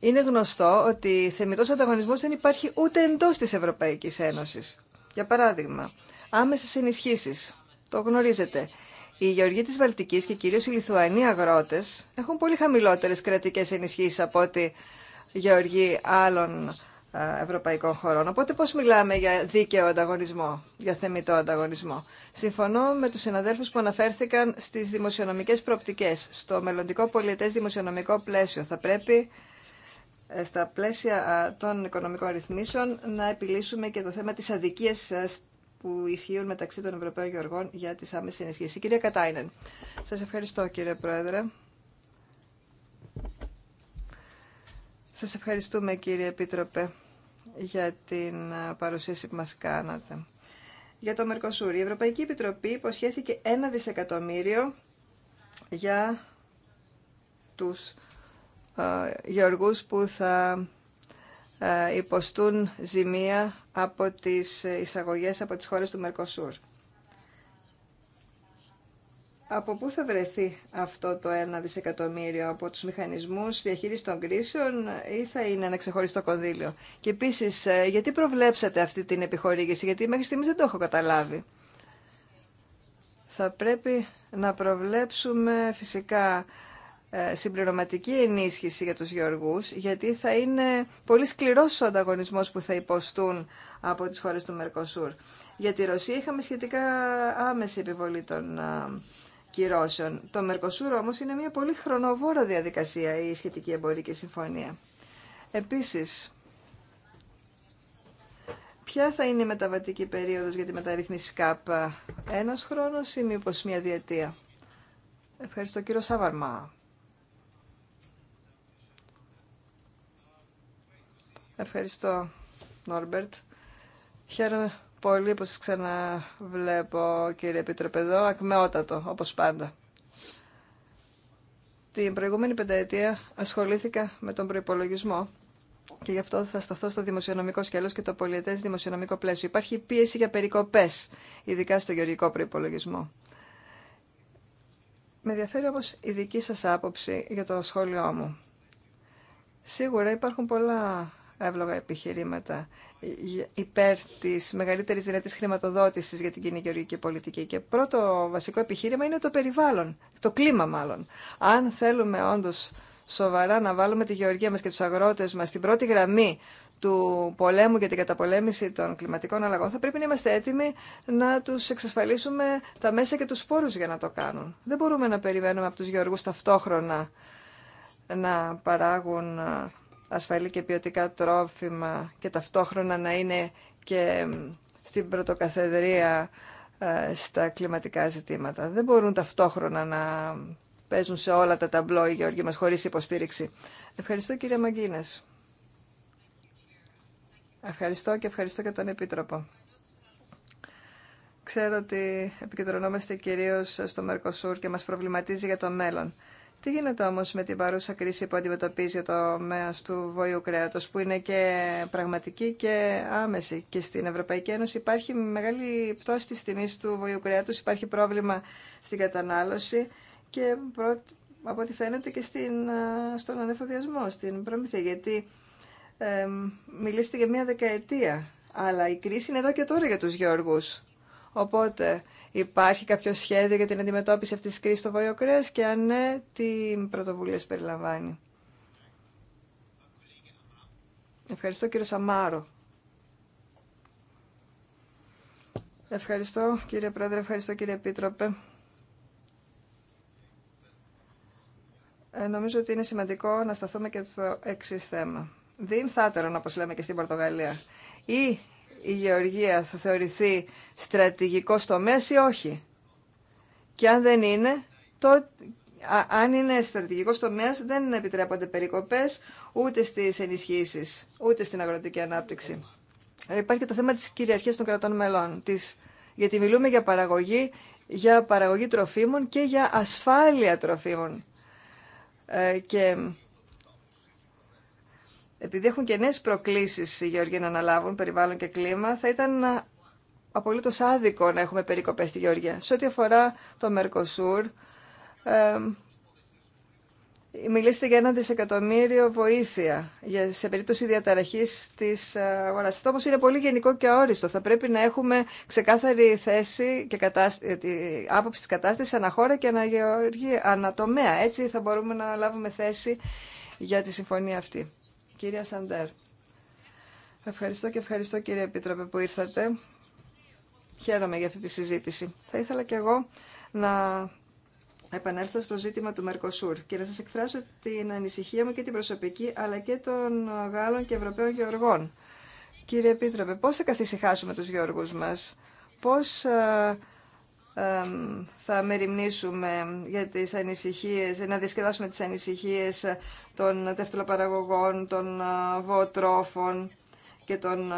Είναι γνωστό ότι θεμητός ανταγωνισμός δεν υπάρχει ούτε εντός της Ευρωπαϊκής Ένωσης. Για παράδειγμα, άμεσες ενισχύσεις. Το γνωρίζετε. Οι γεωργοί της Βαλτικής και κυρίως οι Λιθουανοί αγρότες έχουν πολύ χαμηλότερες κρατικές ενισχύσεις από ότι γεωργοί άλλων ευρωπαϊκών χωρών. Οπότε πώς μιλάμε για δίκαιο ανταγωνισμό, για θεμητό ανταγωνισμό. Συμφωνώ με τους συναδέλφους που αναφέρθηκαν στις δημοσιονομικές προοπτικές. Στο μελλοντικό πολιτές δημοσιονομικό πλαίσιο θα πρέπει ε, στα πλαίσια των οικονομικών ρυθμίσεων να επιλύσουμε και το θέμα της αδικίας που ισχύουν μεταξύ των Ευρωπαίων Γεωργών για τις άμεσες ενισχύσεις. Κυρία Κατάινεν, σας ευχαριστώ κύριε Πρόεδρε. Σας ευχαριστούμε κύριε Επίτροπε για την ε, παρουσίαση που μας κάνατε. Για το Μερκοσούρ, η Ευρωπαϊκή Επιτροπή υποσχέθηκε ένα δισεκατομμύριο για τους ε, γεωργούς που θα ε, υποστούν ζημία από τις εισαγωγές από τις χώρες του Μερκοσούρ από πού θα βρεθεί αυτό το 1 δισεκατομμύριο, από τους μηχανισμούς διαχείρισης των κρίσεων ή θα είναι ένα ξεχωριστό κονδύλιο. Και επίσης, ε, γιατί προβλέψατε αυτή την επιχορήγηση, γιατί μέχρι στιγμής δεν το έχω καταλάβει. Θα πρέπει να προβλέψουμε φυσικά ε, συμπληρωματική ενίσχυση για τους γεωργούς, γιατί θα είναι πολύ σκληρός ο ανταγωνισμός που θα υποστούν από τις χώρες του Μερκοσούρ. Για τη Ρωσία είχαμε σχετικά άμεση επιβολή των ε, κυρώσεων. Το Μερκοσούρ όμως είναι μια πολύ χρονοβόρα διαδικασία η σχετική εμπορική συμφωνία. Επίσης, ποια θα είναι η μεταβατική περίοδος για τη μεταρρύθμιση ΚΑΠ, ένας χρόνος ή μήπω μια διετία. Ευχαριστώ κύριο Σαβαρμά. Ευχαριστώ, Νόρμπερτ. Χαίρομαι πολύ που σας ξαναβλέπω κύριε Επίτροπε εδώ, ακμεότατο όπως πάντα. Την προηγούμενη πενταετία ασχολήθηκα με τον προϋπολογισμό και γι' αυτό θα σταθώ στο δημοσιονομικό σκέλος και το πολιετές δημοσιονομικό πλαίσιο. Υπάρχει πίεση για περικοπές, ειδικά στο γεωργικό προϋπολογισμό. Με ενδιαφέρει όμως η δική σας άποψη για το σχόλιο μου. Σίγουρα υπάρχουν πολλά εύλογα επιχειρήματα ε, ε, υπέρ τη μεγαλύτερη δυνατή χρηματοδότηση για την κοινή γεωργική πολιτική. Και πρώτο βασικό επιχείρημα είναι το περιβάλλον, το κλίμα μάλλον. Αν θέλουμε όντω σοβαρά να βάλουμε τη γεωργία μα και του αγρότε μα στην πρώτη γραμμή του πολέμου για την καταπολέμηση των κλιματικών αλλαγών, θα πρέπει να είμαστε έτοιμοι να του εξασφαλίσουμε τα μέσα και του πόρου για να το κάνουν. Δεν μπορούμε να περιμένουμε από του γεωργού ταυτόχρονα να παράγουν ε, ασφαλή και ποιοτικά τρόφιμα και ταυτόχρονα να είναι και στην πρωτοκαθεδρία ε, στα κλιματικά ζητήματα. Δεν μπορούν ταυτόχρονα να παίζουν σε όλα τα ταμπλό οι Γεωργοί μας χωρίς υποστήριξη. Ευχαριστώ κύριε Μαγκίνες. Ευχαριστώ και ευχαριστώ και τον Επίτροπο. Ξέρω ότι επικεντρωνόμαστε κυρίως στο Μερκοσούρ και μας προβληματίζει για το μέλλον. Τι γίνεται όμως με την παρούσα κρίση που αντιμετωπίζει το μέρο του βοηού κρέατο, που είναι και πραγματική και άμεση. Και στην Ευρωπαϊκή Ένωση υπάρχει μεγάλη πτώση τη τιμή του βοηού κρέατο, υπάρχει πρόβλημα στην κατανάλωση και από ό,τι φαίνεται και στην, στον ανεφοδιασμό, στην προμήθεια. Γιατί ε, μιλήσετε για μία δεκαετία, αλλά η κρίση είναι εδώ και τώρα για του γεωργού. Οπότε υπάρχει κάποιο σχέδιο για την αντιμετώπιση αυτής της κρίσης στο Βόλιο και αν ναι, τι πρωτοβουλίες περιλαμβάνει. Ευχαριστώ κύριο Σαμάρο. Ευχαριστώ κύριε Πρόεδρε, ευχαριστώ κύριε Επίτροπε. Ε, νομίζω ότι είναι σημαντικό να σταθούμε και στο εξή θέμα. θα θάτερον, όπως λέμε και στην Πορτογαλία. Ή η γεωργία θα θεωρηθεί στρατηγικό τομέα ή όχι. Και αν δεν είναι, το, αν είναι στρατηγικό τομέα, δεν επιτρέπονται περικοπέ ούτε στι ενισχύσει, ούτε στην αγροτική ανάπτυξη. Υπάρχει και το θέμα τη κυριαρχία των κρατών μελών. Της, γιατί μιλούμε για παραγωγή, για παραγωγή τροφίμων και για ασφάλεια τροφίμων. Ε, και επειδή έχουν και νέες προκλήσεις οι γεωργοί να αναλάβουν περιβάλλον και κλίμα, θα ήταν απολύτω άδικο να έχουμε περικοπές στη γεωργία. Σε ό,τι αφορά το Μερκοσούρ, ε, μιλήσετε για ένα δισεκατομμύριο βοήθεια για, σε περίπτωση διαταραχής της αγορά. Αυτό όμως είναι πολύ γενικό και όριστο. Θα πρέπει να έχουμε ξεκάθαρη θέση και κατάστη, ε, άποψη της κατάστασης αναχώρα και αναγεωργία, ανατομέα. Έτσι θα μπορούμε να λάβουμε θέση για τη συμφωνία αυτή. Κυρία Σαντέρ, ευχαριστώ και ευχαριστώ κύριε Επίτροπε που ήρθατε. Χαίρομαι για αυτή τη συζήτηση. Θα ήθελα και εγώ να επανέλθω στο ζήτημα του Μερκοσούρ και να σας εκφράσω την ανησυχία μου και την προσωπική αλλά και των Γάλλων και Ευρωπαίων Γεωργών. Κύριε Επίτροπε, πώς θα καθυσυχάσουμε τους Γεωργούς μας, πώς ε, θα μεριμνήσουμε για τις ανησυχίες, να διασκεδάσουμε τις ανησυχίες των τευτελοπαραγωγών, των ε, βοοτρόφων και των ε,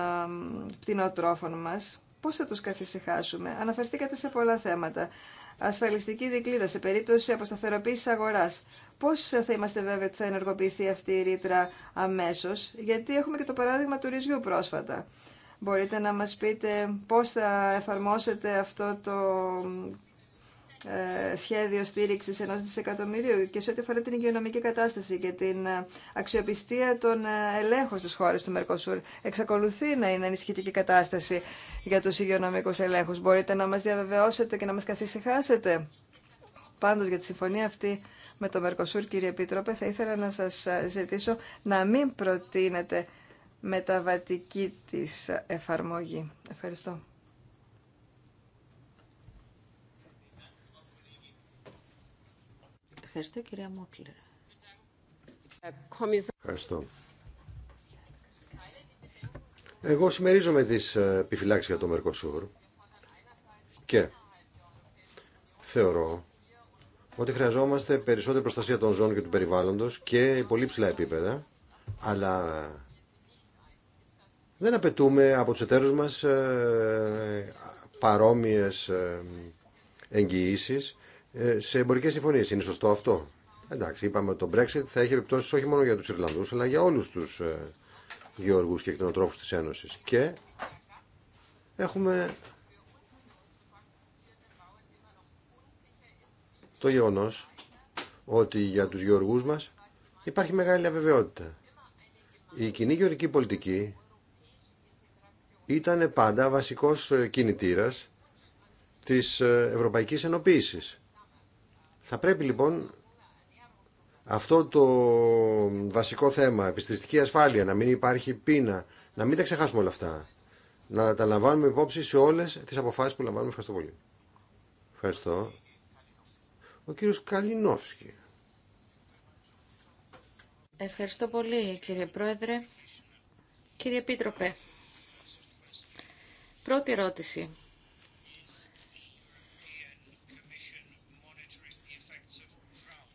πτηνοτρόφων μας. Πώς θα τους καθησυχάσουμε. Αναφερθήκατε σε πολλά θέματα. Ασφαλιστική δικλίδα σε περίπτωση αποσταθεροποίησης αγορά. Πώς θα είμαστε βέβαιοι ότι θα ενεργοποιηθεί αυτή η ρήτρα αμέσω, γιατί έχουμε και το παράδειγμα του ρυζιού πρόσφατα. Μπορείτε να μας πείτε πώς θα εφαρμόσετε αυτό το ε, σχέδιο στήριξη ενό δισεκατομμυρίου και σε ό,τι αφορά την υγειονομική κατάσταση και την ε, αξιοπιστία των ε, ελέγχων στι χώρες του Μερκοσούρ. Εξακολουθεί να είναι ενισχυτική κατάσταση για τους υγειονομικούς ελέγχους. Μπορείτε να μας διαβεβαιώσετε και να μας καθησυχάσετε. Πάντω για τη συμφωνία αυτή με το Μερκοσούρ, κύριε Επίτροπε, θα ήθελα να σας ζητήσω να μην προτείνετε μεταβατική της εφαρμογή. Ευχαριστώ. Ευχαριστώ κυρία Μόκλερ.
Ευχαριστώ. Εγώ συμμερίζομαι τις ε, επιφυλάξεις για το Μερκοσούρ και θεωρώ ότι χρειαζόμαστε περισσότερη προστασία των ζώων και του περιβάλλοντος και πολύ ψηλά επίπεδα, αλλά δεν απαιτούμε από τους εταίρους μας ε, παρόμοιες ε, εγγυήσεις ε, σε εμπορικές συμφωνίες. Είναι σωστό αυτό. Εντάξει, είπαμε ότι το Brexit θα έχει επιπτώσεις όχι μόνο για τους Ιρλανδούς, αλλά για όλους τους γεωργούς και εκτενοτρόφους της Ένωσης. Και έχουμε το γεγονός ότι για τους γεωργούς μας υπάρχει μεγάλη αβεβαιότητα. Η κοινή γεωργική πολιτική ήταν πάντα βασικός ε, κινητήρας της ε, ευρωπαϊκής ενοποίησης. Θα πρέπει λοιπόν αυτό το βασικό θέμα, επιστηστική ασφάλεια, να μην υπάρχει πείνα, να μην τα ξεχάσουμε όλα αυτά. Να τα λαμβάνουμε υπόψη σε όλες τις αποφάσεις που λαμβάνουμε. Ευχαριστώ πολύ. Ευχαριστώ. Ο κύριος Καλινόφσκι.
Ευχαριστώ πολύ κύριε Πρόεδρε. Κύριε Επίτροπε, Πρώτη ερώτηση.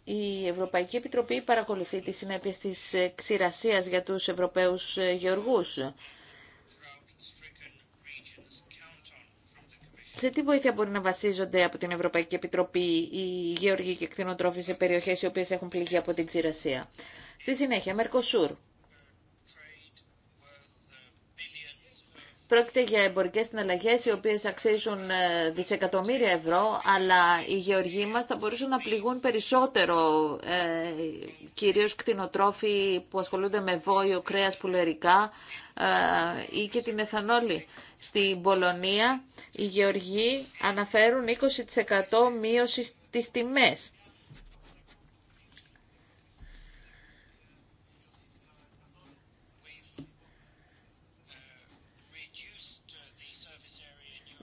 Η Ευρωπαϊκή Επιτροπή παρακολουθεί τις συνέπειες της ξηρασίας για τους Ευρωπαίους γεωργούς. Σε τι βοήθεια μπορεί να βασίζονται από την Ευρωπαϊκή Επιτροπή οι γεωργοί και κτηνοτρόφοι σε περιοχές οι οποίες έχουν πληγεί από την ξηρασία. Στη συνέχεια, Μερκοσούρ. Πρόκειται για εμπορικέ συναλλαγές οι οποίε αξίζουν ε, δισεκατομμύρια ευρώ, αλλά οι γεωργοί μα θα μπορούσαν να πληγούν περισσότερο, ε, κυρίως κτηνοτρόφοι που ασχολούνται με βόηο, κρέα πουλερικά ε, ή και την εθανόλη. Στην Πολωνία οι γεωργοί αναφέρουν 20% μείωση στι τιμέ.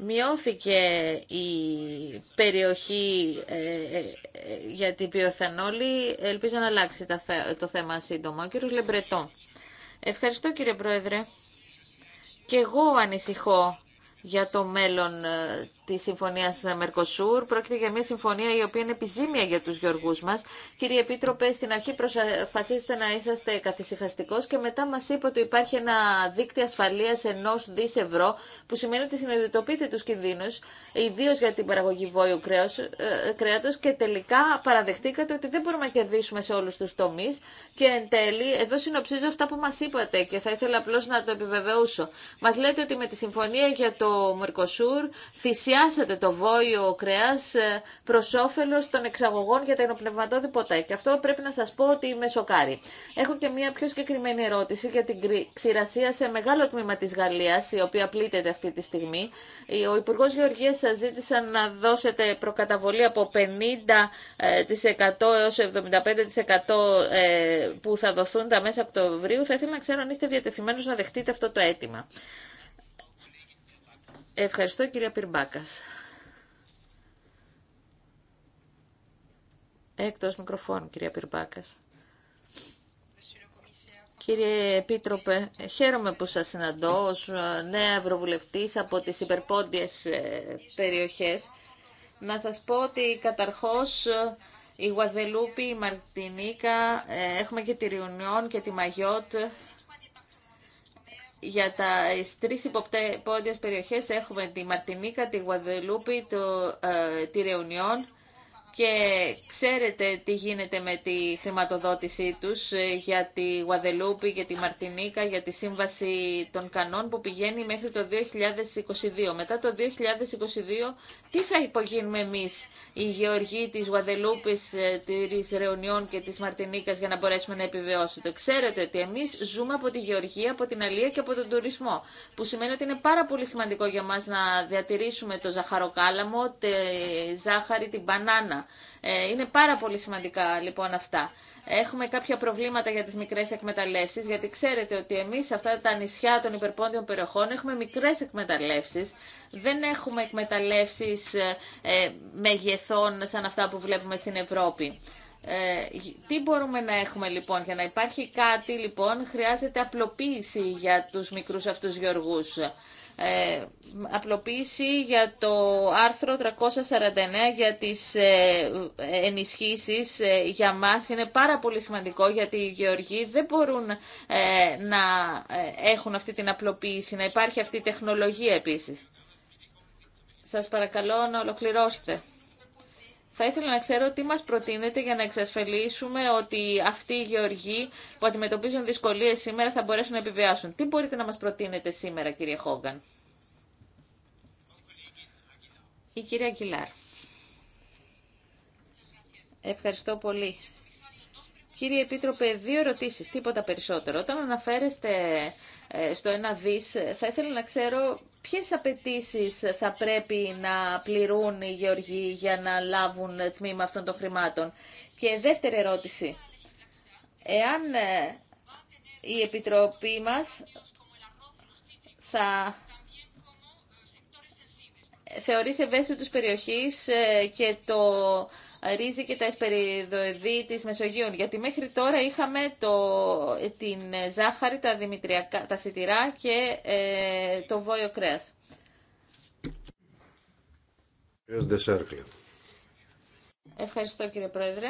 Μειώθηκε η περιοχή ε, ε, ε, για την βιοθανόλη. Ελπίζω να αλλάξει το θέμα σύντομα. Ο Λεμπρετό. Ευχαριστώ κύριε Πρόεδρε. Και εγώ ανησυχώ για το μέλλον τη συμφωνία Μερκοσούρ. Πρόκειται για μια συμφωνία η οποία είναι επιζήμια για του γεωργού μα. Κύριε Επίτροπε, στην αρχή προσπαθήσατε να είσαστε καθησυχαστικό και μετά μα είπε ότι υπάρχει ένα δίκτυο ασφαλεία ενό δι ευρώ, που σημαίνει ότι συνειδητοποιείτε του κινδύνου, ιδίω για την παραγωγή βόλου ε, κρέατο και τελικά παραδεχτήκατε ότι δεν μπορούμε να κερδίσουμε σε όλου του τομεί. Και εν τέλει, εδώ συνοψίζω αυτά που μα είπατε και θα ήθελα απλώ να το επιβεβαιώσω. Μα λέτε ότι με τη συμφωνία για το Μερκοσούρ μειάσατε το βόλιο κρέα ε, προ όφελο των εξαγωγών για τα ενοπνευματώδη ποτέ. Και αυτό πρέπει να σα πω ότι με σοκάρει. Έχω και μία πιο συγκεκριμένη ερώτηση για την ξηρασία σε μεγάλο τμήμα τη Γαλλία, η οποία πλήττεται αυτή τη στιγμή. Ο Υπουργό Γεωργία σα ζήτησε να δώσετε προκαταβολή από 50% έω 75% που θα δοθούν τα μέσα Οκτωβρίου. Θα ήθελα να ξέρω αν είστε διατεθειμένο να δεχτείτε αυτό το αίτημα. Ευχαριστώ κυρία Πυρμπάκας. Έκτος μικροφώνου κυρία Πυρμπάκας. Κύριε Επίτροπε, χαίρομαι που σας συναντώ ως ε, νέα Ευρωβουλευτής από τις υπερπόντιες ε, περιοχές. Να σας πω ότι καταρχώς ε, η Γουαδελούπη, η Μαρτινίκα, έχουμε και τη Ριουνιόν και τη Μαγιότ για τα τρει υποπτέ περιοχές έχουμε τη Μαρτινίκα, τη Γουαδελούπη, το, ε, τη Ρεουνιόν και ξέρετε τι γίνεται με τη χρηματοδότησή τους ε, για τη Γουαδελούπη, για τη Μαρτινίκα, για τη Σύμβαση των Κανών που πηγαίνει μέχρι το 2022. Μετά το 2022 τι θα υπογίνουμε εμείς οι γεωργοί της Γουαδελούπης, ε, της Ρεωνιών και της Μαρτινίκας για να μπορέσουμε να επιβεώσετε Ξέρετε ότι εμείς ζούμε από τη γεωργία, από την αλία και από τον τουρισμό που σημαίνει ότι είναι πάρα πολύ σημαντικό για μας να διατηρήσουμε το ζαχαροκάλαμο, τη ζάχαρη, την μπανάνα ε, είναι πάρα πολύ σημαντικά λοιπόν αυτά. Έχουμε κάποια προβλήματα για τις μικρές εκμεταλλεύσεις, γιατί ξέρετε ότι εμείς σε αυτά τα νησιά των υπερπόντιων περιοχών έχουμε μικρές εκμεταλλεύσεις. Δεν έχουμε εκμεταλλεύσεις ε, ε μεγεθών σαν αυτά που βλέπουμε στην Ευρώπη. Ε, τι μπορούμε να έχουμε λοιπόν για να υπάρχει κάτι λοιπόν χρειάζεται απλοποίηση για τους μικρούς αυτούς γεωργού ε, απλοποίηση για το άρθρο 349 για τις ε, ενισχύσεις ε, για μας είναι πάρα πολύ σημαντικό γιατί οι γεωργοί δεν μπορούν ε, να ε, έχουν αυτή την απλοποίηση, να υπάρχει αυτή η τεχνολογία επίσης. Σας παρακαλώ να ολοκληρώσετε. Θα ήθελα να ξέρω τι μας προτείνετε για να εξασφαλίσουμε ότι αυτοί οι γεωργοί που αντιμετωπίζουν δυσκολίες σήμερα θα μπορέσουν να επιβιάσουν. Τι μπορείτε να μας προτείνετε σήμερα κύριε Χόγκαν. Η κυρία Αγγιλάρ. Ευχαριστώ πολύ. Κύριε Επίτροπε, δύο ερωτήσεις, τίποτα περισσότερο. Όταν αναφέρεστε ε, στο ένα δις, θα ήθελα να ξέρω Ποιες απαιτήσει θα πρέπει να πληρούν οι γεωργοί για να λάβουν τμήμα αυτών των χρημάτων. Και δεύτερη ερώτηση. Εάν ε, η Επιτροπή μας θα θεωρείς τους περιοχής ε, και το ρύζι και τα εσπεριδοειδή της Μεσογείου. Γιατί μέχρι τώρα είχαμε το, την ζάχαρη, τα, δημητριακά, τα σιτηρά και ε, το βόλιο κρέας. Ευχαριστώ κύριε Πρόεδρε.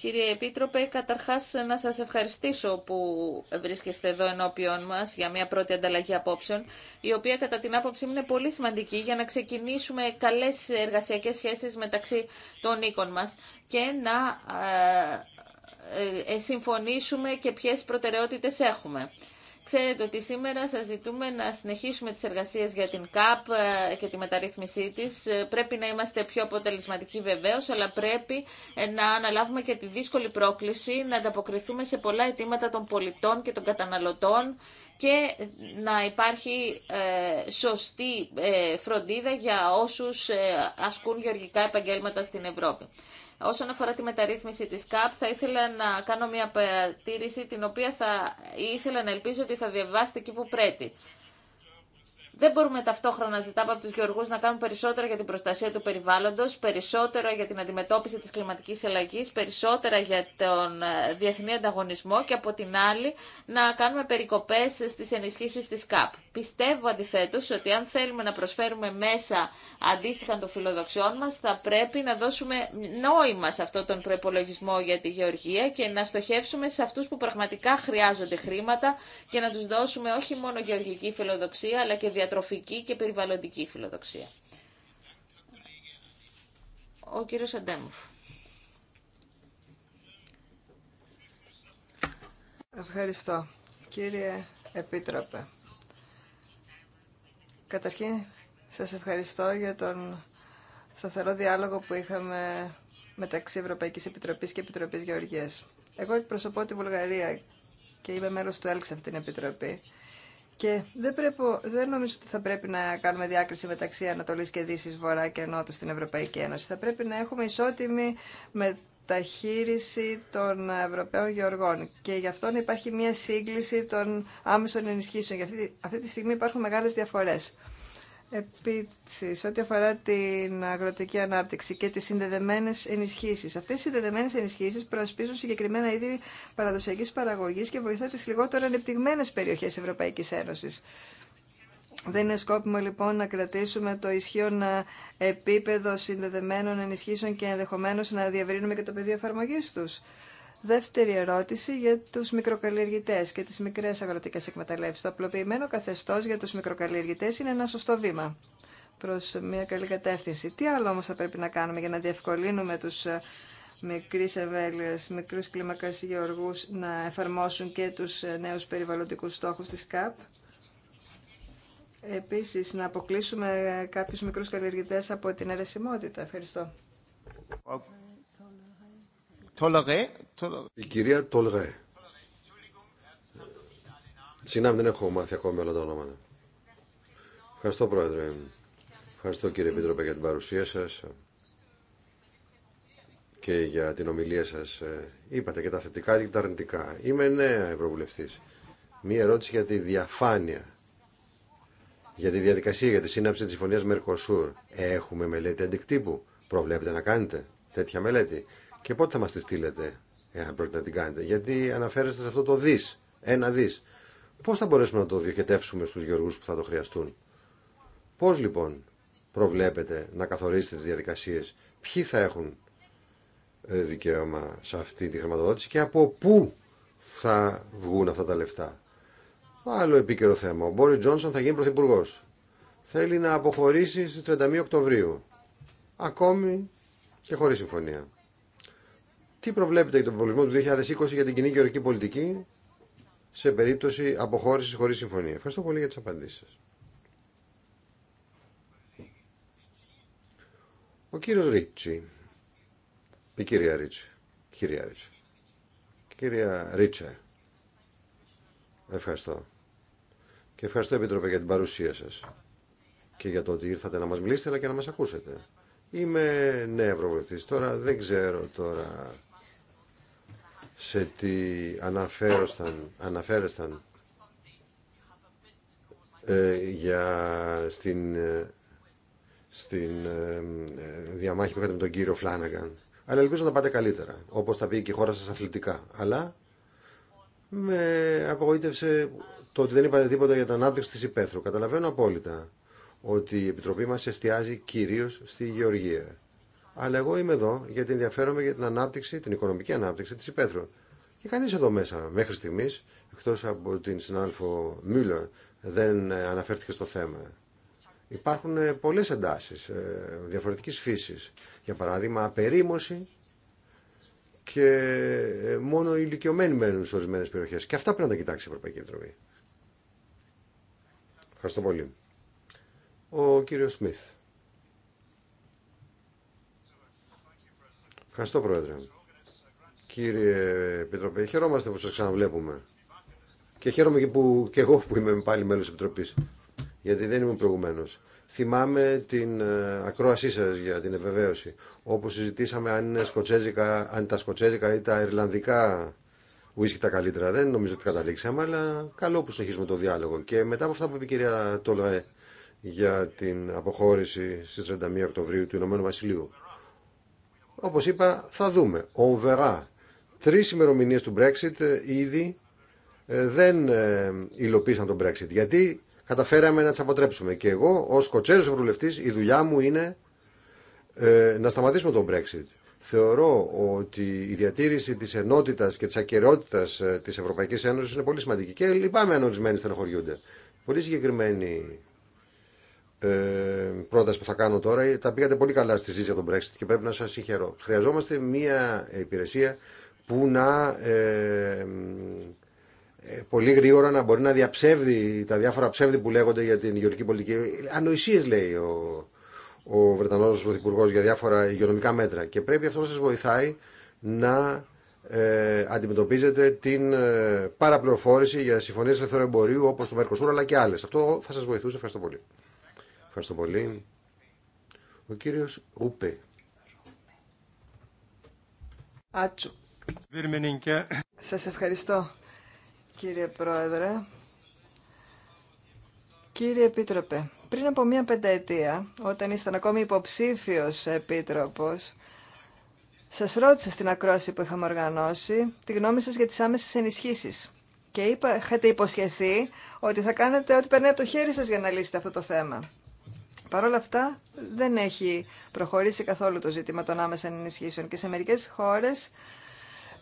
Κύριε Επίτροπε, καταρχάς να σας ευχαριστήσω που βρίσκεστε εδώ ενώπιον μας για μια πρώτη ανταλλαγή απόψεων, η οποία κατά την άποψή μου είναι πολύ σημαντική για να ξεκινήσουμε καλές εργασιακές σχέσεις μεταξύ των οίκων μας και να ε, ε, συμφωνήσουμε και ποιες προτεραιότητες έχουμε. Ξέρετε ότι σήμερα σας ζητούμε να συνεχίσουμε τις εργασίες για την ΚΑΠ ε, και τη μεταρρύθμισή της. Ε, πρέπει να είμαστε πιο αποτελεσματικοί βεβαίως, αλλά πρέπει ε, να αναλάβουμε και τη δύσκολη πρόκληση να ανταποκριθούμε σε πολλά αιτήματα των πολιτών και των καταναλωτών και να υπάρχει σωστή φροντίδα για όσους ασκούν γεωργικά επαγγέλματα στην Ευρώπη. Όσον αφορά τη μεταρρύθμιση της ΚΑΠ, θα ήθελα να κάνω μια παρατήρηση την οποία θα ήθελα να ελπίζω ότι θα διαβάσετε εκεί που πρέπει. Δεν μπορούμε ταυτόχρονα να ζητάμε από του γεωργού να κάνουν περισσότερα για την προστασία του περιβάλλοντο, περισσότερα για την αντιμετώπιση τη κλιματική αλλαγή, περισσότερα για τον ε, διεθνή ανταγωνισμό και από την άλλη να κάνουμε περικοπέ στι ενισχύσει τη ΚΑΠ. Πιστεύω αντιθέτω ότι αν θέλουμε να προσφέρουμε μέσα αντίστοιχα των φιλοδοξιών μας θα πρέπει να δώσουμε νόημα σε αυτόν τον προπολογισμό για τη γεωργία και να στοχεύσουμε σε αυτούς που πραγματικά χρειάζονται χρήματα και να τους δώσουμε όχι μόνο γεωργική φιλοδοξία αλλά και διατροφική και περιβαλλοντική φιλοδοξία. Ο κύριο Αντέμουφ.
Ευχαριστώ. Κύριε Επίτροπε. Καταρχήν, σας ευχαριστώ για τον σταθερό διάλογο που είχαμε μεταξύ Ευρωπαϊκής Επιτροπής και Επιτροπής Γεωργίας. Εγώ εκπροσωπώ τη Βουλγαρία και είμαι μέλος του ΕΛΚΣ αυτήν την Επιτροπή. Και δεν, πρέπει, δεν νομίζω ότι θα πρέπει να κάνουμε διάκριση μεταξύ Ανατολής και Δύσης, Βορρά και Νότου στην Ευρωπαϊκή Ένωση. Θα πρέπει να έχουμε ισότιμη με μεταχείριση των Ευρωπαίων Γεωργών και γι' αυτό υπάρχει μια σύγκληση των άμεσων ενισχύσεων. Για αυτή, τη στιγμή υπάρχουν μεγάλες διαφορές. Επίσης, ό,τι αφορά την αγροτική ανάπτυξη και τι συνδεδεμένε ενισχύσει. Αυτές οι συνδεδεμένε ενισχύσει προασπίζουν συγκεκριμένα είδη παραδοσιακή παραγωγή και βοηθά τι λιγότερο ανεπτυγμένε περιοχέ Ευρωπαϊκή Ένωση. Δεν είναι σκόπιμο λοιπόν να κρατήσουμε το ισχύον ε, επίπεδο συνδεδεμένων ενισχύσεων και ενδεχομένως να διαβρύνουμε και το πεδίο εφαρμογή τους. Δεύτερη ερώτηση για του μικροκαλλιεργητέ και τι μικρέ αγροτικέ εκμεταλλεύσει. Το απλοποιημένο καθεστώ για του μικροκαλλιεργητέ είναι ένα σωστό βήμα προ μια καλή κατεύθυνση. Τι άλλο όμω θα πρέπει να κάνουμε για να διευκολύνουμε του μικρού ευέλεια, μικρού κλίμακα να εφαρμόσουν και του ε, νέου περιβαλλοντικού στόχου τη ΚΑΠ. Επίσης, να αποκλείσουμε κάποιους μικρούς καλλιεργητές από την αιρεσιμότητα. Ευχαριστώ.
Η κυρία Τολγέ. Συγγνώμη, δεν έχω μάθει ακόμη όλα τα ονόματα. Ευχαριστώ, Πρόεδρε. Ευχαριστώ, κύριε Επίτροπε, για την παρουσία σας και για την ομιλία σας. Ε, είπατε και τα θετικά και τα αρνητικά. Είμαι νέα Ευρωβουλευτής. Μία ερώτηση για τη διαφάνεια για τη διαδικασία, για τη σύναψη τη συμφωνία Μερκοσούρ. Έχουμε μελέτη αντικτύπου. Προβλέπετε να κάνετε τέτοια μελέτη. Και πότε θα μα τη στείλετε, εάν πρόκειται να την κάνετε. Γιατί αναφέρεστε σε αυτό το δι, ένα δι. Πώ θα μπορέσουμε να το διοχετεύσουμε στου γεωργού που θα το χρειαστούν. Πώ λοιπόν προβλέπετε να καθορίσετε τι διαδικασίε, Ποιοι θα έχουν ε, δικαίωμα σε αυτή τη χρηματοδότηση και από πού θα βγουν αυτά τα λεφτά. Άλλο επίκαιρο θέμα. Ο Μπόρι Τζόνσον θα γίνει πρωθυπουργό. Θέλει να αποχωρήσει στι 31 Οκτωβρίου. Ακόμη και χωρί συμφωνία. Τι προβλέπετε για τον προβλησμό του 2020 για την κοινή γεωργική πολιτική σε περίπτωση αποχώρηση χωρί συμφωνία. Ευχαριστώ πολύ για τι απαντήσει Ο κύριο Ρίτσι. Η κυρία Ρίτσι. Κυρία Ρίτσι. Κυρία Ευχαριστώ. Και ευχαριστώ, Επίτροπε, για την παρουσία σας και για το ότι ήρθατε να μας μιλήσετε αλλά και να μας ακούσετε. Είμαι νέα τώρα, δεν ξέρω τώρα σε τι αναφέροσταν, αναφέρεσταν ε, για στην, ε, στην ε, διαμάχη που είχατε με τον κύριο Φλάνναγκαν. Αλλά ελπίζω να πάτε καλύτερα, όπως θα πει και η χώρα σας αθλητικά. Αλλά με απογοήτευσε το ότι δεν είπατε τίποτα για την ανάπτυξη της Υπέθρου. Καταλαβαίνω απόλυτα ότι η Επιτροπή μας εστιάζει κυρίως στη γεωργία. Αλλά εγώ είμαι εδώ γιατί ενδιαφέρομαι για την ανάπτυξη, την οικονομική ανάπτυξη της Υπέθρου. Και κανεί εδώ μέσα μέχρι στιγμής, εκτός από την συνάλφο Μούλε, δεν αναφέρθηκε στο θέμα. Υπάρχουν πολλές εντάσεις ε, διαφορετικής φύσης. Για παράδειγμα, απερίμωση και ε, μόνο οι ηλικιωμένοι μένουν σε ορισμένε περιοχέ. Και αυτά πρέπει να τα κοιτάξει η Ευρωπαϊκή Επιτροπή. Ευχαριστώ πολύ. Ο κύριο Σμιθ. Ευχαριστώ, Πρόεδρε. Κύριε Επιτροπή, χαιρόμαστε που σα ξαναβλέπουμε. Και χαίρομαι και, που, και εγώ που είμαι πάλι μέλος τη γιατί δεν ήμουν προηγουμένω. Θυμάμαι την ε, ακρόασή σα για την επιβεβαίωση, όπου συζητήσαμε αν, είναι σκοτσέζικα, αν τα σκοτσέζικα ή τα ιρλανδικά ουίσκι τα καλύτερα. Δεν νομίζω ότι καταλήξαμε, αλλά καλό που συνεχίζουμε το διάλογο. Και μετά από αυτά που είπε η κυρία Τολοέ για την αποχώρηση στις 31 Οκτωβρίου του Ηνωμένου Βασιλείου. Όπως είπα, θα δούμε. On verra. Τρεις ημερομηνίες του Brexit ε, ήδη ε, δεν υλοποίησαν τον Brexit. Γιατί καταφέραμε να τι αποτρέψουμε. Και εγώ, ω Σκοτσέζο Ευρωβουλευτή, η δουλειά μου είναι ε, να σταματήσουμε τον Brexit. Θεωρώ ότι η διατήρηση τη ενότητα και τη ακαιρεότητα ε, τη Ευρωπαϊκή Ένωση είναι πολύ σημαντική και λυπάμαι αν ορισμένοι στενοχωριούνται. Πολύ συγκεκριμένη ε, πρόταση που θα κάνω τώρα. Τα πήγατε πολύ καλά στη συζήτηση για τον Brexit και πρέπει να σα συγχαρώ. Χρειαζόμαστε μια υπηρεσία που να ε, ε, πολύ γρήγορα να μπορεί να διαψεύδει τα διάφορα ψεύδη που λέγονται για την γεωργική πολιτική. Ανοησίε λέει ο, ο Βρετανός Πρωθυπουργό για διάφορα υγειονομικά μέτρα και πρέπει αυτό να σας βοηθάει να ε, αντιμετωπίζετε την ε, παραπληροφόρηση για συμφωνίε ελευθερών εμπορίου όπως το Μερκοσούρ αλλά και άλλες. Αυτό θα σα βοηθούσε. Ευχαριστώ πολύ. Ευχαριστώ πολύ. Ο κύριος Ούπε.
Σας ευχαριστώ κύριε Πρόεδρε. Κύριε Επίτροπε, πριν από μία πενταετία, όταν ήσταν ακόμη υποψήφιος επίτροπος, σας ρώτησα στην ακρόαση που είχαμε οργανώσει τη γνώμη σας για τις άμεσες ενισχύσεις. Και είπα, είχατε υποσχεθεί ότι θα κάνετε ό,τι περνάει από το χέρι σας για να λύσετε αυτό το θέμα. Παρ' όλα αυτά, δεν έχει προχωρήσει καθόλου το ζήτημα των άμεσων ενισχύσεων και σε μερικές χώρες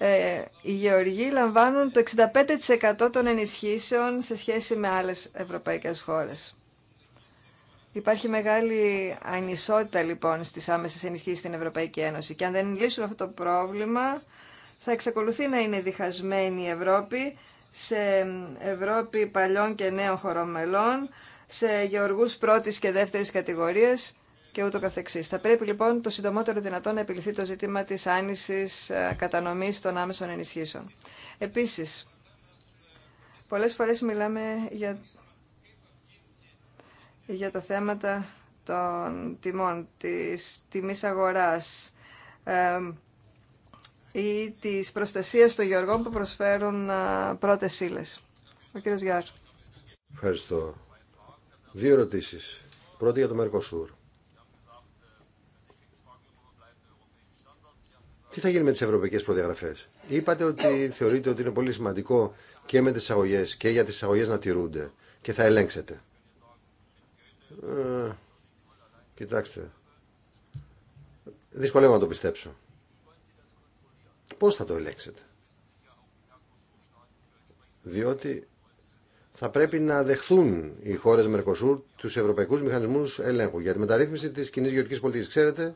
ε, οι γεωργοί λαμβάνουν το 65% των ενισχύσεων σε σχέση με άλλες ευρωπαϊκές χώρες. Υπάρχει μεγάλη ανισότητα λοιπόν στις άμεσες ενισχύσεις στην Ευρωπαϊκή Ένωση και αν δεν λύσουν αυτό το πρόβλημα θα εξακολουθεί να είναι διχασμένη η Ευρώπη σε Ευρώπη παλιών και νέων χωρομελών, σε γεωργούς πρώτης και δεύτερης κατηγορίας και ούτω καθεξής. Θα πρέπει λοιπόν το συντομότερο δυνατόν να επιληθεί το ζήτημα της άνησης ε, κατανομής των άμεσων ενισχύσεων. Επίσης, πολλές φορές μιλάμε για, για τα θέματα των τιμών, της τιμής αγοράς ή της προστασίας των γεωργών που προσφέρουν ε, πρώτες ύλες. Ο κύριος Γιάρ.
Ευχαριστώ. Δύο ερωτήσεις. Πρώτη για το Μερκοσούρ. Τι θα γίνει με τι ευρωπαϊκέ προδιαγραφέ. Είπατε ότι θεωρείτε ότι είναι πολύ σημαντικό και με τι αγωγέ και για τι αγωγέ να τηρούνται και θα ελέγξετε. Ε, κοιτάξτε. Δυσκολεύω να το πιστέψω. Πώς θα το ελέγξετε. Διότι θα πρέπει να δεχθούν οι χώρες Μερκοσούρ τους ευρωπαϊκούς μηχανισμούς ελέγχου για τη μεταρρύθμιση της κοινή γεωργικής πολιτικής. Ξέρετε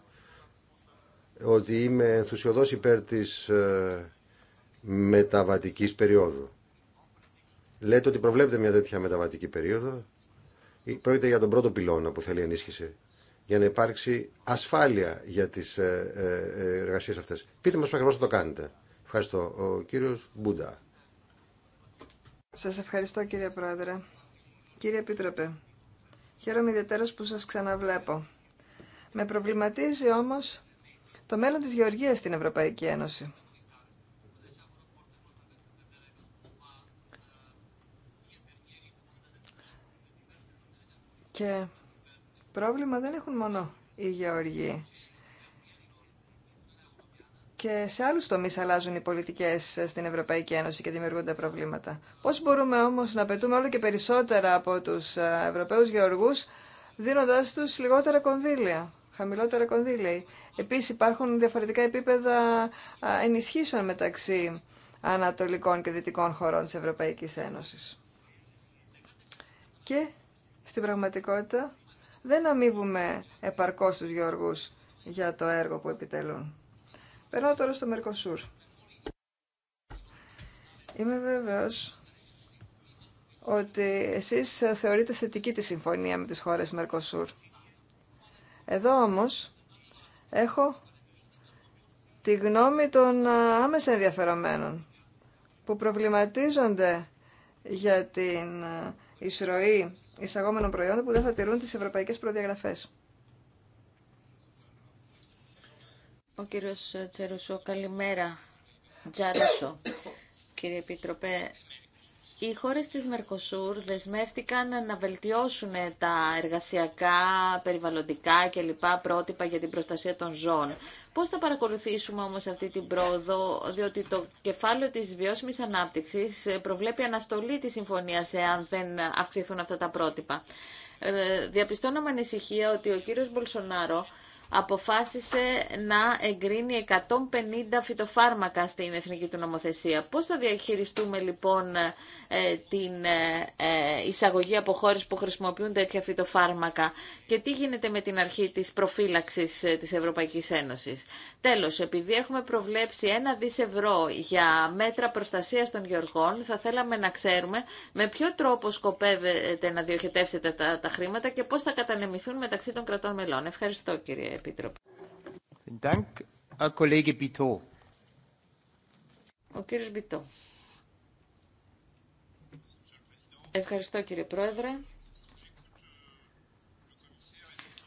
ότι είμαι ενθουσιοδός υπέρ της ε, μεταβατικής περίοδου. Λέτε ότι προβλέπετε μια τέτοια μεταβατική περίοδο. Ε, πρόκειται για τον πρώτο πυλώνα που θέλει ενίσχυση για να υπάρξει ασφάλεια για τις ε, εργασίες αυτές. Πείτε μας ακριβώς το κάνετε. Ευχαριστώ. Ο κύριος Μπούντα.
Σας ευχαριστώ κύριε Πρόεδρε. Κύριε Επίτροπε, χαίρομαι ιδιαίτερα που σας ξαναβλέπω. Με προβληματίζει όμως το μέλλον της γεωργίας στην Ευρωπαϊκή Ένωση. Και πρόβλημα δεν έχουν μόνο οι γεωργοί. Και σε άλλους τομείς αλλάζουν οι πολιτικές στην Ευρωπαϊκή Ένωση και δημιουργούνται προβλήματα. Πώς μπορούμε όμως να πετούμε όλο και περισσότερα από τους Ευρωπαίους γεωργούς δίνοντάς τους λιγότερα κονδύλια χαμηλότερα κονδύλια. Επίσης υπάρχουν διαφορετικά επίπεδα ενισχύσεων μεταξύ ανατολικών και δυτικών χωρών της Ευρωπαϊκής Ένωσης. Και στην πραγματικότητα δεν αμείβουμε επαρκώς τους Γιώργους για το έργο που επιτελούν. Περνάω τώρα στο Μερκοσούρ. Είμαι βέβαιος ότι εσείς θεωρείτε θετική τη συμφωνία με τις χώρες Μερκοσούρ. Εδώ όμως έχω τη γνώμη των ε, άμεσα ενδιαφερομένων που προβληματίζονται για την ε, εισρωή εισαγόμενων προϊόντων που δεν θα τηρούν τις ευρωπαϊκές προδιαγραφές.
Ο κύριος Τσερουσό, καλημέρα. Τζαρούσο. Κύριε Επιτροπέ, οι χώρες της Μερκοσούρ δεσμεύτηκαν να βελτιώσουν τα εργασιακά, περιβαλλοντικά και λοιπά πρότυπα για την προστασία των ζώων. Πώς θα παρακολουθήσουμε όμως αυτή την πρόοδο, διότι το κεφάλαιο της βιώσιμης ανάπτυξης προβλέπει αναστολή της συμφωνίας εάν δεν αυξηθούν αυτά τα πρότυπα. Ε, διαπιστώνω με ανησυχία ότι ο κύριος Μπολσονάρο αποφάσισε να εγκρίνει 150 φυτοφάρμακα στην εθνική του νομοθεσία. Πώς θα διαχειριστούμε λοιπόν ε, την ε, ε, εισαγωγή από χώρες που χρησιμοποιούν τέτοια φυτοφάρμακα και τι γίνεται με την αρχή της προφύλαξης της Ευρωπαϊκής Ένωσης. Τέλος, επειδή έχουμε προβλέψει ένα δις ευρώ για μέτρα προστασίας των γεωργών, θα θέλαμε να ξέρουμε με ποιο τρόπο σκοπεύετε να διοχετεύσετε τα, τα χρήματα και πώς θα κατανεμηθούν μεταξύ των κρατών μελών. Ευχαριστώ κύριε
ο
Ευχαριστώ κύριε Πρόεδρε.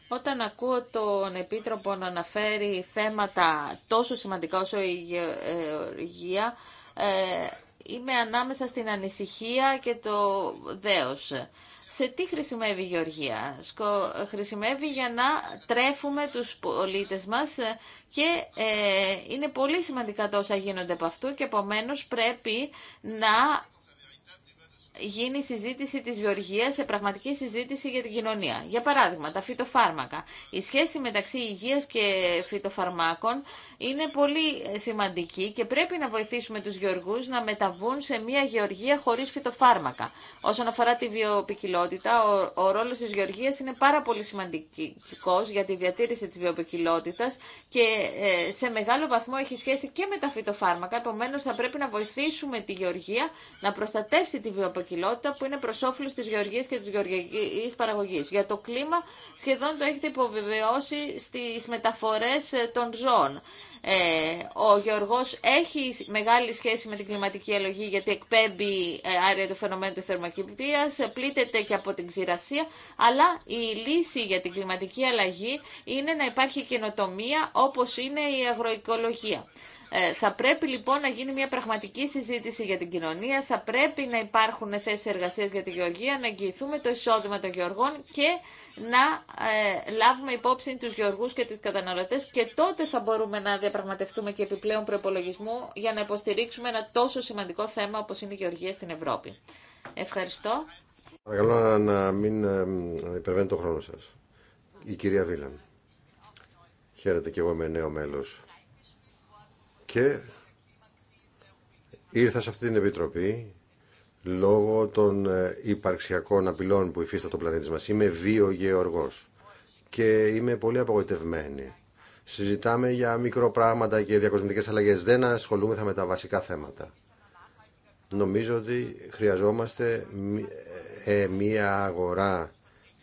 Όταν ακούω τον Επίτροπο να αναφέρει θέματα τόσο σημαντικά όσο η γεωργία, ε, είμαι ανάμεσα στην ανησυχία και το δέος σε τι χρησιμεύει η γεωργία. Χρησιμεύει για να τρέφουμε τους πολίτες μας και ε, είναι πολύ σημαντικά τόσα γίνονται από αυτού και επομένω πρέπει να γίνει η συζήτηση της βιοργίας σε πραγματική συζήτηση για την κοινωνία. Για παράδειγμα, τα φυτοφάρμακα. Η σχέση μεταξύ υγείας και φυτοφαρμάκων είναι πολύ σημαντική και πρέπει να βοηθήσουμε τους γεωργούς να μεταβούν σε μια γεωργία χωρίς φυτοφάρμακα. Όσον αφορά τη βιοπικιλότητα, ο, ο ρόλος της γεωργίας είναι πάρα πολύ σημαντικός για τη διατήρηση της βιοποικιλότητας και ε, σε μεγάλο βαθμό έχει σχέση και με τα φυτοφάρμακα, Επομένω, θα πρέπει να βοηθήσουμε τη γεωργία να προστατεύσει τη βιοπικιλότητα που είναι προ όφελο τη γεωργία και τη γεωργική παραγωγή. Για το κλίμα, σχεδόν το έχετε υποβεβαιώσει στι μεταφορέ ε, των ζώων. Ε, ο Γεωργός έχει μεγάλη σχέση με την κλιματική αλλαγή γιατί εκπέμπει ε, άρια του φαινομένου της θερμοκηπίας, πλήττεται και από την ξηρασία, αλλά η λύση για την κλιματική αλλαγή είναι να υπάρχει καινοτομία όπω είναι η αγροοικολογία. Ε, θα πρέπει λοιπόν να γίνει μια πραγματική συζήτηση για την κοινωνία, θα πρέπει να υπάρχουν θέσει εργασία για τη γεωργία, να εγγυηθούμε το εισόδημα των γεωργών και να ε, λάβουμε υπόψη του γεωργούς και του καταναλωτές και τότε θα μπορούμε να διαπραγματευτούμε και επιπλέον προπολογισμού για να υποστηρίξουμε ένα τόσο σημαντικό θέμα όπως είναι η γεωργία στην Ευρώπη. Ευχαριστώ.
Παρακαλώ να μην ε, υπερβαίνει το χρόνο σας. Η κυρία Βίλαν. Χαίρετε και εγώ με νέο μέλος και ήρθα σε αυτή την Επιτροπή λόγω των ε, υπαρξιακών απειλών που υφίσταται το πλανήτη μας. Είμαι γεωργός και είμαι πολύ απογοητευμένη. Συζητάμε για μικροπράγματα και διακοσμητικές αλλαγές. Δεν ασχολούμεθα με τα βασικά θέματα. Νομίζω ότι χρειαζόμαστε ε, ε, μία αγορά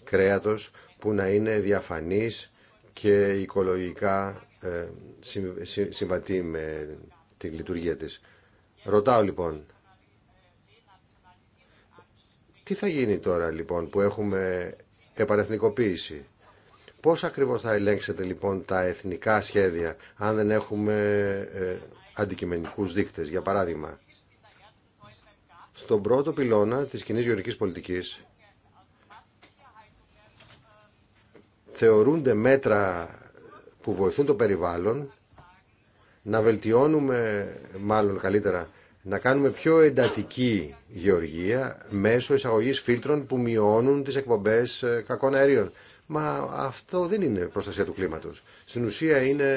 κρέατος που να είναι διαφανής και οικολογικά ε, συμβατεί με τη λειτουργία της. Ρωτάω λοιπόν, τι θα γίνει τώρα λοιπόν που έχουμε επανεθνικοποίηση. Πώς ακριβώς θα ελέγξετε λοιπόν τα εθνικά σχέδια αν δεν έχουμε ε, αντικειμενικούς δείκτες. Για παράδειγμα, στον πρώτο πυλώνα της κοινή γεωρικής πολιτικής θεωρούνται μέτρα που βοηθούν το περιβάλλον, να βελτιώνουμε, μάλλον καλύτερα, να κάνουμε πιο εντατική γεωργία μέσω εισαγωγής φίλτρων που μειώνουν τις εκπομπές ε, κακών αερίων. Μα αυτό δεν είναι προστασία του κλίματος. Στην ουσία είναι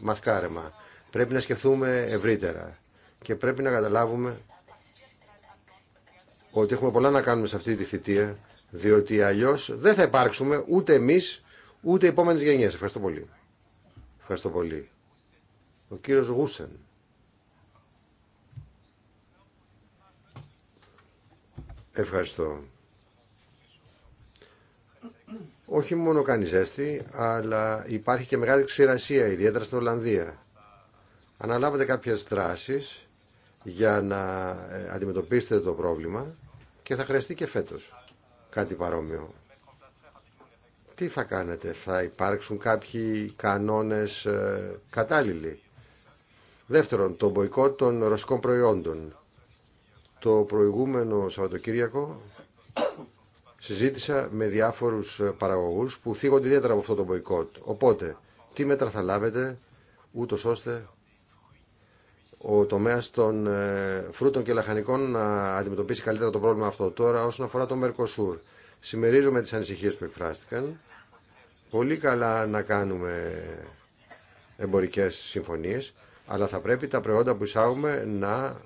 μασκάρεμα. Πρέπει να σκεφτούμε ευρύτερα και πρέπει να καταλάβουμε ότι έχουμε πολλά να κάνουμε σε αυτή τη θητεία, διότι αλλιώς δεν θα υπάρξουμε ούτε εμείς, ούτε οι επόμενες γενιές. Ευχαριστώ πολύ. Ευχαριστώ πολύ. Ο κύριος Γούσεν. Ευχαριστώ. Όχι μόνο κάνει ζέστη, αλλά υπάρχει και μεγάλη ξηρασία, ιδιαίτερα στην Ολλανδία. Αναλάβατε κάποιες δράσεις για να ε, αντιμετωπίσετε το πρόβλημα και θα χρειαστεί και φέτος κάτι παρόμοιο τι θα κάνετε, θα υπάρξουν κάποιοι κανόνες ε, κατάλληλοι. Δεύτερον, το μποϊκό των ρωσικών προϊόντων. Το προηγούμενο Σαββατοκύριακο συζήτησα με διάφορους ε, παραγωγούς που θίγονται ιδιαίτερα από αυτό το μποϊκότ. Οπότε, τι μέτρα θα λάβετε ούτω ώστε ο τομέα των ε, φρούτων και λαχανικών να αντιμετωπίσει καλύτερα το πρόβλημα αυτό. Τώρα, όσον αφορά το Mercosur, Συμμερίζομαι τις ανησυχίες που εκφράστηκαν. Πολύ καλά να κάνουμε εμπορικές συμφωνίες, αλλά θα πρέπει τα προϊόντα που εισάγουμε να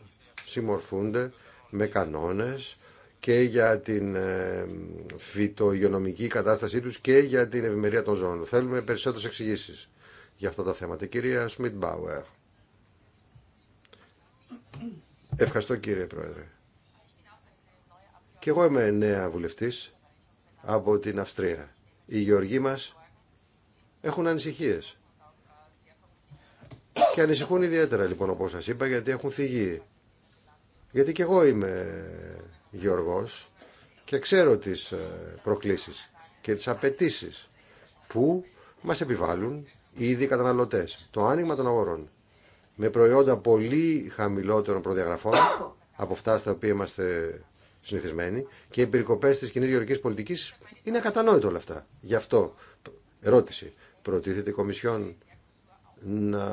συμμορφούνται με κανόνες και για την ε, φυτογεωνομική κατάστασή τους και για την ευημερία των ζώων. Θέλουμε περισσότερες εξηγήσεις για αυτά τα θέματα. κυρία Σμιτ Μπάουερ. Ευχαριστώ κύριε Πρόεδρε. Και εγώ είμαι νέα βουλευτής από την Αυστρία. Οι γεωργοί μας έχουν ανησυχίες. Και ανησυχούν ιδιαίτερα λοιπόν όπως σας είπα γιατί έχουν θυγεί. Γιατί και εγώ είμαι γεωργός και ξέρω τις ε, προκλήσεις και τις απαιτήσει που μας επιβάλλουν οι ίδιοι καταναλωτές. Το άνοιγμα των αγορών με προϊόντα πολύ χαμηλότερων προδιαγραφών από αυτά στα οποία είμαστε συνηθισμένη, και οι περικοπέ τη κοινή γεωργική πολιτική είναι ακατανόητο όλα αυτά. Γι' αυτό, ερώτηση, προτίθεται η Κομισιόν να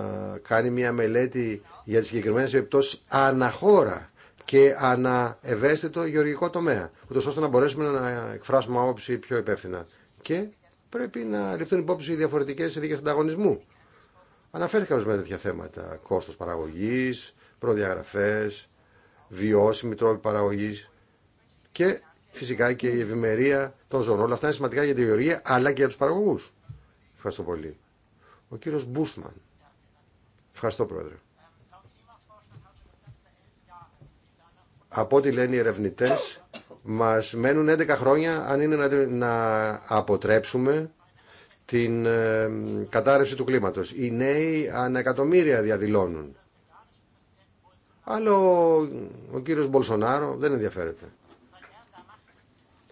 κάνει μια μελέτη για τι συγκεκριμένε επιπτώσει αναχώρα και αναευαίσθητο γεωργικό τομέα, ούτω ώστε να μπορέσουμε να εκφράσουμε άποψη πιο υπεύθυνα. Και πρέπει να ληφθούν υπόψη οι διαφορετικέ ειδικέ ανταγωνισμού. Αναφέρθηκαν ορισμένα τέτοια θέματα. Κόστο παραγωγή, προδιαγραφέ, βιώσιμη τρόπη παραγωγή και φυσικά και η ευημερία των ζώων. Όλα αυτά είναι σημαντικά για τη γεωργία αλλά και για τους παραγωγούς. Ευχαριστώ πολύ. Ο κύριο Μπούσμαν. Ευχαριστώ πρόεδρε. Από ό,τι λένε οι ερευνητέ, μας μένουν 11 χρόνια αν είναι να αποτρέψουμε την ε, κατάρρευση του κλίματος. Οι νέοι ανακατομμύρια διαδηλώνουν. Αλλά ο, ο κύριος Μπολσονάρο δεν ενδιαφέρεται.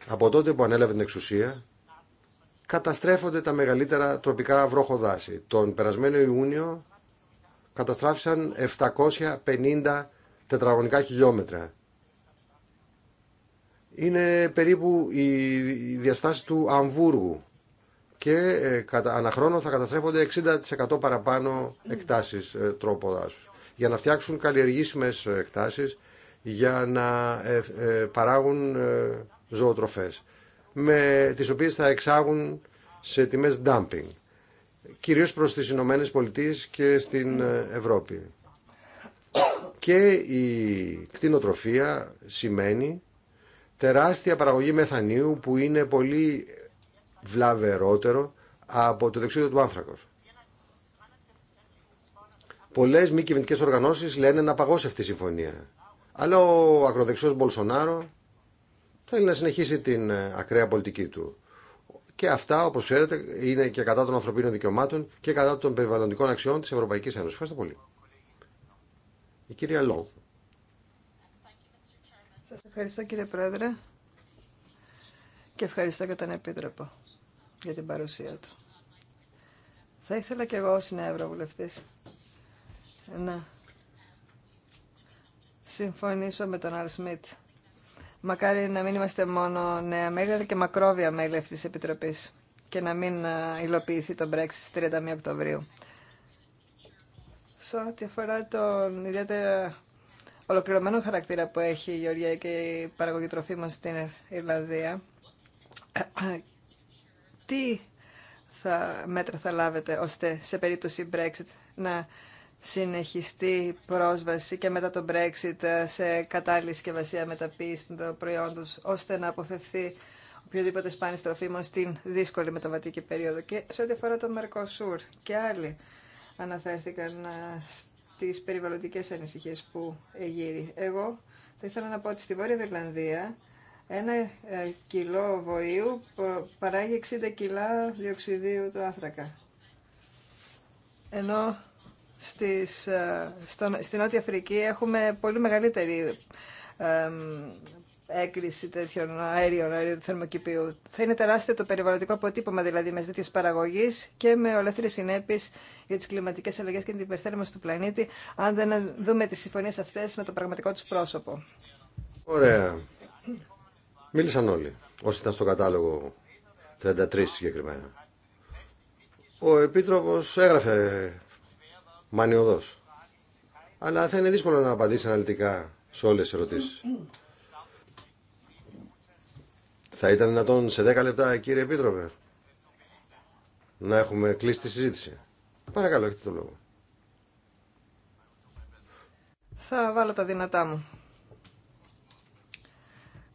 Από τότε που ανέλαβε την εξουσία, καταστρέφονται τα μεγαλύτερα τροπικά βροχοδάση. Τον περασμένο Ιούνιο καταστράφησαν 750 τετραγωνικά χιλιόμετρα. Είναι περίπου η διαστάση του Αμβούργου και ε, αναχρόνω θα καταστρέφονται 60% παραπάνω εκτάσεις ε, τρόπο δάσους. Για να φτιάξουν καλλιεργήσιμες ε, εκτάσεις, για να παράγουν ζωοτροφές με τις οποίες θα εξάγουν σε τιμές dumping κυρίως προς τις Ηνωμένε Πολιτείε και στην ε, Ευρώπη. Και η κτηνοτροφία σημαίνει τεράστια παραγωγή μεθανίου που είναι πολύ βλαβερότερο από το δεξίδιο του άνθρακος. Πολλές μη κυβερνητικέ οργανώσεις λένε να παγώσει αυτή η συμφωνία. Αλλά ο ακροδεξιός Μπολσονάρο θέλει να συνεχίσει την ε, ακραία πολιτική του. Και αυτά, όπω ξέρετε, είναι και κατά των ανθρωπίνων δικαιωμάτων και κατά των περιβαλλοντικών αξιών τη Ευρωπαϊκή Ένωση. Ευχαριστώ πολύ. Η κυρία Λόγκ.
Σα ευχαριστώ κύριε Πρόεδρε και ευχαριστώ και τον Επίτροπο για την παρουσία του. Θα ήθελα και εγώ ως νέα να συμφωνήσω με τον Άλ Σμιτ Μακάρι να μην είμαστε μόνο νέα μέλη, αλλά και μακρόβια μέλη αυτής της Επιτροπής και να μην υλοποιηθεί το Brexit στις 31 Οκτωβρίου. Σε ό,τι αφορά τον ιδιαίτερα ολοκληρωμένο χαρακτήρα που έχει η Γεωργία και η παραγωγή τροφίμων στην Ιρλανδία, [CLEARS THROAT] τι μέτρα θα λάβετε ώστε σε περίπτωση Brexit να Συνεχιστεί πρόσβαση και μετά το Brexit ε, σε κατάλληλη συσκευασία μεταποίηση των προϊόντων ώστε να αποφευθεί οποιοδήποτε σπάνι τροφίμων στην δύσκολη μεταβατική περίοδο. Και σε ό,τι αφορά το Mercosur και άλλοι αναφέρθηκαν ε, στις περιβαλλοντικές ανησυχίες που εγείρει. Εγώ θα ήθελα να πω ότι στη Βόρεια Βερλανδία ένα ε, κιλό βοήου παράγει 60 κιλά διοξιδίου του άνθρακα. Ενώ στις, ε, στο, στην Νότια Αφρική έχουμε πολύ μεγαλύτερη ε, έκρηση τέτοιων αέριων, αέριων του θερμοκηπίου. Θα είναι τεράστιο το περιβαλλοντικό αποτύπωμα δηλαδή με τέτοιε παραγωγή και με ολέθριε συνέπειε για τι κλιματικέ αλλαγέ και την υπερθέρμανση του πλανήτη, αν δεν δούμε τι συμφωνίε αυτέ με το πραγματικό του πρόσωπο.
Ωραία. Μίλησαν όλοι. Όσοι ήταν στο κατάλογο 33 συγκεκριμένα. Ο Επίτροπος έγραφε μανιωδό. Αλλά θα είναι δύσκολο να απαντήσει αναλυτικά σε όλε τις ερωτήσεις. Θα ήταν δυνατόν σε 10 λεπτά, κύριε Επίτροπε, να έχουμε κλείσει τη συζήτηση. Παρακαλώ, έχετε το λόγο.
Θα βάλω τα δυνατά μου.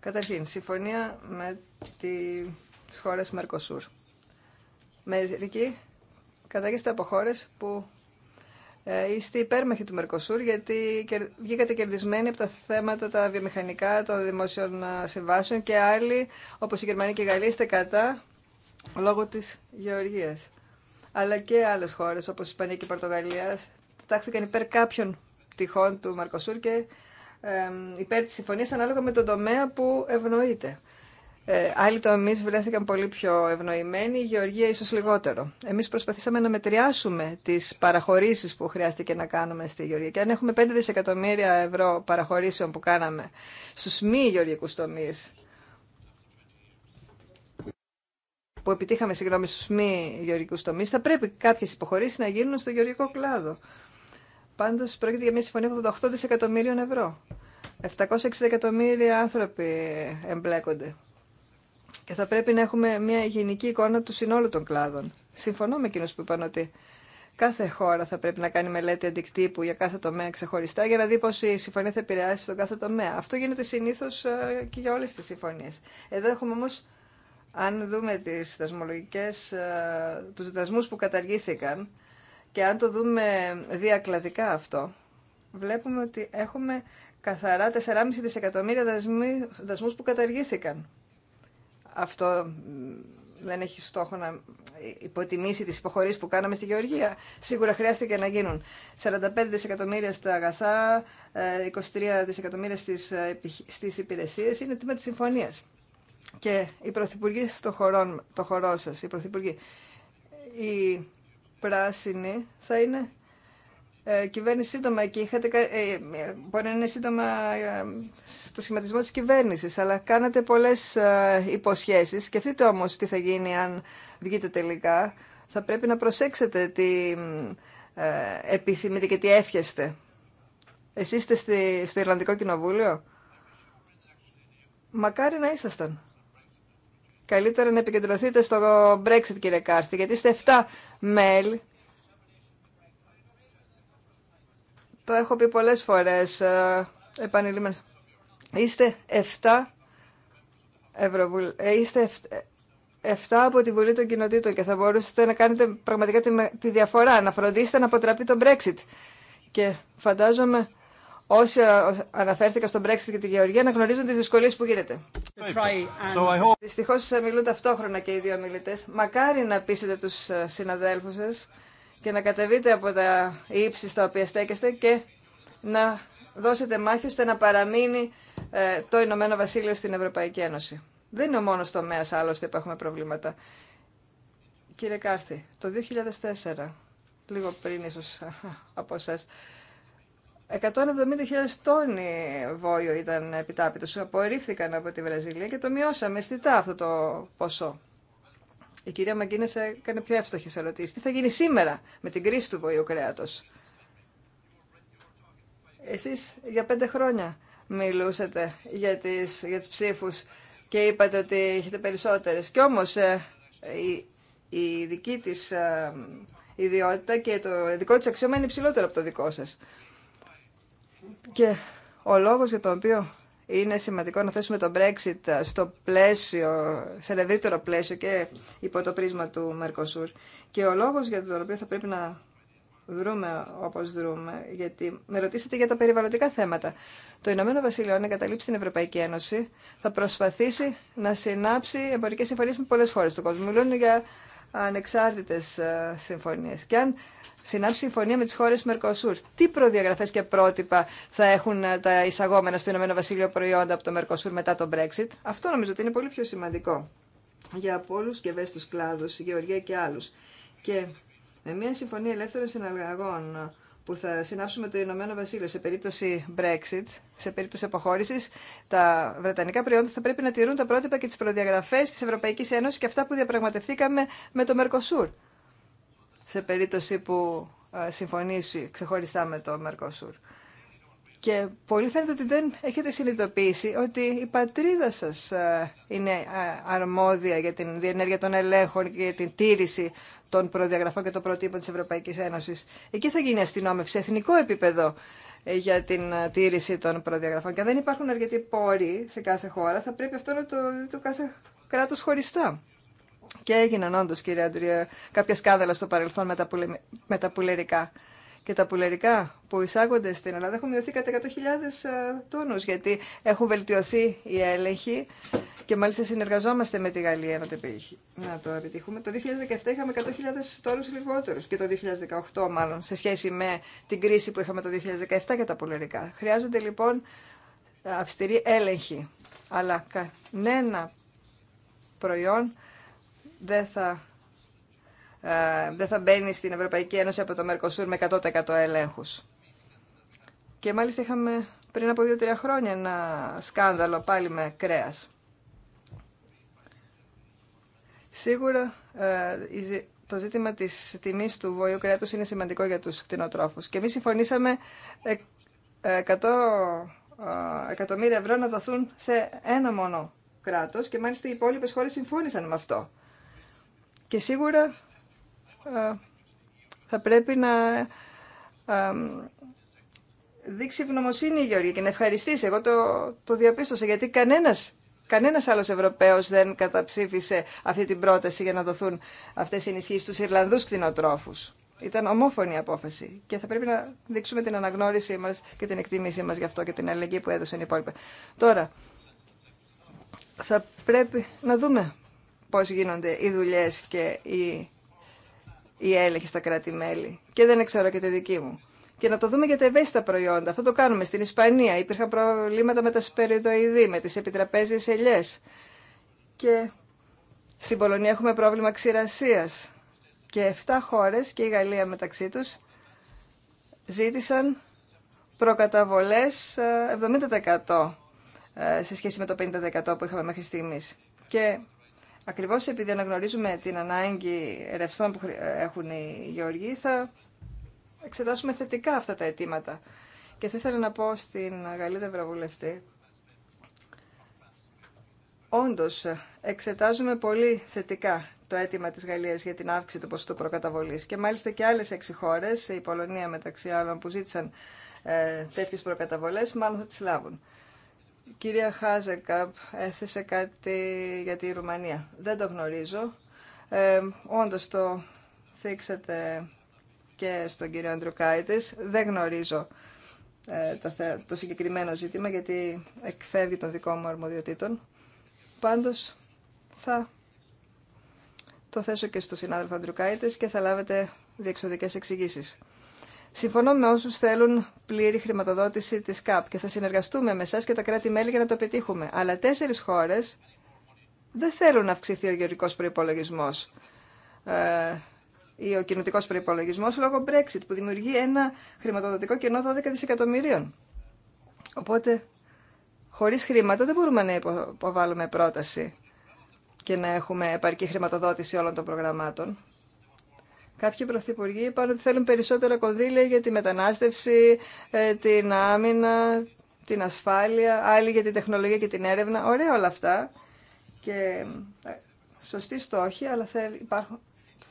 Καταρχήν, συμφωνία με τη... τις χώρες Μερκοσούρ. Μερικοί κατάγεστε από χώρες που ε, είστε υπέρμαχοι του Μερκοσούρ γιατί βγήκατε κερδισμένοι από τα θέματα τα βιομηχανικά των δημόσιων ε, συμβάσεων και άλλοι όπως η Γερμανία και η Γαλλία είστε κατά λόγω της γεωργίας. Αλλά και άλλες χώρες όπως η Ισπανία και η Πορτογαλία τάχθηκαν υπέρ κάποιων τυχών του Μερκοσούρ και ε, υπέρ της συμφωνίας ανάλογα με τον τομέα που ευνοείται. Ε, άλλοι τομεί βρέθηκαν πολύ πιο ευνοημένοι, η γεωργία ίσως λιγότερο. Εμείς προσπαθήσαμε να μετριάσουμε τις παραχωρήσεις που χρειάστηκε να κάνουμε στη γεωργία. Και αν έχουμε 5 δισεκατομμύρια ευρώ παραχωρήσεων που κάναμε στους μη γεωργικούς τομείς, που επιτύχαμε συγγνώμη στους μη γεωργικούς τομείς, θα πρέπει κάποιες υποχωρήσεις να γίνουν στο γεωργικό κλάδο. Πάντως πρόκειται για μια συμφωνία 88 δισεκατομμύριων ευρώ. 760 εκατομμύρια άνθρωποι εμπλέκονται. Και θα πρέπει να έχουμε μια γενική εικόνα του συνόλου των κλάδων. Συμφωνώ με εκείνους που είπαν ότι κάθε χώρα θα πρέπει να κάνει μελέτη αντικτύπου για κάθε τομέα ξεχωριστά για να δει πώ η συμφωνία θα επηρεάσει τον κάθε τομέα. Αυτό γίνεται συνήθω ε, και για όλε τι συμφωνίε. Εδώ έχουμε όμω, αν δούμε τις δασμολογικές, ε, τους δασμούς που καταργήθηκαν και αν το δούμε διακλαδικά αυτό, βλέπουμε ότι έχουμε καθαρά 4,5 δισεκατομμύρια δασμούς που καταργήθηκαν αυτό δεν έχει στόχο να υποτιμήσει τις υποχωρήσεις που κάναμε στη Γεωργία. Σίγουρα χρειάστηκε να γίνουν 45 δισεκατομμύρια στα αγαθά, 23 ε, δισεκατομμύρια στις, ε, στις υπηρεσίες. Είναι τίμα της συμφωνίας. Και οι πρωθυπουργοί στο χωρό, το χωρό σας, οι πρωθυπουργοί, οι πράσινοι θα είναι ε, κυβέρνηση σύντομα και είχατε, ε, ε, μπορεί να είναι σύντομα στο σχηματισμό της κυβέρνησης, αλλά κάνατε πολλές υποσχέσεις. Σκεφτείτε όμως τι θα γίνει αν βγείτε τελικά. Θα πρέπει να προσέξετε τι επιθυμείτε και τι εύχεστε. Εσείς είστε στη, στο Ιρλανδικό Κοινοβούλιο. Μακάρι να ήσασταν. Καλύτερα να επικεντρωθείτε στο Brexit, κύριε Κάρθη, γιατί είστε 7 μέλη Το έχω πει πολλές φορές, ε, επανειλημμένως. Είστε 7 Ευρωβουλ... Ε, είστε 7 ε, από τη Βουλή των Κοινοτήτων και θα μπορούσατε να κάνετε πραγματικά τη, διαφορά, να φροντίσετε να αποτραπεί το Brexit. Και φαντάζομαι όσοι αναφέρθηκα στο Brexit και τη Γεωργία να γνωρίζουν τις δυσκολίες που γίνεται. So Δυστυχώς μιλούν ταυτόχρονα και οι δύο μιλητές. Μακάρι να πείσετε τους συναδέλφους σας και να κατεβείτε από τα ύψη στα οποία στέκεστε και να δώσετε μάχη ώστε να παραμείνει ε, το Ηνωμένο Βασίλειο στην Ευρωπαϊκή Ένωση. Δεν είναι ο μόνος τομέας άλλωστε που έχουμε προβλήματα. Κύριε Κάρθη, το 2004, λίγο πριν ίσως [LAUGHS] από εσάς, 170.000 τόνοι βόλιο ήταν επιτάπητος, απορρίφθηκαν από τη Βραζιλία και το μειώσαμε αισθητά αυτό το ποσό. Η κυρία Μαγκίνε έκανε πιο σε ερωτήσει. Τι θα γίνει σήμερα με την κρίση του βοηού κρέατος. Εσείς για πέντε χρόνια μιλούσατε για τις, για τις ψήφους και είπατε ότι έχετε περισσότερες. Κι όμως ε, η, η δική της ε, ιδιότητα και το δικό της αξίωμα είναι υψηλότερο από το δικό σας. Και ο λόγος για τον οποίο είναι σημαντικό να θέσουμε το Brexit στο πλαίσιο, σε ευρύτερο πλαίσιο και υπό το πρίσμα του Μερκοσούρ. Και ο λόγος για τον οποίο θα πρέπει να δρούμε όπως δρούμε, γιατί με ρωτήσατε για τα περιβαλλοντικά θέματα. Το Ηνωμένο Βασίλειο, αν εγκαταλείψει την Ευρωπαϊκή Ένωση, θα προσπαθήσει να συνάψει εμπορικές συμφωνίες με πολλές χώρες του κόσμου. για ανεξάρτητες ε, συμφωνίες. Και αν συνάψει συμφωνία με τις χώρες Μερκοσούρ, τι προδιαγραφές και πρότυπα θα έχουν ε, τα εισαγόμενα στο Ηνωμένο Βασίλειο προϊόντα από το Μερκοσούρ μετά το Brexit. Αυτό νομίζω ότι είναι πολύ πιο σημαντικό για πολλούς και ευαίσθητους κλάδους, Γεωργία και άλλους. Και με μια συμφωνία ελεύθερων συναλλαγών που θα συνάψουμε το Ηνωμένο Βασίλειο σε περίπτωση Brexit, σε περίπτωση αποχώρηση. τα βρετανικά προϊόντα θα πρέπει να τηρούν τα πρότυπα και τι προδιαγραφέ της Ευρωπαϊκής Ένωσης και αυτά που διαπραγματευθήκαμε με το Μερκοσούρ, σε περίπτωση που ε, συμφωνήσει ξεχωριστά με το Μερκοσούρ. Και πολύ φαίνεται ότι δεν έχετε συνειδητοποιήσει ότι η πατρίδα σας ε, είναι ε, αρμόδια για την διενέργεια των ελέγχων και την τήρηση των προδιαγραφών και των προτύπων της Ευρωπαϊκής Ένωσης. Εκεί θα γίνει αστυνόμευση, εθνικό επίπεδο ε, για την τήρηση των προδιαγραφών. Και αν δεν υπάρχουν αρκετοί πόροι σε κάθε χώρα, θα πρέπει αυτό να το δει το κάθε κράτο χωριστά. Και έγιναν όντω, κύριε Αντρία, κάποια σκάνδαλα στο παρελθόν με τα πουλερικά και τα πουλερικά που εισάγονται στην Ελλάδα έχουν μειωθεί κατά 100.000 ε, τόνους γιατί έχουν βελτιωθεί οι έλεγχοι και μάλιστα συνεργαζόμαστε με τη Γαλλία να το, να το επιτύχουμε. Το 2017 είχαμε 100.000 τόνους λιγότερους και το 2018 μάλλον σε σχέση με την κρίση που είχαμε το 2017 για τα πουλερικά. Χρειάζονται λοιπόν αυστηρή έλεγχη αλλά κανένα προϊόν δεν θα ε, δεν θα μπαίνει στην Ευρωπαϊκή Ένωση από το Μερκοσούρ με 100% έλεγχους. Και μάλιστα είχαμε πριν από 2-3 χρόνια ένα σκάνδαλο πάλι με κρέας. Σίγουρα ε, το ζήτημα της τιμής του βοηού κρέατος είναι σημαντικό για τους κτηνοτρόφους. Και εμείς συμφωνήσαμε 100 ε, εκατομμύρια ευρώ να δοθούν σε ένα μόνο κράτος και μάλιστα οι υπόλοιπες χώρες συμφώνησαν με αυτό. Και σίγουρα ε, θα πρέπει να ε, δείξει ευγνωμοσύνη η Γεωργία και να ευχαριστήσει. Εγώ το, το διαπίστωσα γιατί κανένας, κανένας άλλος Ευρωπαίος δεν καταψήφισε αυτή την πρόταση για να δοθούν αυτές οι ενισχύσεις στους Ιρλανδούς κτηνοτρόφους. Ήταν ομόφωνη η απόφαση και θα πρέπει να δείξουμε την αναγνώρισή μας και την εκτίμησή μας γι' αυτό και την αλληλεγγύη που έδωσαν οι υπόλοιποι. Τώρα, θα πρέπει να δούμε πώς γίνονται οι δουλειές και οι η έλεγχη στα κράτη-μέλη και δεν ξέρω και τη δική μου. Και να το δούμε για τα ευαίσθητα προϊόντα. Αυτό το κάνουμε στην Ισπανία. Υπήρχαν προβλήματα με τα σπεριδοειδή, με τι επιτραπέζιε ελιέ. Και στην Πολωνία έχουμε πρόβλημα ξηρασία. Και 7 χώρε και η Γαλλία μεταξύ του ζήτησαν προκαταβολέ 70% ε, ε, σε σχέση με το 50% που είχαμε μέχρι στιγμής. Και Ακριβώς επειδή αναγνωρίζουμε την ανάγκη ρευστών που έχουν οι γεωργοί, θα εξετάσουμε θετικά αυτά τα αιτήματα. Και θα ήθελα να πω στην Γαλλίδα Ευρωβουλευτή, όντως εξετάζουμε πολύ θετικά το αίτημα της Γαλλίας για την αύξηση του ποσοστού προκαταβολής και μάλιστα και άλλες έξι χώρες, η Πολωνία μεταξύ άλλων που ζήτησαν ε, τέτοιες προκαταβολές, μάλλον θα τις λάβουν κυρία Χάζεκαπ έθεσε κάτι για τη Ρουμανία. Δεν το γνωρίζω. Ε, όντως το θίξατε και στον κύριο Αντρουκάητης. Δεν γνωρίζω ε, το συγκεκριμένο ζήτημα γιατί εκφεύγει των δικών μου αρμοδιοτήτων. Πάντως θα το θέσω και στο συνάδελφο Αντρουκάητης και θα λάβετε διεξοδικές εξηγήσεις. Συμφωνώ με όσου θέλουν πλήρη χρηματοδότηση τη ΚΑΠ και θα συνεργαστούμε με εσά και τα κράτη-μέλη για να το πετύχουμε. Αλλά τέσσερι χώρε δεν θέλουν να αυξηθεί ο γεωρικό προπολογισμό ε, ή ο κοινοτικό προπολογισμό λόγω Brexit που δημιουργεί ένα χρηματοδοτικό κενό 12 δισεκατομμυρίων. Οπότε, χωρί χρήματα δεν μπορούμε να υποβάλουμε πρόταση και να έχουμε επαρκή χρηματοδότηση όλων των προγραμμάτων. Κάποιοι πρωθυπουργοί είπαν ότι θέλουν περισσότερα κονδύλια για τη μετανάστευση, ε, την άμυνα, την ασφάλεια, άλλοι για την τεχνολογία και την έρευνα. Ωραία όλα αυτά και ε, σωστή στόχη, αλλά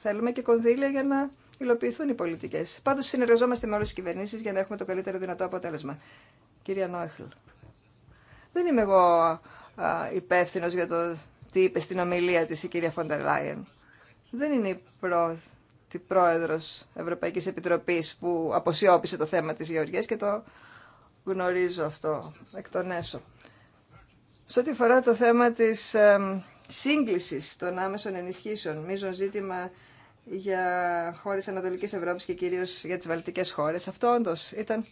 θέλουμε και κονδύλια για να υλοποιηθούν οι πολιτικέ. Πάντω, συνεργαζόμαστε με όλε τι κυβερνήσει για να έχουμε το καλύτερο δυνατό αποτέλεσμα. Κυρία Νόιχλ, δεν είμαι εγώ υπεύθυνο για το τι είπε στην ομιλία τη η κυρία Φοντερ Λάιεν. Δεν είναι η την πρόεδρος Ευρωπαϊκής Επιτροπής που αποσιώπησε το θέμα της Γεωργίας και το γνωρίζω αυτό εκ των έσω. Σε ό,τι αφορά το θέμα της ε, των άμεσων ενισχύσεων, μείζον ζήτημα για χώρες Ανατολικής Ευρώπης και κυρίως για τις Βαλτικές χώρες, αυτό όντως ήταν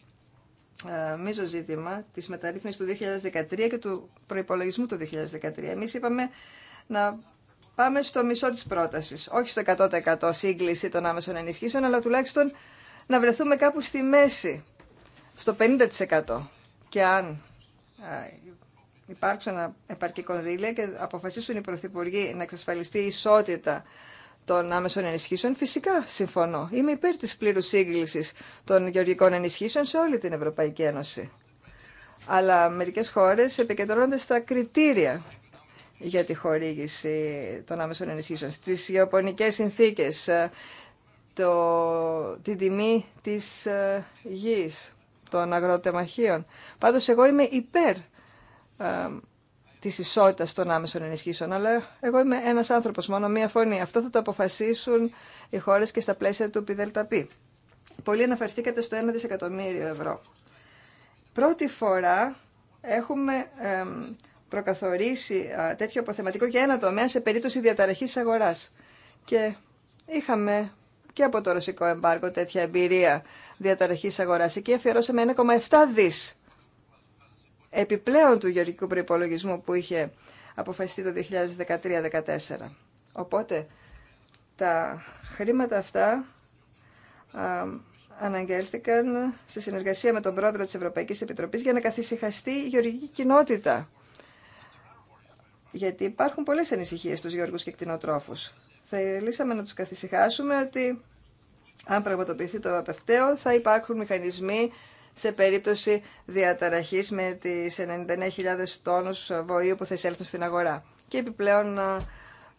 ε, ζήτημα της μεταρρύθμισης του 2013 και του προϋπολογισμού του 2013. Εμείς είπαμε να πάμε στο μισό της πρότασης. Όχι στο 100% σύγκληση των άμεσων ενισχύσεων, αλλά τουλάχιστον να βρεθούμε κάπου στη μέση, στο 50%. Και αν υπάρξουν επαρκή κονδύλια και αποφασίσουν οι Πρωθυπουργοί να εξασφαλιστεί η ισότητα των άμεσων ενισχύσεων, φυσικά συμφωνώ. Είμαι υπέρ της πλήρους σύγκλησης των γεωργικών ενισχύσεων σε όλη την Ευρωπαϊκή Ένωση. Αλλά μερικές χώρες επικεντρώνονται στα κριτήρια για τη χορήγηση των άμεσων ενισχύσεων. Στις γεωπονικές συνθήκες, ε, το, την τιμή της ε, γης, των αγροτεμαχίων. Πάντως εγώ είμαι υπέρ ε, της ισότητας των άμεσων ενισχύσεων, αλλά εγώ είμαι ένας άνθρωπος, μόνο μία φωνή. Αυτό θα το αποφασίσουν οι χώρες και στα πλαίσια του ΠΙΔΕΛΤΑΠΗ. Πολλοί αναφερθήκατε στο 1 δισεκατομμύριο ευρώ. Πρώτη φορά έχουμε... Ε, προκαθορίσει τέτοιο αποθεματικό για ένα τομέα σε περίπτωση διαταραχής αγοράς. Και είχαμε και από το ρωσικό εμπάρκο τέτοια εμπειρία διαταραχής αγοράς. Εκεί αφιερώσαμε 1,7 δις επιπλέον του γεωργικού προϋπολογισμού που είχε αποφασιστεί το 2013-2014. Οπότε τα χρήματα αυτά α, αναγγέλθηκαν σε συνεργασία με τον πρόεδρο της Ευρωπαϊκής Επιτροπής για να καθησυχαστεί η γεωργική κοινότητα γιατί υπάρχουν πολλές ανησυχίες στους γεωργούς και κτηνοτρόφους. Θελήσαμε να τους καθησυχάσουμε ότι αν πραγματοποιηθεί το απευταίο θα υπάρχουν μηχανισμοί σε περίπτωση διαταραχής με τις 99.000 τόνους βοήου που θα εισέλθουν στην αγορά. Και επιπλέον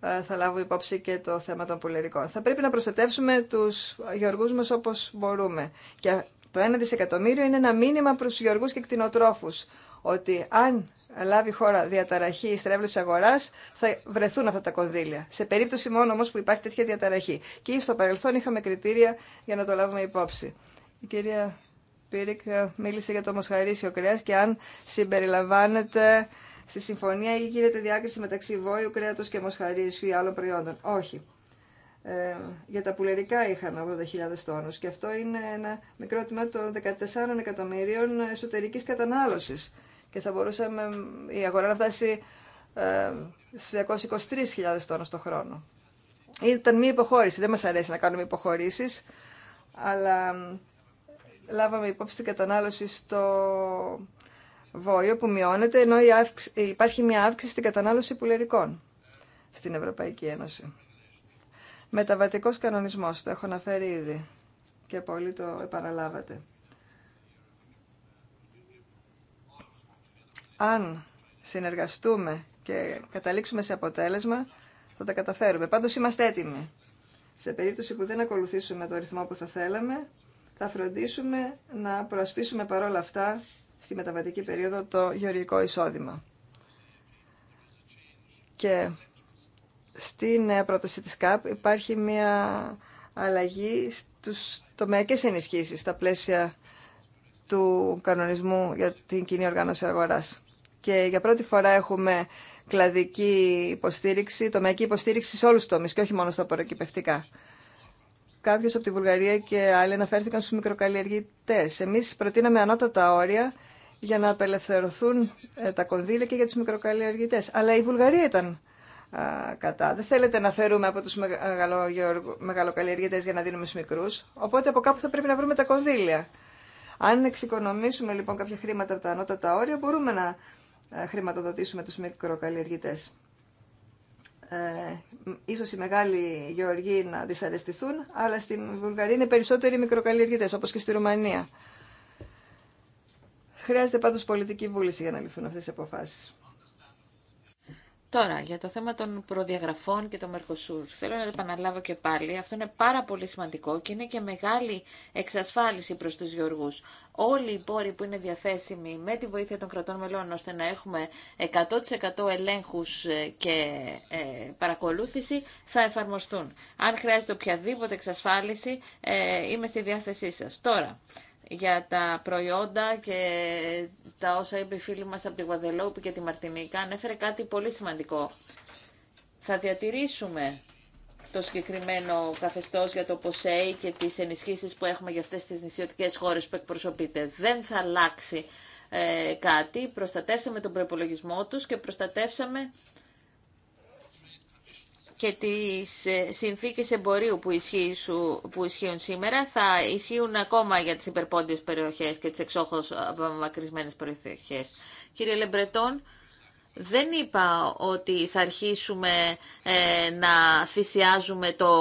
θα λάβουμε υπόψη και το θέμα των πουλερικών. Θα πρέπει να προστατεύσουμε τους γεωργούς μας όπως μπορούμε. Και το 1 δισεκατομμύριο είναι ένα μήνυμα προς τους γεωργούς και κτηνοτρόφους ότι αν λάβει χώρα διαταραχή ή στρέβλωση αγορά, θα βρεθούν αυτά τα κονδύλια. Σε περίπτωση μόνο όμω που υπάρχει τέτοια διαταραχή. Και στο παρελθόν είχαμε κριτήρια για να το λάβουμε υπόψη. Η κυρία Πύρικ μίλησε για το μοσχαρίσιο κρέα και αν συμπεριλαμβάνεται στη συμφωνία ή γίνεται διάκριση μεταξύ βόηου κρέατο και μοσχαρίσιου ή άλλων προϊόντων. Όχι. Ε, για τα πουλερικά είχαμε 80.000 τόνους και αυτό είναι ένα μικρό των 14 εκατομμυρίων εσωτερικής κατανάλωσης και θα μπορούσαμε η αγορά να φτάσει ε, στους 223.000 τόνους το χρόνο. Ήταν μία υποχώρηση, δεν μας αρέσει να κάνουμε υποχωρήσεις, αλλά λάβαμε υπόψη την κατανάλωση στο βόλιο που μειώνεται, ενώ υπάρχει μια αύξηση στην κατανάλωση πουλερικών στην Ευρωπαϊκή Ένωση. Μεταβατικός κανονισμός, το έχω αναφέρει ήδη και πολύ το επαναλάβατε. αν συνεργαστούμε και καταλήξουμε σε αποτέλεσμα, θα τα καταφέρουμε. Πάντως είμαστε έτοιμοι. Σε περίπτωση που δεν ακολουθήσουμε το ρυθμό που θα θέλαμε, θα φροντίσουμε να προασπίσουμε παρόλα αυτά στη μεταβατική περίοδο το γεωργικό εισόδημα. Και στην πρόταση της ΚΑΠ υπάρχει μια αλλαγή στους τομεακές ενισχύσεις στα πλαίσια του κανονισμού για την κοινή οργάνωση αγοράς και για πρώτη φορά έχουμε κλαδική υποστήριξη, τομεακή υποστήριξη σε όλου του και όχι μόνο στα προκυπευτικά. Κάποιο από τη Βουλγαρία και άλλοι αναφέρθηκαν στου μικροκαλλιεργητέ. Εμεί προτείναμε ανώτατα όρια για να απελευθερωθούν ε, τα κονδύλια και για του μικροκαλλιεργητέ. Αλλά η Βουλγαρία ήταν κατά. Δεν θέλετε να φέρουμε από του μεγαλοκαλλιεργητέ για να δίνουμε στους μικρού. Οπότε από κάπου θα πρέπει να βρούμε τα κονδύλια. Αν εξοικονομήσουμε λοιπόν κάποια χρήματα από τα ανώτατα όρια, μπορούμε να ε, χρηματοδοτήσουμε τους μικροκαλλιεργητές. Ε, ίσως οι μεγάλοι γεωργοί να δυσαρεστηθούν, αλλά στην Βουλγαρία είναι περισσότεροι μικροκαλλιεργητές, όπως και στη Ρουμανία. Χρειάζεται πάντως πολιτική βούληση για να ληφθούν αυτές οι αποφάσεις. Τώρα, για
το θέμα των προδιαγραφών και των Μερκοσούρ. Θέλω να το επαναλάβω και πάλι. Αυτό είναι πάρα πολύ σημαντικό και είναι και μεγάλη εξασφάλιση προς τους γιοργούς. Όλοι οι πόροι που είναι διαθέσιμοι με τη βοήθεια των κρατών μελών ώστε να έχουμε 100% ελέγχου ε, και ε, παρακολούθηση θα εφαρμοστούν. Αν χρειάζεται οποιαδήποτε εξασφάλιση ε, είμαι στη διάθεσή σα. Τώρα, για τα προϊόντα και τα όσα είπε η φίλη μας από τη Γουαδελόπη και τη Μαρτινίκα ανέφερε κάτι πολύ σημαντικό. Θα διατηρήσουμε το συγκεκριμένο καθεστώς για το ΠΟΣΕΙ και τις ενισχύσεις που έχουμε για αυτές τις νησιωτικές χώρες που εκπροσωπείται. Δεν θα αλλάξει ε, κάτι. Προστατεύσαμε τον προπολογισμό τους και προστατεύσαμε και τις ε, συνθήκες εμπορίου που, που ισχύουν σήμερα θα ισχύουν ακόμα για τις υπερπόντιες περιοχές και τις εξόχως απομακρυσμένες περιοχές. Κύριε Λεμπρετών, δεν είπα ότι θα αρχίσουμε ε, να θυσιάζουμε το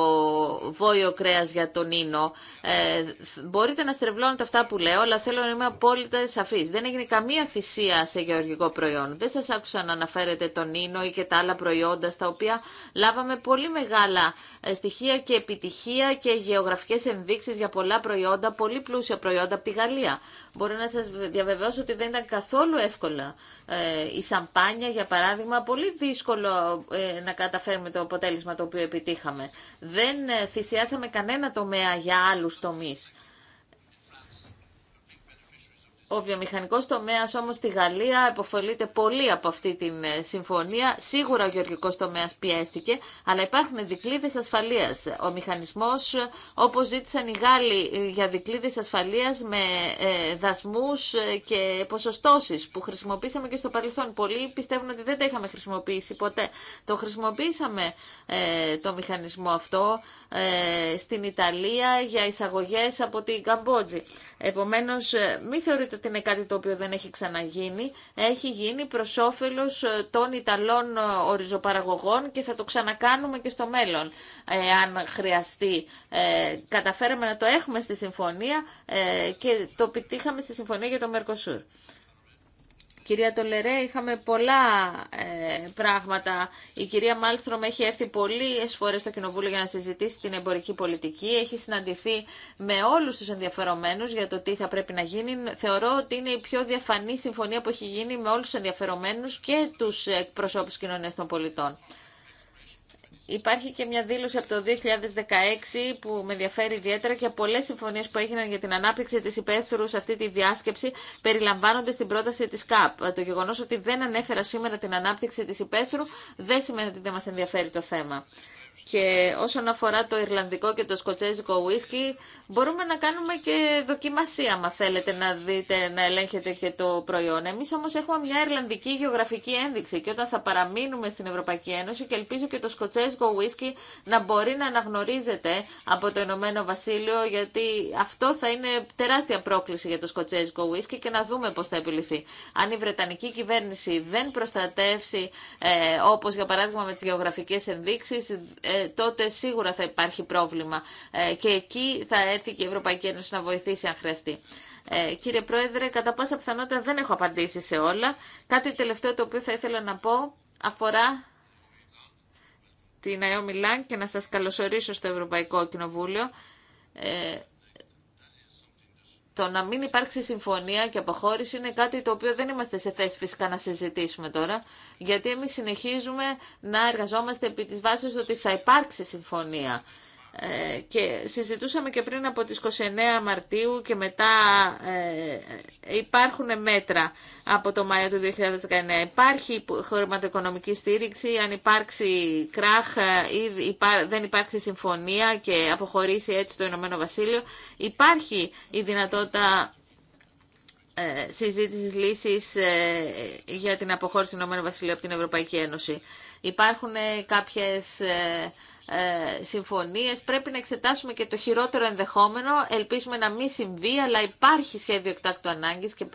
βόλιο κρέας για τον ίνο. Ε, μπορείτε να στρεβλώνετε αυτά που λέω, αλλά θέλω να είμαι απόλυτα σαφής. Δεν έγινε καμία θυσία σε γεωργικό προϊόν. Δεν σας άκουσα να αναφέρετε τον ίνο ή και τα άλλα προϊόντα, στα οποία λάβαμε πολύ μεγάλα ε, στοιχεία και επιτυχία και γεωγραφικές ενδείξεις για πολλά προϊόντα, πολύ πλούσια προϊόντα από τη Γαλλία. Μπορώ να σας διαβεβαιώσω ότι δεν ήταν καθόλου εύκολα. Ε, η σαμπάνια, για παράδειγμα, πολύ δύσκολο ε, να καταφέρουμε το αποτέλεσμα το οποίο επιτύχαμε. Δεν ε, θυσιάσαμε κανένα τομέα για άλλους τομείς. Ο βιομηχανικός τομέας όμως στη Γαλλία επωφελείται πολύ από αυτή τη ε, συμφωνία. Σίγουρα ο γεωργικός τομέας πιέστηκε, αλλά υπάρχουν δικλείδες ασφαλείας. Ο μηχανισμός, ε, όπως ζήτησαν οι Γάλλοι ε, για δικλείδες ασφαλείας με δασμούς και ποσοστώσεις που χρησιμοποίησαμε και στο παρελθόν. Πολλοί πιστεύουν ότι δεν τα είχαμε χρησιμοποιήσει ποτέ. Το χρησιμοποίησαμε το μηχανισμό αυτό στην Ιταλία για εισαγωγές από την Καμπότζη. Επομένως, μην θεωρείτε είναι κάτι το οποίο δεν έχει ξαναγίνει. Έχει γίνει προ όφελο ε, των Ιταλών ε, οριζοπαραγωγών και θα το ξανακάνουμε και στο μέλλον, ε, αν χρειαστεί. καταφέραμε να το έχουμε στη συμφωνία και το πετύχαμε στη συμφωνία για το Μερκοσούρ. Κυρία Τολερέ, είχαμε πολλά ε, πράγματα. Η κυρία Μάλστρομ έχει έρθει πολλέ φορέ στο Κοινοβούλιο για να συζητήσει την εμπορική πολιτική. Έχει συναντηθεί με όλου του ενδιαφερομένους για το τι θα πρέπει να γίνει. Θεωρώ ότι είναι η πιο διαφανή συμφωνία που έχει γίνει με όλου του ενδιαφερομένου και του εκπροσώπου κοινωνία των πολιτών. Υπάρχει και μια δήλωση από το 2016 που με ενδιαφέρει ιδιαίτερα και πολλέ συμφωνίε που έγιναν για την ανάπτυξη τη υπαίθρου σε αυτή τη διάσκεψη περιλαμβάνονται στην πρόταση τη ΚΑΠ. Το γεγονό ότι δεν ανέφερα σήμερα την ανάπτυξη τη υπαίθρου δεν σημαίνει ότι δεν μα ενδιαφέρει το θέμα. Και όσον αφορά το Ιρλανδικό και το Σκοτσέζικο ουίσκι, μπορούμε να κάνουμε και δοκιμασία, μα θέλετε να δείτε, να ελέγχετε και το προϊόν. Εμείς όμως έχουμε μια Ιρλανδική γεωγραφική ένδειξη και όταν θα παραμείνουμε στην Ευρωπαϊκή Ένωση και ελπίζω και το Σκοτσέζικο ουίσκι να μπορεί να αναγνωρίζεται από το Ηνωμένο Βασίλειο, γιατί αυτό θα είναι τεράστια πρόκληση για το Σκοτσέζικο ουίσκι και να δούμε πώς θα επιληθεί. Αν η Βρετανική κυβέρνηση δεν προστατεύσει, ε, όπως για παράδειγμα με τις γεωγραφικές ενδείξεις, ε, τότε σίγουρα θα υπάρχει πρόβλημα ε, και εκεί θα έρθει και η Ευρωπαϊκή Ένωση να βοηθήσει αν χρειαστεί. Ε, κύριε Πρόεδρε, κατά πάσα πιθανότητα δεν έχω απαντήσει σε όλα. Κάτι τελευταίο το οποίο θα ήθελα να πω αφορά την ΑΕΟ Μιλάν και να σας καλωσορίσω στο Ευρωπαϊκό Κοινοβούλιο το να μην υπάρξει συμφωνία και αποχώρηση είναι κάτι το οποίο δεν είμαστε σε θέση φυσικά να συζητήσουμε τώρα, γιατί εμείς συνεχίζουμε να εργαζόμαστε επί της βάσης ότι θα υπάρξει συμφωνία. Ε, και συζητούσαμε και πριν από τις 29 Μαρτίου και μετά ε, ε, υπάρχουν μέτρα από το Μάιο του 2019. Υπάρχει χρηματοοικονομική στήριξη, αν υπάρξει κράχ ε, ή υπά, δεν υπάρξει συμφωνία και αποχωρήσει έτσι το Ηνωμένο Βασίλειο, υπάρχει η δεν υπαρξει συμφωνια και αποχωρησει ετσι το ηνωμενο βασιλειο υπαρχει η δυνατοτητα ε, συζήτησης λύσης για την αποχώρηση του Ηνωμένου Βασιλείου από την Ευρωπαϊκή Ένωση. Υπάρχουν κάποιες ε, συμφωνίες. Πρέπει να εξετάσουμε και το χειρότερο ενδεχόμενο. Ελπίζουμε να μην συμβεί, αλλά υπάρχει σχέδιο εκτάκτου ανάγκης και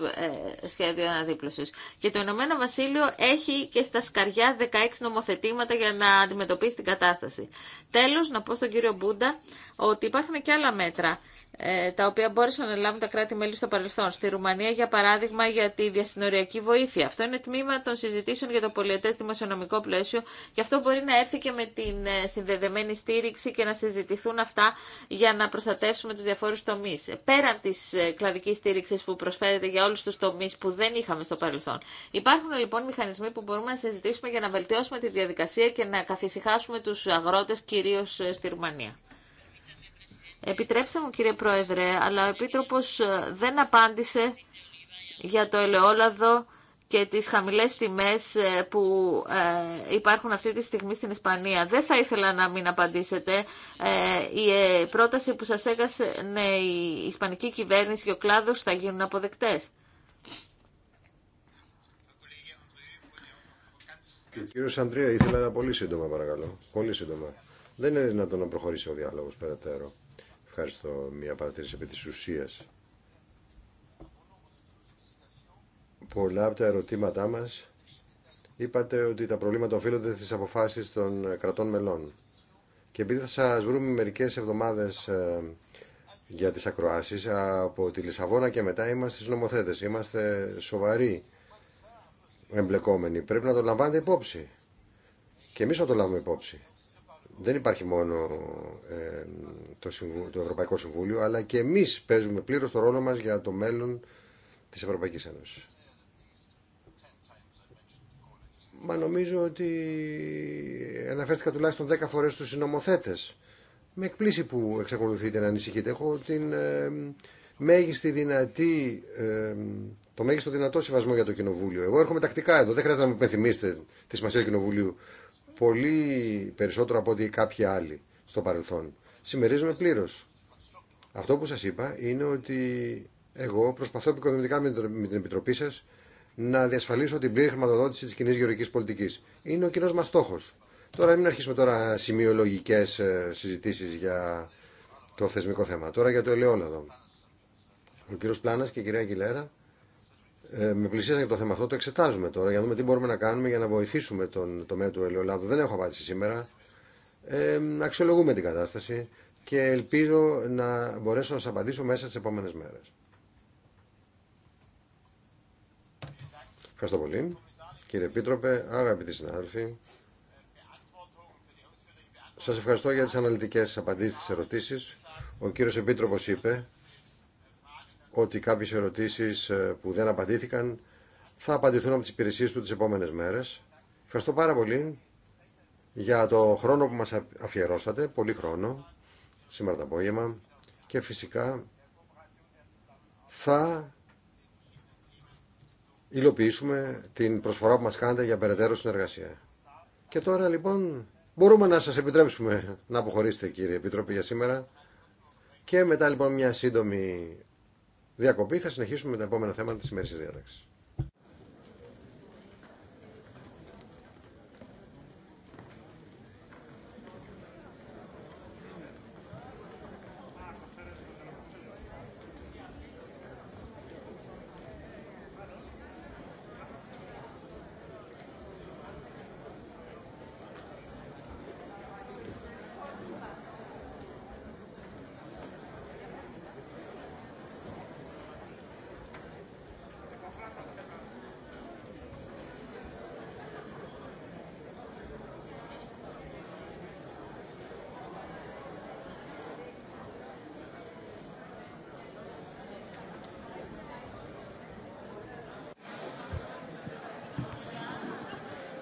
ε, σχέδιο αναδίπλωσης. Και το Ηνωμένο Βασίλειο έχει και στα σκαριά 16 νομοθετήματα για να αντιμετωπίσει την κατάσταση. Τέλος, να πω στον κύριο Μπούντα ότι υπάρχουν και άλλα μέτρα ε, τα οποία μπόρεσαν να λάβουν τα κράτη-μέλη στο παρελθόν. Στη Ρουμανία, για παράδειγμα, για τη διασυνοριακή βοήθεια. Αυτό είναι τμήμα των συζητήσεων για το πολιετέ δημοσιονομικό πλαίσιο και αυτό μπορεί να έρθει και με την ε, συνδεδεμένη στήριξη και να συζητηθούν αυτά για να προστατεύσουμε τους διαφόρους τομείς. Πέραν της ε, κλαδική στήριξη που προσφέρεται για όλου του τομεί που δεν είχαμε στο παρελθόν. Υπάρχουν λοιπόν μηχανισμοί που μπορούμε να συζητήσουμε για να βελτιώσουμε τη διαδικασία και να καθησυχάσουμε του αγρότε κυρίω στη Ρουμανία. Επιτρέψτε μου κύριε Πρόεδρε, αλλά ο Επίτροπος ε, δεν απάντησε για το ελαιόλαδο και τις χαμηλές τιμές ε, που ε, υπάρχουν αυτή τη στιγμή στην Ισπανία. Δεν θα ήθελα να μην απαντήσετε. Η πρόταση που σας ναι, η Ισπανική κυβέρνηση και ο κλάδος θα γίνουν αποδεκτές.
Και κύριος ήθελα να πολύ σύντομα παρακαλώ. Πολύ σύντομα. Δεν είναι δυνατόν να προχωρήσει ο διάλογος περαιτέρω. Ευχαριστώ. Μια παρατήρηση επί της ουσίας. Πολλά από τα ερωτήματά μας είπατε ότι τα προβλήματα οφείλονται στις αποφάσεις των κρατών μελών. Και επειδή θα σας βρούμε μερικές εβδομάδες ε, για τις ακροάσεις, από τη Λισαβόνα και μετά είμαστε στις νομοθέτες. Είμαστε σοβαροί εμπλεκόμενοι. Πρέπει να το λαμβάνετε υπόψη. Και εμείς θα το λάβουμε υπόψη δεν υπάρχει μόνο το, το Ευρωπαϊκό Συμβούλιο, αλλά και εμείς παίζουμε πλήρως το ρόλο μας για το μέλλον της Ευρωπαϊκής Ένωσης. Μα νομίζω ότι αναφέρθηκα τουλάχιστον 10 φορές στους συνομοθέτες. Με εκπλήσει που εξακολουθείτε να ανησυχείτε. Έχω την μέγιστη δυνατή, το μέγιστο δυνατό συμβασμό για το Κοινοβούλιο. Εγώ έρχομαι τακτικά εδώ, δεν χρειάζεται να με υπενθυμίσετε τη σημασία του Κοινοβουλίου πολύ περισσότερο από ό,τι κάποιοι άλλοι στο παρελθόν. Συμμερίζομαι πλήρω. Αυτό που σα είπα είναι ότι εγώ προσπαθώ επικοδομητικά με την Επιτροπή σα να διασφαλίσω την πλήρη χρηματοδότηση τη κοινή γεωργική πολιτική. Είναι ο κοινό μα στόχο. Τώρα μην αρχίσουμε τώρα σημειολογικέ ε, συζητήσει για το θεσμικό θέμα. Τώρα για το ελαιόλαδο. Ο κύριο Πλάνα και η κυρία Αγγιλέρα ε, με πλησίασαν για το θέμα αυτό, το εξετάζουμε τώρα για να δούμε τι μπορούμε να κάνουμε για να βοηθήσουμε τον τομέα του ελαιολάδου. Δεν έχω απάντηση σήμερα. Ε, αξιολογούμε την κατάσταση και ελπίζω να μπορέσω να σα απαντήσω μέσα στι επόμενες μέρες. Ευχαριστώ πολύ. Κύριε Επίτροπε, αγαπητοί συνάδελφοι, σας ευχαριστώ για τις αναλυτικές απαντήσεις στις ερωτήσεις. Ο κύριος Επίτροπος είπε ότι κάποιες ερωτήσεις ε, που δεν απαντήθηκαν θα απαντηθούν από τις υπηρεσίες του τις επόμενες μέρες. Ευχαριστώ πάρα πολύ για το χρόνο που μας αφιερώσατε, πολύ χρόνο, σήμερα το απόγευμα και φυσικά θα υλοποιήσουμε την προσφορά που μας κάνετε για περαιτέρω συνεργασία. Και τώρα λοιπόν μπορούμε να σας επιτρέψουμε να αποχωρήσετε κύριε Επιτρόπη για σήμερα και μετά λοιπόν μια σύντομη διακοπή. Θα συνεχίσουμε με τα επόμενα θέματα της ημέρης διάταξης.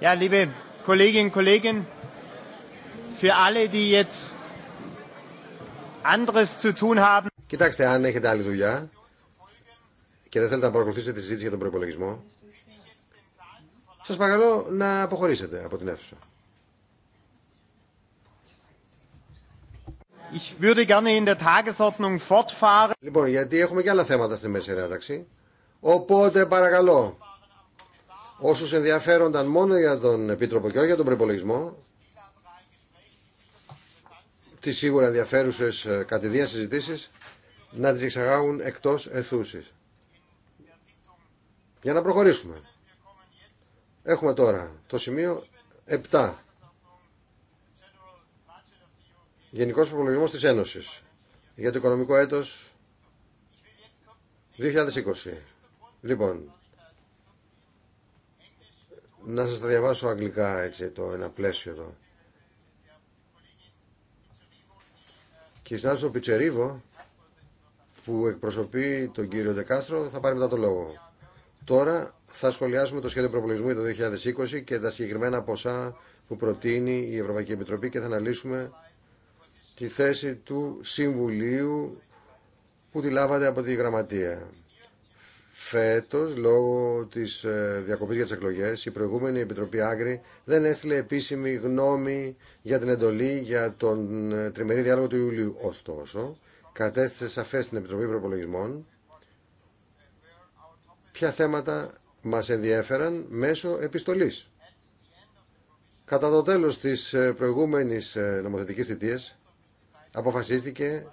Ja, liebe Kolleginnen und Kollegen, für alle, die jetzt anderes zu
tun haben. Κοιτάξτε, αν έχετε άλλη δουλειά και δεν θέλετε να παρακολουθήσετε τη συζήτηση για τον προπολογισμό, σας παρακαλώ να αποχωρήσετε από την αίθουσα. Ich würde gerne in der Tagesordnung fortfahren. Λοιπόν, γιατί έχουμε και άλλα θέματα στην μέση διάταξη. Οπότε παρακαλώ, όσους ενδιαφέρονταν μόνο για τον Επίτροπο και όχι για τον προπολογισμό, τι σίγουρα ενδιαφέρουσε ε, κατηδίαν συζητήσεις, να τις εξαγάγουν εκτός εθούσης. Για να προχωρήσουμε. Έχουμε τώρα το σημείο 7. Γενικός προπολογισμό της Ένωσης για το οικονομικό έτος 2020. Λοιπόν, να σας τα διαβάσω αγγλικά έτσι το ένα πλαίσιο εδώ. Και η συνάδελφος Πιτσερίβο που εκπροσωπεί τον κύριο Δεκάστρο θα πάρει μετά το λόγο. Τώρα θα σχολιάσουμε το σχέδιο προπολογισμού για το 2020 και τα συγκεκριμένα ποσά που προτείνει η Ευρωπαϊκή Επιτροπή και θα αναλύσουμε τη θέση του Συμβουλίου που τη λάβατε από τη Γραμματεία. Φέτος, λόγω της ε, διακοπής για τι εκλογέ, η προηγούμενη Επιτροπή Άγκρη δεν έστειλε επίσημη γνώμη για την εντολή για τον ε, τριμερή διάλογο του Ιουλίου. Ωστόσο, κατέστησε σαφέ στην Επιτροπή Προπολογισμών ποια θέματα μας ενδιέφεραν μέσω επιστολής. Κατά το τέλος της ε, προηγούμενης νομοθετικής θητεία, αποφασίστηκε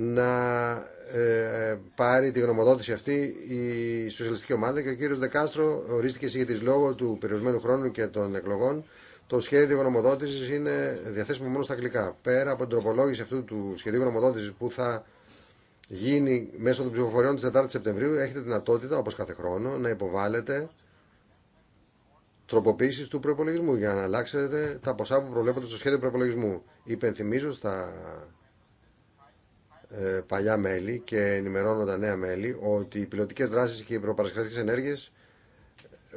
να ε, πάρει τη γνωμοδότηση αυτή η σοσιαλιστική ομάδα και ο κύριος Δεκάστρο ορίστηκε της λόγω του περιορισμένου χρόνου και των εκλογών. Το σχέδιο γνωμοδότηση είναι διαθέσιμο μόνο στα αγγλικά. Πέρα από την τροπολόγηση αυτού του σχεδίου γνωμοδότηση που θα γίνει μέσω των ψηφοφοριών τη 4 η Σεπτεμβρίου, έχετε δυνατότητα, όπω κάθε χρόνο, να υποβάλλετε τροποποίηση του προπολογισμού για να αλλάξετε τα ποσά που προβλέπονται στο σχέδιο προπολογισμού. Υπενθυμίζω στα ε, παλιά μέλη και ενημερώνω τα νέα μέλη ότι οι πιλωτικέ δράσεις και οι προπαρασκευαστικέ ενέργειες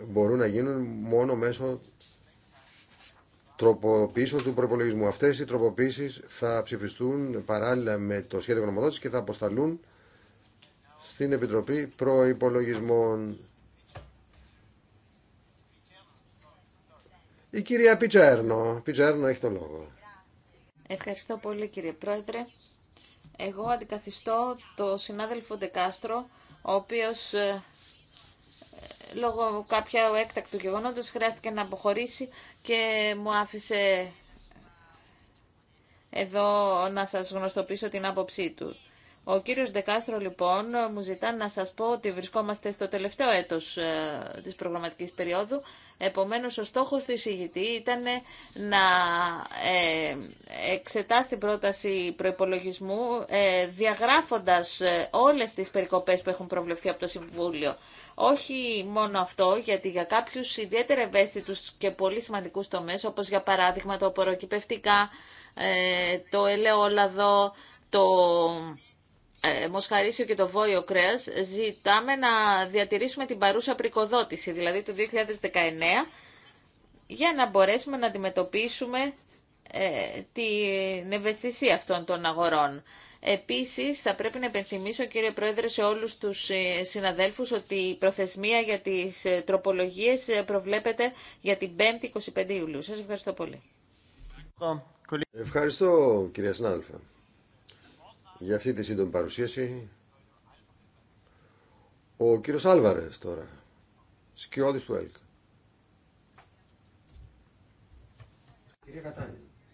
μπορούν να γίνουν μόνο μέσω τροποποιήσεων του προπολογισμού. Αυτές οι τροποποίησεις θα ψηφιστούν παράλληλα με το σχέδιο γνωμοδότηση και θα αποσταλούν στην Επιτροπή Προϋπολογισμών. Η κυρία Πιτσέρνο. Πιτσέρνο έχει το λόγο.
Ευχαριστώ πολύ κύριε Πρόεδρε. Εγώ αντικαθιστώ το συνάδελφο Ντεκάστρο, ο οποίος ε, λόγω κάποια έκτακτου γεγονότος χρειάστηκε να αποχωρήσει και μου άφησε εδώ να σας γνωστοποιήσω την άποψή του. Ο κύριος Δεκάστρο λοιπόν μου ζητά να σας πω ότι βρισκόμαστε στο τελευταίο έτος ε, της προγραμματικής περίοδου. Επομένως ο στόχος του εισηγητή ήταν να ε, εξετάσει την πρόταση προϋπολογισμού ε, διαγράφοντας όλες τις περικοπές που έχουν προβλεφθεί από το Συμβούλιο. Όχι μόνο αυτό, γιατί για κάποιους ιδιαίτερα ευαίσθητους και πολύ σημαντικούς τομές, όπως για παράδειγμα το απορροκυπευτικά, το ελαιόλαδο, το ε, μοσχαρίσιο και το βόλιο Κρέα. ζητάμε να διατηρήσουμε την παρούσα πρικοδότηση, δηλαδή του 2019, για να μπορέσουμε να αντιμετωπίσουμε ε, την ευαισθησία αυτών των αγορών. Επίσης, θα πρέπει να επενθυμίσω, κύριε Πρόεδρε, σε όλους τους ε, συναδέλφους ότι η προθεσμία για τις τροπολογίες προβλέπεται για την 5η 25 Ιουλίου. Σας ευχαριστώ πολύ.
Ευχαριστώ, κυρία συνάδελφα για αυτή τη σύντομη παρουσίαση. Ο κύριος Άλβαρες τώρα, σκιώδης του ΕΛΚ.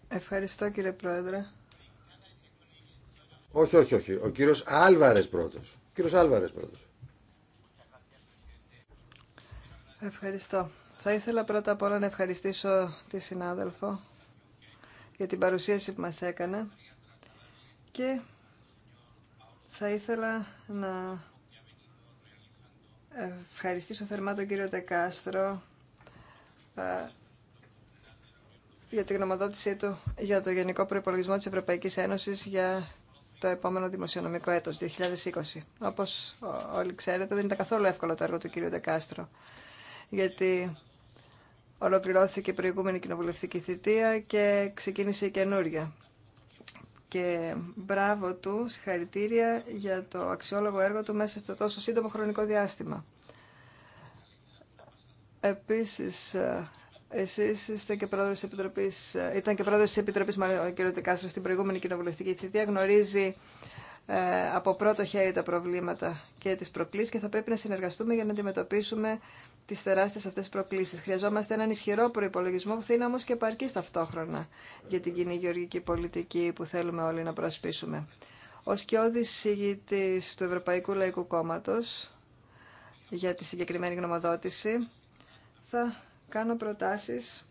Ευχαριστώ κύριε Πρόεδρε.
Όχι, όχι, όχι. Ο κύριος Άλβαρες πρώτος. Ο κύριος Άλβαρες πρώτος.
Ευχαριστώ. Θα ήθελα πρώτα απ' όλα να ευχαριστήσω τη συνάδελφο για την παρουσίαση που μας έκανε και θα ήθελα να ευχαριστήσω θερμά τον κύριο Τεκάστρο ε, για την γνωμοδότησή του για το Γενικό Προϋπολογισμό της Ευρωπαϊκής Ένωσης για το επόμενο δημοσιονομικό έτος, 2020. Όπως όλοι ξέρετε, δεν ήταν καθόλου εύκολο το έργο του κυρίου Τεκάστρο, γιατί ολοκληρώθηκε η προηγούμενη κοινοβουλευτική θητεία και ξεκίνησε η καινούργια και μπράβο του, συγχαρητήρια για το αξιόλογο έργο του μέσα στο τόσο σύντομο χρονικό διάστημα. Επίσης, ε, εσείς είστε και πρόεδρος της Επιτροπής, ε, ήταν και πρόεδρος της Επιτροπής, μάλλον ο κ. Τεκάσος, στην προηγούμενη κοινοβουλευτική θητεία, γνωρίζει ε, από πρώτο χέρι τα προβλήματα και τις προκλήσεις και θα πρέπει να συνεργαστούμε για να αντιμετωπίσουμε τις τεράστιες αυτές προκλήσεις. Χρειαζόμαστε έναν ισχυρό προϋπολογισμό που θα είναι όμως και επαρκή ταυτόχρονα για την κοινή γεωργική πολιτική που θέλουμε όλοι να προσπίσουμε. Ο σκιώδης ηγητής του Ευρωπαϊκού Λαϊκού Κόμματος για τη συγκεκριμένη γνωμοδότηση θα κάνω προτάσεις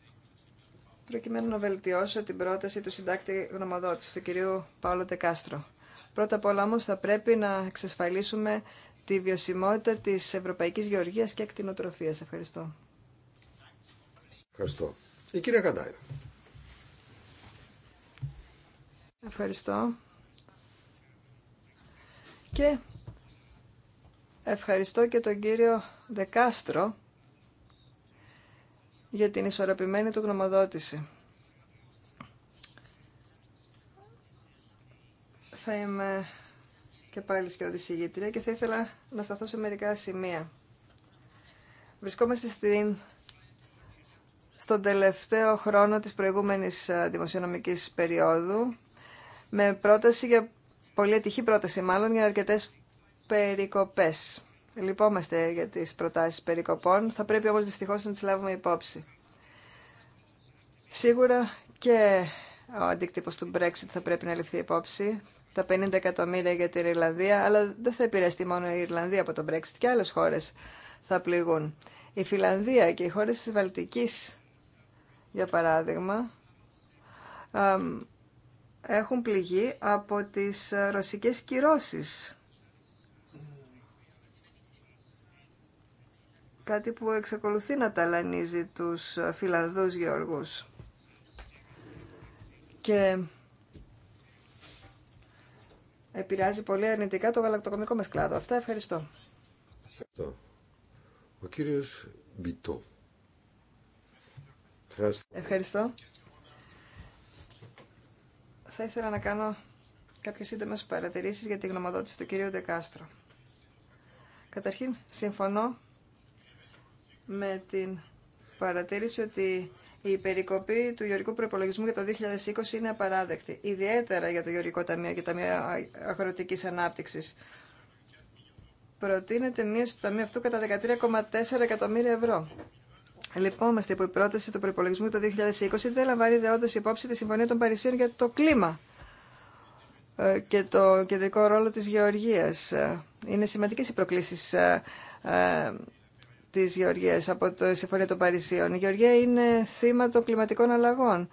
προκειμένου να βελτιώσω την πρόταση του συντάκτη γνωμοδότης του κυρίου Παύλο Τεκάστρο. Πρώτα απ' όλα όμως θα πρέπει να εξασφαλίσουμε τη βιωσιμότητα της ευρωπαϊκής γεωργίας και ακτινοτροφίας. Ευχαριστώ. Ευχαριστώ. Η κυρία Καντάιρα. Ευχαριστώ. Και ευχαριστώ και τον κύριο Δεκάστρο για την ισορροπημένη του γνωμοδότηση. θα είμαι και πάλι σκιώδη και θα ήθελα να σταθώ σε μερικά σημεία. Βρισκόμαστε στην... στον τελευταίο χρόνο της προηγούμενης δημοσιονομικής περίοδου με πρόταση για πολύ ατυχή πρόταση μάλλον για αρκετές περικοπές. Λυπόμαστε για τις προτάσεις περικοπών, θα πρέπει όμως δυστυχώς να τις λάβουμε υπόψη. Σίγουρα και ο αντίκτυπος του Brexit θα πρέπει να ληφθεί υπόψη, τα 50 εκατομμύρια για την Ιρλανδία, αλλά δεν θα επηρεαστεί μόνο η Ιρλανδία από τον Brexit και άλλες χώρες θα πληγούν. Η Φιλανδία και οι χώρες της Βαλτικής, για παράδειγμα, έχουν πληγεί από τις ε, ρωσικές κυρώσεις. Κάτι που εξακολουθεί να ταλανίζει τους ε, Φιλανδούς γεωργούς. Και επηρεάζει πολύ αρνητικά το γαλακτοκομικό μας κλάδο. Αυτά ευχαριστώ.
Ευχαριστώ. Ο κύριος Μπιτό.
Ευχαριστώ. Θα ήθελα να κάνω κάποιες σύντομες παρατηρήσεις για τη γνωμοδότηση του κυρίου Ντεκάστρο. Καταρχήν, συμφωνώ με την παρατήρηση ότι η περικοπή του γεωργικού προπολογισμού για το 2020 είναι απαράδεκτη, ιδιαίτερα για το Γεωργικό Ταμείο και τα Ταμείο Αγροτικής ανάπτυξη. Προτείνεται μείωση του ταμείου αυτού κατά 13,4 εκατομμύρια ευρώ. Λυπόμαστε που η πρόταση του προπολογισμού το 2020 δεν λαμβάνει δεόντω υπόψη τη Συμφωνία των Παρισίων για το κλίμα ε, και το κεντρικό ρόλο της γεωργίας. Ε, είναι σημαντικές οι προκλήσεις ε, τη Γεωργία από τη Συμφωνία των Παρισίων. Η Γεωργία είναι θύμα των κλιματικών αλλαγών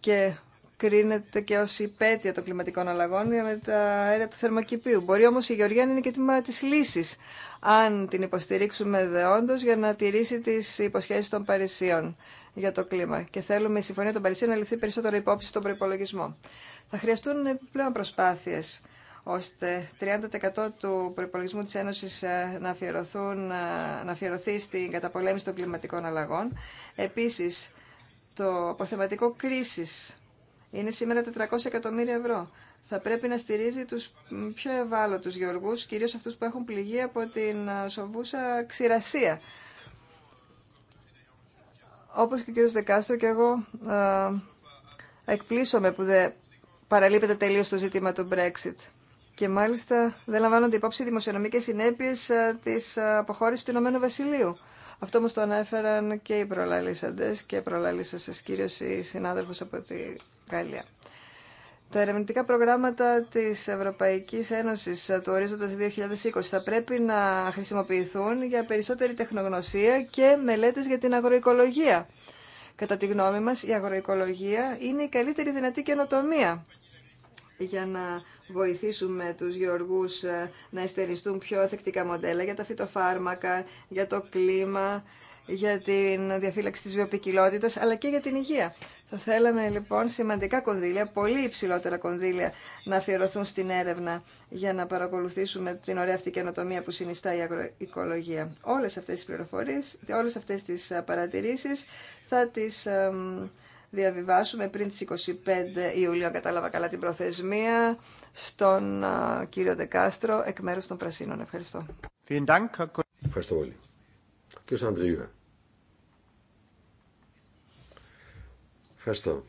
και κρίνεται και ω υπέτεια των κλιματικών αλλαγών με τα αέρια του θερμοκηπίου. Μπορεί όμω η Γεωργία να είναι και τιμά τη λύση αν την υποστηρίξουμε δεόντω για να τηρήσει τι υποσχέσει των Παρισίων για το κλίμα. Και θέλουμε η Συμφωνία των Παρισίων να ληφθεί περισσότερο υπόψη στον προπολογισμό. Θα χρειαστούν επιπλέον προσπάθειε ώστε 30% του προπολογισμού της Ένωσης ε, να, ε, να αφιερωθεί στην καταπολέμηση των κλιματικών αλλαγών. Επίσης, το αποθεματικό κρίσης είναι σήμερα 400 εκατομμύρια ευρώ. Θα πρέπει να στηρίζει τους πιο ευάλωτους γεωργούς, κυρίως αυτούς που έχουν πληγεί από την ε, σοβούσα ξηρασία. Όπως και ο κύριος Δεκάστρο και εγώ εκπλήσωμαι που δεν παραλείπεται τελείως το ζήτημα του Brexit. Και μάλιστα δεν λαμβάνονται υπόψη οι δημοσιονομικές συνέπειες ε, της ε, αποχώρησης του Ηνωμένου Βασιλείου. Αυτό όμω το ανέφεραν και οι προλαλήσαντε και σα, κύριος η συνάδελφο από τη Γαλλία. Τα ερευνητικά προγράμματα τη Ευρωπαϊκή Ένωση, ε, του ορίζοντα 2020 θα πρέπει να χρησιμοποιηθούν για περισσότερη τεχνογνωσία και μελέτε για την αγροοικολογία. Κατά τη γνώμη μα, η αγροοικολογία είναι η καλύτερη δυνατή καινοτομία για να βοηθήσουμε τους γεωργούς ε, να εστεριστούν πιο θεκτικά μοντέλα για τα φυτοφάρμακα, για το κλίμα, για την διαφύλαξη της βιοπικιλότητας, αλλά και για την υγεία. Θα θέλαμε λοιπόν σημαντικά κονδύλια, πολύ υψηλότερα κονδύλια, να αφιερωθούν στην έρευνα για να παρακολουθήσουμε την ωραία αυτή καινοτομία που συνιστά η αγροοικολογία. Όλες αυτές τις πληροφορίες, όλες αυτές τις ε, παρατηρήσεις θα τις διαβιβάσουμε πριν τις 25 Ιουλίου, αν κατάλαβα καλά την προθεσμία, στον κύριο Δεκάστρο εκ μέρους των Πρασίνων. Ευχαριστώ.
Ευχαριστώ πολύ. Κύριος Ανδριούδα. Ευχαριστώ.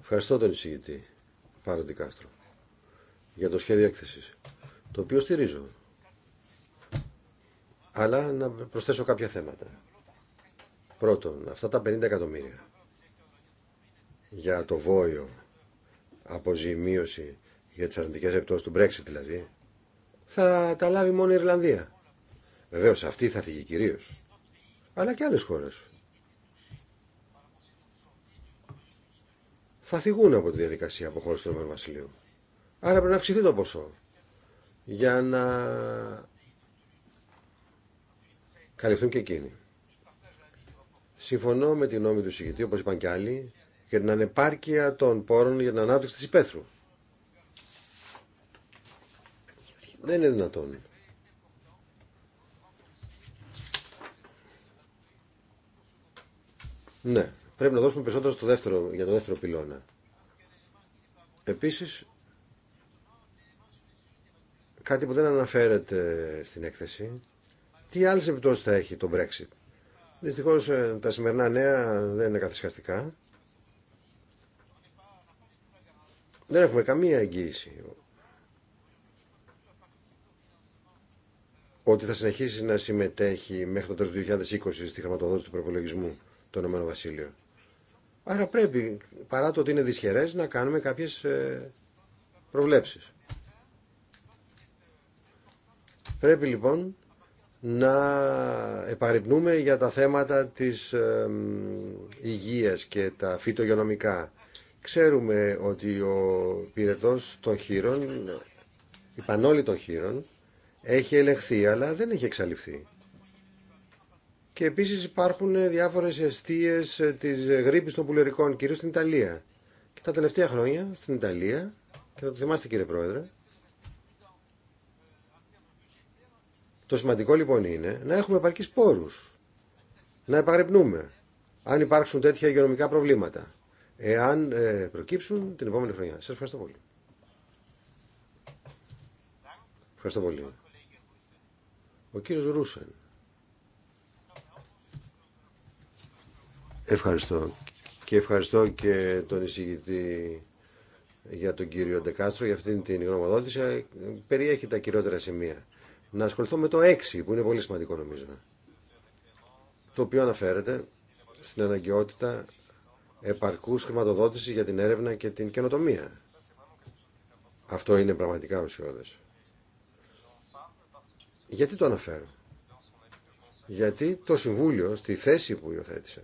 Ευχαριστώ τον εισηγητή, τον Δεκάστρο, για το σχέδιο έκθεσης, το οποίο στηρίζω. Αλλά να προσθέσω κάποια θέματα. Πρώτον, αυτά τα 50 εκατομμύρια για το βόλιο αποζημίωση για τις αρνητικές επιπτώσεις του Brexit δηλαδή, θα τα λάβει μόνο η Ιρλανδία. Βεβαίως αυτή θα θυγεί κυρίω. αλλά και άλλες χώρες. Θα θυγούν από τη διαδικασία αποχώρηση του Ευρωπαϊκού Βασιλείου. Άρα πρέπει να αυξηθεί το ποσό για να καλυφθούν και εκείνοι. Συμφωνώ με την νόμη του συγκεκριτή, όπως είπαν και άλλοι, για την ανεπάρκεια των πόρων για την ανάπτυξη της υπαίθρου. Δεν είναι δυνατόν. Ναι, πρέπει να δώσουμε περισσότερο στο δεύτερο, για το δεύτερο πυλώνα. Επίσης, κάτι που δεν αναφέρεται στην έκθεση, τι άλλες επιπτώσεις θα έχει το Brexit. Δυστυχώς ε, τα σημερινά νέα δεν είναι καθυσχαστικά. Δεν έχουμε καμία εγγύηση ότι θα συνεχίσει να συμμετέχει μέχρι το τέλος του 2020 στη χρηματοδότηση του προπολογισμού του Ηνωμένο Βασίλειο. Άρα πρέπει, παρά το ότι είναι δυσχερές, να κάνουμε κάποιες ε, προβλέψεις. Πρέπει λοιπόν να επαρρυπνούμε για τα θέματα της ε, υγείας και τα φυτογενομικά Ξέρουμε ότι ο πυρετός των χείρων, η πανόλη των χείρων, έχει ελεγχθεί αλλά δεν έχει εξαλειφθεί. Και επίσης υπάρχουν διάφορες αιστείες της γρήπης των πουλερικών, κυρίως στην Ιταλία. Και τα τελευταία χρόνια στην Ιταλία, και θα το θυμάστε κύριε Πρόεδρε, το σημαντικό λοιπόν είναι να έχουμε επαρκείς πόρους, να επαγρυπνούμε αν υπάρξουν τέτοια υγειονομικά προβλήματα εάν ε, προκύψουν την επόμενη χρονιά. Σας ευχαριστώ πολύ. Ευχαριστώ πολύ. Ο κύριος Ρούσεν. Ευχαριστώ. Και ευχαριστώ και τον εισηγητή για τον κύριο Ντεκάστρο για αυτήν την γνωμοδότηση. Περιέχει τα κυριότερα σημεία. Να ασχοληθώ με το 6 που είναι πολύ σημαντικό νομίζω. Το οποίο αναφέρεται στην αναγκαιότητα επαρκούς χρηματοδότηση για την έρευνα και την καινοτομία. Αυτό είναι πραγματικά ουσιώδες. Γιατί το αναφέρω. Γιατί το Συμβούλιο στη θέση που υιοθέτησε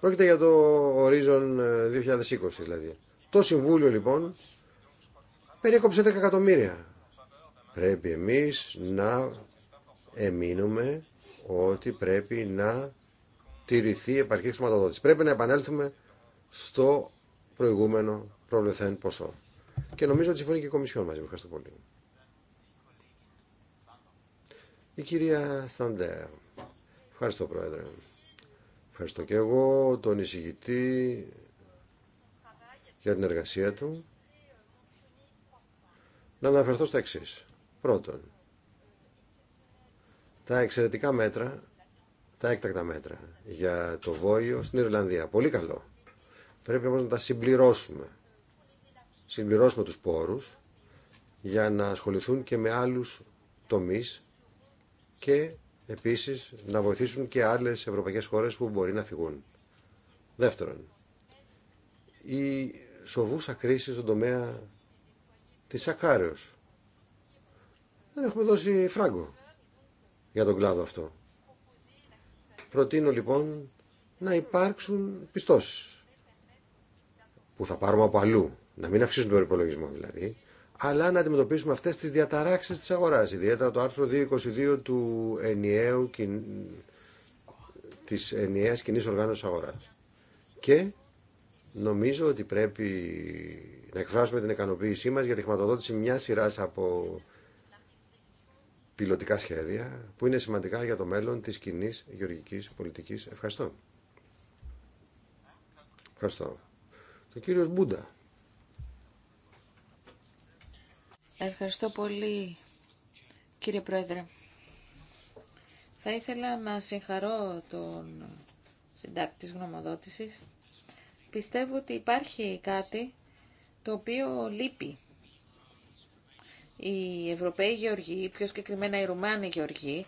Πρόκειται για το ε, ορίζον 2020 δηλαδή. Το Συμβούλιο λοιπόν περιέκοψε 10 εκατομμύρια. Πρέπει εμείς να εμείνουμε ότι πρέπει να τηρηθεί επαρχή χρηματοδότηση. Πρέπει να επανέλθουμε στο προηγούμενο προβλεφθέν ποσό. Και νομίζω ότι συμφωνεί και η Κομισιόν μαζί μου. Ευχαριστώ πολύ. Η κυρία Σταντέρ. Ευχαριστώ, Πρόεδρε. Ευχαριστώ και εγώ τον εισηγητή για την εργασία του. Να αναφερθώ στα εξή. Πρώτον, τα εξαιρετικά μέτρα τα έκτακτα μέτρα για το βόλιο στην Ιρλανδία. Πολύ καλό. Πρέπει όμως να τα συμπληρώσουμε. Συμπληρώσουμε τους πόρους για να ασχοληθούν και με άλλους τομείς και επίσης να βοηθήσουν και άλλες ευρωπαϊκές χώρες που μπορεί να θυγούν. Δεύτερον, η σοβούσα κρίση στον τομέα της Σακάριος. Δεν έχουμε δώσει φράγκο για τον κλάδο αυτό. Προτείνω λοιπόν να υπάρξουν πιστώσεις που θα πάρουμε από αλλού, να μην αυξήσουν τον υπολογισμό δηλαδή, αλλά να αντιμετωπίσουμε αυτές τις διαταράξεις της αγοράς, ιδιαίτερα το άρθρο 222 του ενιαίου, της ενιαίας κοινής οργάνωσης αγοράς. Και νομίζω ότι πρέπει να εκφράσουμε την ικανοποίησή μας για τη χρηματοδότηση μια σειρά από πιλωτικά σχέδια που είναι σημαντικά για το μέλλον της κοινή γεωργικής πολιτικής. Ευχαριστώ. Ευχαριστώ. Το κύριος Μπούντα.
Ευχαριστώ πολύ κύριε Πρόεδρε. Θα ήθελα να συγχαρώ τον συντάκτη της γνωμοδότησης. Πιστεύω ότι υπάρχει κάτι το οποίο λείπει οι Ευρωπαίοι Γεωργοί, πιο συγκεκριμένα οι Ρουμάνοι Γεωργοί,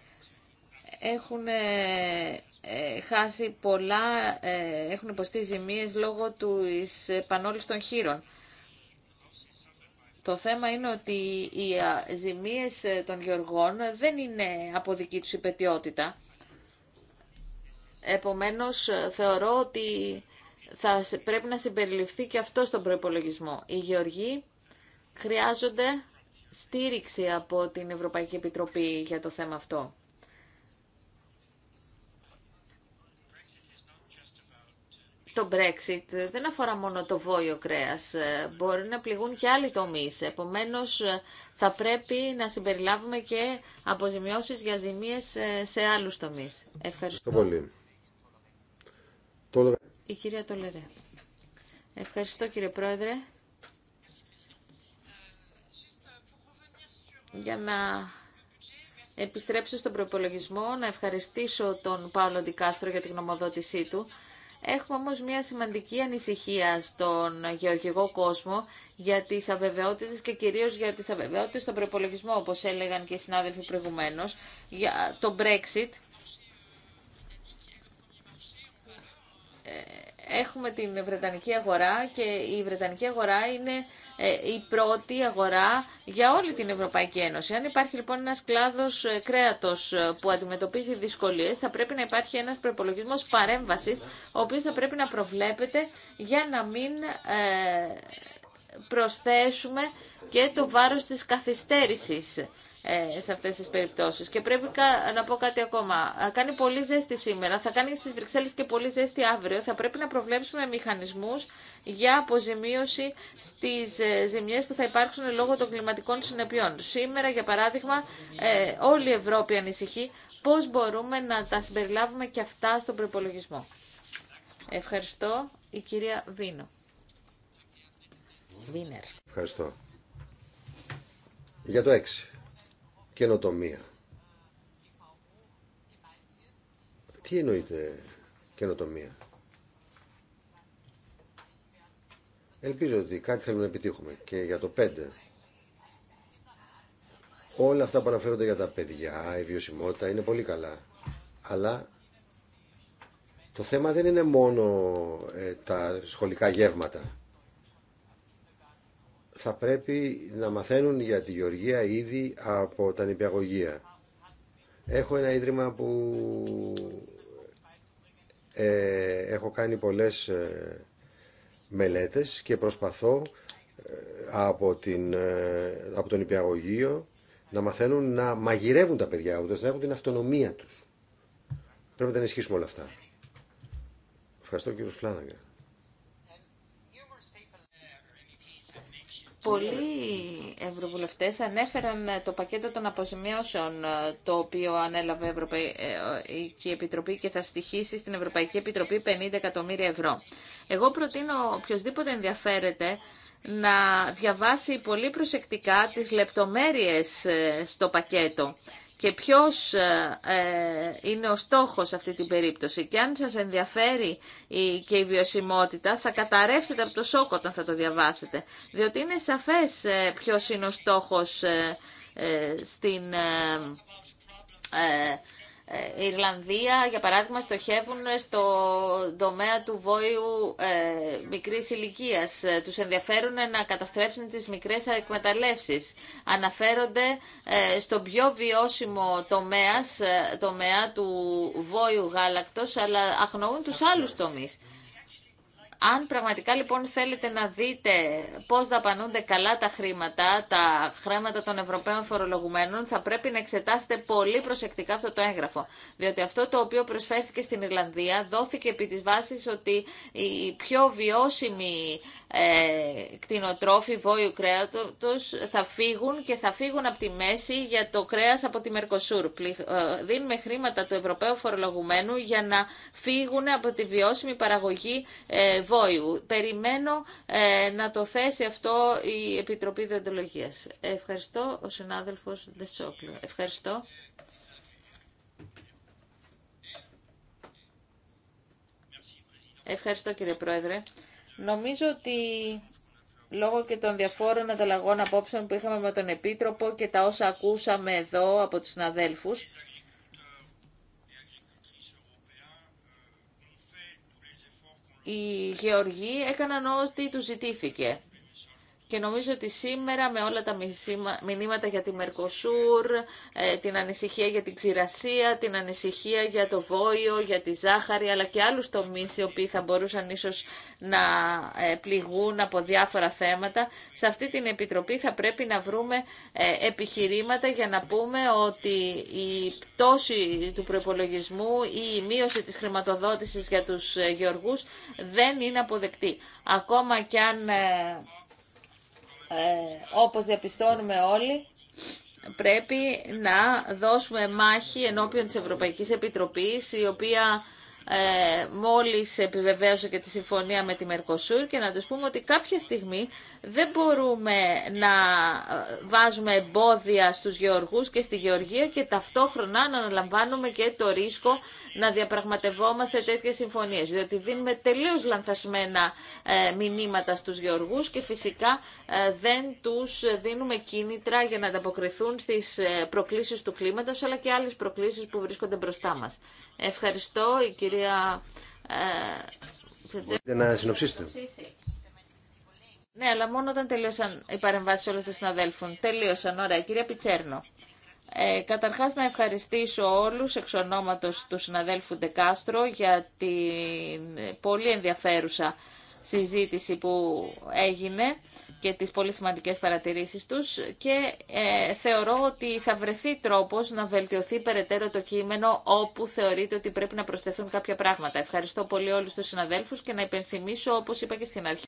έχουν ε, ε, χάσει πολλά, ε, έχουν υποστεί ζημίες λόγω του πανόλης των χείρων. Το θέμα είναι ότι οι ζημίες των γεωργών δεν είναι από δική τους υπετιότητα. Επομένως, θεωρώ ότι θα πρέπει να συμπεριληφθεί και αυτό στον προϋπολογισμό. Οι γεωργοί χρειάζονται στήριξη από την Ευρωπαϊκή Επιτροπή για το θέμα αυτό. Το Brexit δεν αφορά μόνο το βόλιο κρέας, ε, μπορεί να πληγούν και άλλοι τομείς. Επομένως, ε, θα πρέπει να συμπεριλάβουμε και αποζημιώσεις για ζημίες ε, σε άλλους τομείς. Ευχαριστώ πολύ. Η κυρία Τολερέ. Ευχαριστώ κύριε Πρόεδρε. για να επιστρέψω στον προπολογισμό, να ευχαριστήσω τον Παύλο Ντικάστρο για την γνωμοδότησή του. Έχουμε όμως μια σημαντική ανησυχία στον γεωργικό κόσμο για τις αβεβαιότητες και κυρίως για τις αβεβαιότητες στον προπολογισμό, όπως έλεγαν και οι συνάδελφοι προηγουμένω. για το Brexit. Ε, έχουμε την Βρετανική αγορά και η Βρετανική αγορά είναι ε, η πρώτη αγορά για όλη την Ευρωπαϊκή Ένωση. Αν υπάρχει λοιπόν ένας κλάδος ε, κρέατος ε, που αντιμετωπίζει δυσκολίες, θα πρέπει να υπάρχει ένας προπολογισμό παρέμβασης, ο οποίος θα πρέπει να προβλέπεται για να μην προσθέσουμε και το βάρος της καθυστέρησης ε, σε αυτές τις περιπτώσεις. Και πρέπει να πω κάτι ακόμα. Κάνει πολύ ζέστη σήμερα, θα κάνει στις Βρυξέλλες και πολύ ζέστη αύριο. Θα πρέπει να προβλέψουμε μηχανισμούς για αποζημίωση στις ε, ζημιές που θα υπάρξουν λόγω των κλιματικών συνεπειών. Σήμερα, για παράδειγμα, ε, όλη η Ευρώπη ανησυχεί πώς μπορούμε να τα συμπεριλάβουμε και αυτά στον προπολογισμό. Ευχαριστώ. Η κυρία Βίνο.
Βίνερ.
Ευχαριστώ. Για το 6 καινοτομία. Τι εννοείται καινοτομία. Ελπίζω ότι κάτι θέλουμε να επιτύχουμε και για το 5. Όλα αυτά που αναφέρονται για τα παιδιά, η βιωσιμότητα είναι πολύ καλά. Αλλά το θέμα δεν είναι μόνο ε, τα σχολικά γεύματα θα πρέπει να μαθαίνουν για τη γεωργία ήδη από τα νηπιαγωγεία. Έχω ένα ίδρυμα που ε, έχω κάνει πολλές ε, μελέτες και προσπαθώ ε, από, την, ε, από νηπιαγωγείο να μαθαίνουν να μαγειρεύουν τα παιδιά, ούτε να έχουν την αυτονομία τους. Πρέπει να τα ενισχύσουμε όλα αυτά. Ευχαριστώ κύριο Φλάναγκα.
Πολλοί ευρωβουλευτέ ανέφεραν ε, το πακέτο των αποζημιώσεων ε, το οποίο ανέλαβε ε, η Ευρωπαϊκή Επιτροπή και θα στοιχήσει στην Ευρωπαϊκή Επιτροπή 50 εκατομμύρια ευρώ. Εγώ προτείνω οποιοδήποτε ενδιαφέρεται να διαβάσει πολύ προσεκτικά τις λεπτομέρειες στο πακέτο και ποιος ε, ε, είναι ο στόχος αυτή την περίπτωση. Και αν σας ενδιαφέρει και η βιωσιμότητα θα καταρρεύσετε από το σόκο όταν θα το διαβάσετε. Διότι είναι σαφές ε, ποιος είναι ο στόχος στην η ε, Ιρλανδία, για παράδειγμα, στοχεύουν στο τομέα του βόηου ε, μικρής ηλικίας. Ε, τους ενδιαφέρουν να καταστρέψουν τις μικρές εκμεταλλεύσεις. Αναφέρονται ε, στο στον πιο βιώσιμο τομέας, τομέα του βόηου γάλακτος, αλλά αγνοούν τους άλλους τομείς. Αν πραγματικά λοιπόν θέλετε να δείτε πώς δαπανούνται καλά τα χρήματα, τα χρήματα των Ευρωπαίων φορολογουμένων, θα πρέπει να εξετάσετε πολύ προσεκτικά αυτό το έγγραφο. Διότι αυτό το οποίο προσφέθηκε στην Ιρλανδία δόθηκε επί της βάσης ότι οι πιο βιώσιμοι ε, κτηνοτρόφοι βόηου κρέατος θα φύγουν και θα φύγουν από τη μέση για το κρέας από τη Μερκοσούρ. Ε, δίνουμε χρήματα του Ευρωπαίου φορολογουμένου για να φύγουν από τη βιώσιμη παραγωγή ε, Περιμένο Περιμένω ε, να το θέσει αυτό η Επιτροπή Διοντολογίας. Ευχαριστώ ο συνάδελφος Δεσόκλου. Ευχαριστώ. Ευχαριστώ κύριε Πρόεδρε. Νομίζω ότι λόγω και των διαφόρων ανταλλαγών απόψεων που είχαμε με τον Επίτροπο και τα όσα ακούσαμε εδώ από τους συναδέλφους, οι γεωργοί έκαναν ό,τι τους ζητήθηκε. Και νομίζω ότι σήμερα με όλα τα μηνύματα για τη Μερκοσούρ, ε, την ανησυχία για την ξηρασία, την ανησυχία για το βόιο, για τη ζάχαρη, αλλά και άλλους τομείς οι οποίοι θα μπορούσαν ίσως να ε, πληγούν από διάφορα θέματα, σε αυτή την Επιτροπή θα πρέπει να βρούμε ε, επιχειρήματα για να πούμε ότι η πτώση του προπολογισμού ή η μείωση της χρηματοδότησης για τους γεωργούς δεν είναι αποδεκτή. Ακόμα κι αν ε, όπως διαπιστώνουμε όλοι, πρέπει να δώσουμε μάχη ενώπιον της Ευρωπαϊκής Επιτροπής, η οποία ε, μόλις επιβεβαίωσε και τη συμφωνία με τη Μερκοσούρ και να τους πούμε ότι κάποια στιγμή δεν μπορούμε να ε, βάζουμε εμπόδια στους γεωργούς και στη γεωργία και ταυτόχρονα να αναλαμβάνουμε και το ρίσκο να διαπραγματευόμαστε τέτοιες συμφωνίες, διότι δίνουμε τελείως λανθασμένα ε, μηνύματα στους γεωργούς και φυσικά ε, δεν τους δίνουμε κίνητρα για να ανταποκριθούν στις προκλήσεις του κλίματος, αλλά και άλλες προκλήσεις που βρίσκονται μπροστά μας. Ευχαριστώ η κυρία... Μπορείτε να συνοψίσετε. Ναι, αλλά μόνο όταν τελείωσαν οι παρεμβάσει όλων των συναδέλφων. Τελείωσαν, ωραία. Κυρία Πιτσέρνο. Ε, καταρχάς να ευχαριστήσω όλου εξ ονόματο του συναδέλφου Ντεκάστρο για την πολύ ενδιαφέρουσα συζήτηση που έγινε και τις πολύ σημαντικές παρατηρήσεις τους και ε, θεωρώ ότι θα βρεθεί τρόπος να βελτιωθεί περαιτέρω το κείμενο όπου θεωρείται ότι πρέπει να προσθεθούν κάποια πράγματα. Ευχαριστώ πολύ όλους τους συναδέλφους και να υπενθυμίσω όπως είπα και στην αρχή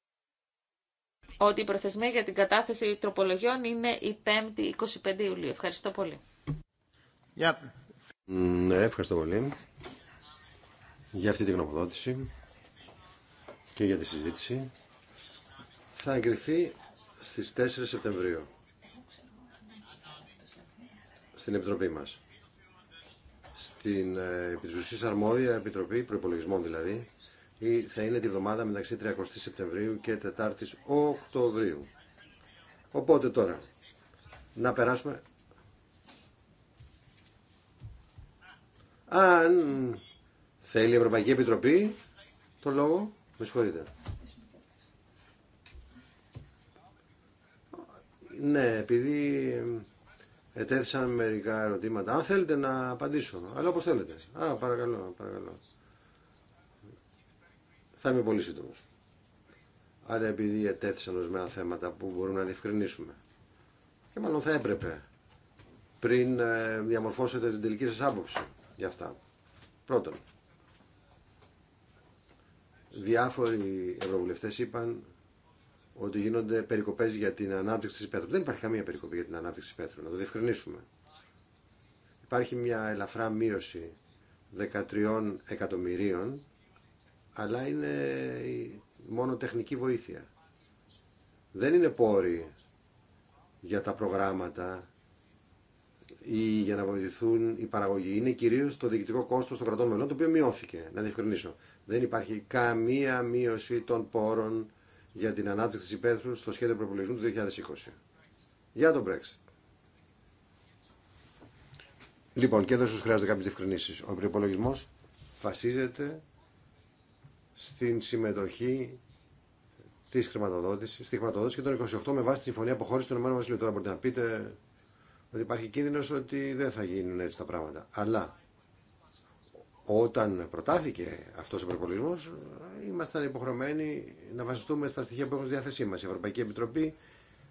ότι η προθεσμία για την κατάθεση τροπολογιών είναι η 5η 25 Ιουλίου. Ευχαριστώ πολύ.
Ναι, ευχαριστώ πολύ για αυτή την γνωμοδότηση και για τη συζήτηση. Θα εγκριθεί στις 4 Σεπτεμβρίου στην Επιτροπή μας. Στην ε, Επιτροπή ε, Αρμόδια Επιτροπή Προϋπολογισμών δηλαδή ή θα είναι τη βδομάδα μεταξύ 30 Σεπτεμβρίου και 4 Οκτωβρίου. Οπότε τώρα, να περάσουμε... Αν θέλει η Ευρωπαϊκή Επιτροπή το λόγο, με συγχωρείτε. Ναι, επειδή ετέθησαν μερικά ερωτήματα. Αν θέλετε να απαντήσω, αλλά όπως θέλετε. Α, παρακαλώ, παρακαλώ. Θα είμαι πολύ σύντομο. Αλλά επειδή ετέθησαν ορισμένα θέματα που μπορούμε να διευκρινίσουμε και μάλλον θα έπρεπε πριν ε, διαμορφώσετε την τελική σας άποψη για αυτά. Πρώτον, διάφοροι ευρωβουλευτές είπαν ότι γίνονται περικοπές για την ανάπτυξη της πέθρου. Δεν υπάρχει καμία περικοπή για την ανάπτυξη της πέθρου, να το διευκρινίσουμε. Υπάρχει μια ελαφρά μείωση 13 εκατομμυρίων αλλά είναι μόνο τεχνική βοήθεια. Δεν είναι πόροι για τα προγράμματα ή για να βοηθηθούν οι παραγωγοί. Είναι κυρίω το διοικητικό κόστο των κρατών μελών, το οποίο μειώθηκε. Να διευκρινίσω. Δεν υπάρχει καμία μείωση των πόρων για την ανάπτυξη τη υπαίθρου στο σχέδιο προπολογισμού του 2020. Για τον Brexit. Λοιπόν, και εδώ σου χρειάζονται κάποιε διευκρινήσει. Ο προπολογισμό βασίζεται στην συμμετοχή τη χρηματοδότηση, στη χρηματοδότηση και των 28 με βάση τη συμφωνία αποχώρηση του Ηνωμένου Τώρα μπορείτε να πείτε ότι υπάρχει κίνδυνο ότι δεν θα γίνουν έτσι τα πράγματα. Αλλά όταν προτάθηκε αυτό ο προπολογισμό, ήμασταν υποχρεωμένοι να βασιστούμε στα στοιχεία που έχουμε στη διάθεσή μα. Η Ευρωπαϊκή Επιτροπή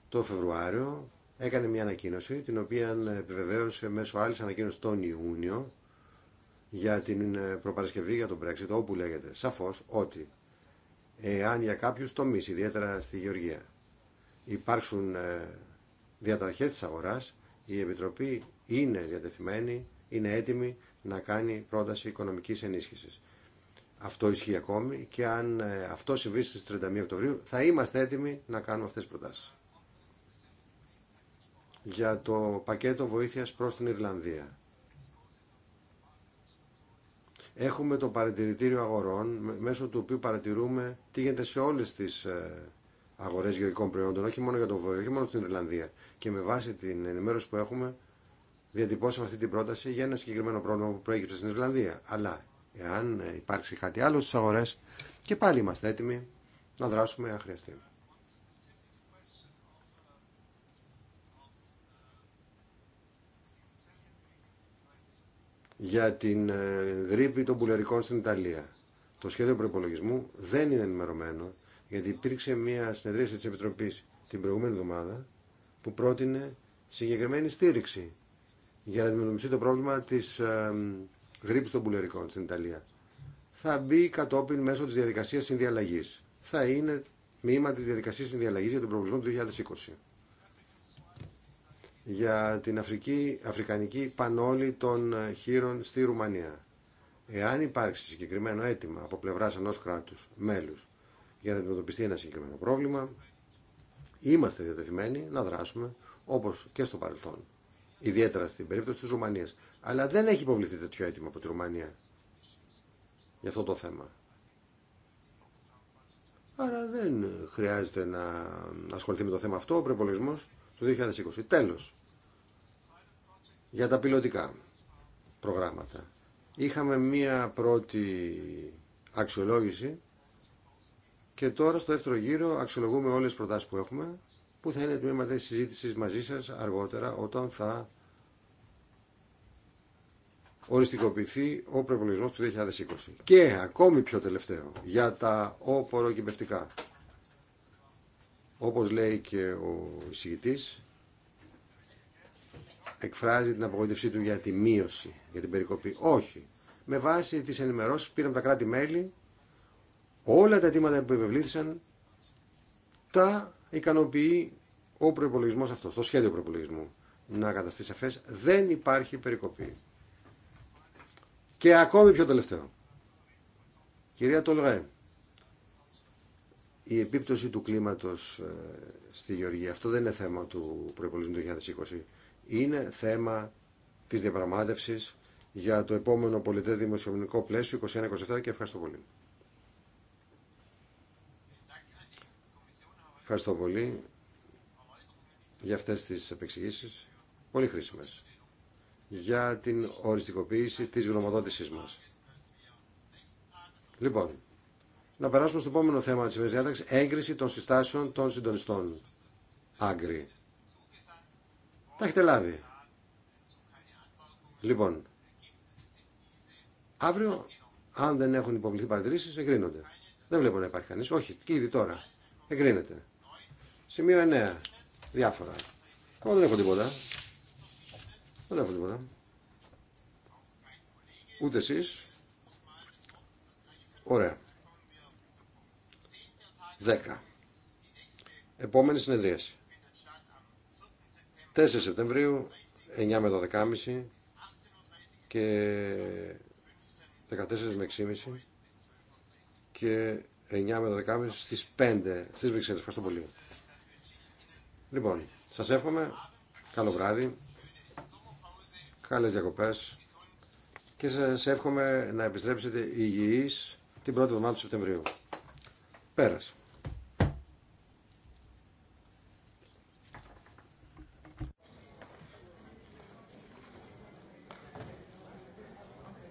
το Φεβρουάριο έκανε μια ανακοίνωση, την οποία επιβεβαίωσε μέσω άλλη ανακοίνωση τον Ιούνιο για την ε, προπαρασκευή για τον Brexit, όπου λέγεται σαφώς ότι εάν για κάποιους τομείς, ιδιαίτερα στη Γεωργία, υπάρξουν ε, διαταραχές της αγοράς, η Επιτροπή είναι διατεθειμένη, είναι έτοιμη να κάνει πρόταση οικονομικής ενίσχυσης. Αυτό ισχύει ακόμη και αν ε, αυτό συμβεί στις 31 Οκτωβρίου θα είμαστε έτοιμοι να κάνουμε αυτές τις προτάσεις. Για το πακέτο βοήθειας προς την Ιρλανδία. Έχουμε το παρατηρητήριο αγορών, μέσω του οποίου παρατηρούμε τι γίνεται σε όλες τις ε, αγορές γεωργικών προϊόντων, όχι μόνο για το Βόρειο, όχι μόνο στην Ιρλανδία. Και με βάση την ενημέρωση που έχουμε, διατυπώσαμε αυτή την πρόταση για ένα συγκεκριμένο πρόβλημα που προέκυψε στην Ιρλανδία. Αλλά εάν ε, υπάρξει κάτι άλλο στι αγορέ και πάλι είμαστε έτοιμοι να δράσουμε αν χρειαστεί. για την ε, γρήπη των πουλερικών στην Ιταλία. Το σχέδιο προπολογισμού δεν είναι ενημερωμένο γιατί υπήρξε μια συνεδρίαση τη Επιτροπή την προηγούμενη εβδομάδα που πρότεινε συγκεκριμένη στήριξη για να αντιμετωπιστεί το πρόβλημα της ε, γρήπη των πουλερικών στην Ιταλία. Θα μπει κατόπιν μέσω τη διαδικασία συνδιαλλαγή. Θα είναι μήμα τη διαδικασία συνδιαλλαγή για τον προβλησμό του 2020 για την Αφρική, Αφρικανική Πανόλη των Χείρων στη Ρουμανία. Εάν υπάρξει συγκεκριμένο αίτημα από πλευρά ενό κράτου μέλου για να αντιμετωπιστεί ένα συγκεκριμένο πρόβλημα, είμαστε διατεθειμένοι να δράσουμε όπω και στο παρελθόν. Ιδιαίτερα στην περίπτωση τη Ρουμανία. Αλλά δεν έχει υποβληθεί τέτοιο αίτημα από τη Ρουμανία για αυτό το θέμα. Άρα δεν χρειάζεται να ασχοληθεί με το θέμα αυτό ο προπολογισμό του 2020. Τέλος, για τα πιλωτικά προγράμματα. Είχαμε μία πρώτη αξιολόγηση και τώρα στο δεύτερο γύρο αξιολογούμε όλες τις προτάσεις που έχουμε που θα είναι τμήμα της συζήτησης μαζί σας αργότερα όταν θα οριστικοποιηθεί ο προπολογισμό του 2020. Και ακόμη πιο τελευταίο, για τα οποροκυπευτικά όπως λέει και ο εισηγητής, εκφράζει την απογοήτευσή του για τη μείωση, για την περικοπή. Όχι. Με βάση τις ενημερώσεις που πήραμε τα κράτη-μέλη, όλα τα αιτήματα που επιβλήθησαν, τα ικανοποιεί ο προπολογισμό αυτό, το σχέδιο προπολογισμού. Να καταστεί σαφέ, δεν υπάρχει περικοπή. Και ακόμη πιο τελευταίο. Κυρία Τολγαέ, η επίπτωση του κλίματος ε, στη Γεωργία. Αυτό δεν είναι θέμα του προϋπολογισμού του 2020. Είναι θέμα της διαπραγμάτευσης για το επομενο πολιτέ πολιτές δημοσιονομικό πλαίσιο 21-27 και ευχαριστώ πολύ. Ευχαριστώ πολύ για αυτές τις επεξηγήσεις, πολύ χρήσιμες, για την οριστικοποίηση της γνωμοδότησής μας. Λοιπόν, να περάσουμε στο επόμενο θέμα της σημερινής διάταξης, έγκριση των συστάσεων των συντονιστών. Άγκρι. Τα έχετε λάβει. Λοιπόν, αύριο, αν δεν έχουν υποβληθεί παρατηρήσεις, εγκρίνονται. Δεν βλέπω να υπάρχει κανείς. Όχι, και ήδη τώρα. Εγκρίνεται. Σημείο 9. Διάφορα. Εγώ δεν έχω τίποτα. Δεν έχω τίποτα. Ούτε εσείς. Ωραία. 10. Επόμενη συνεδρίαση. 4 Σεπτεμβρίου, 9 με 12.30 και 14 με 6.30 και 9 με 12.30 στις 5 στις Βρυξέλλες. Ευχαριστώ πολύ. Λοιπόν, σας εύχομαι καλό βράδυ, καλές διακοπές και σας εύχομαι να επιστρέψετε υγιείς την πρώτη εβδομάδα του Σεπτεμβρίου. Πέρασε.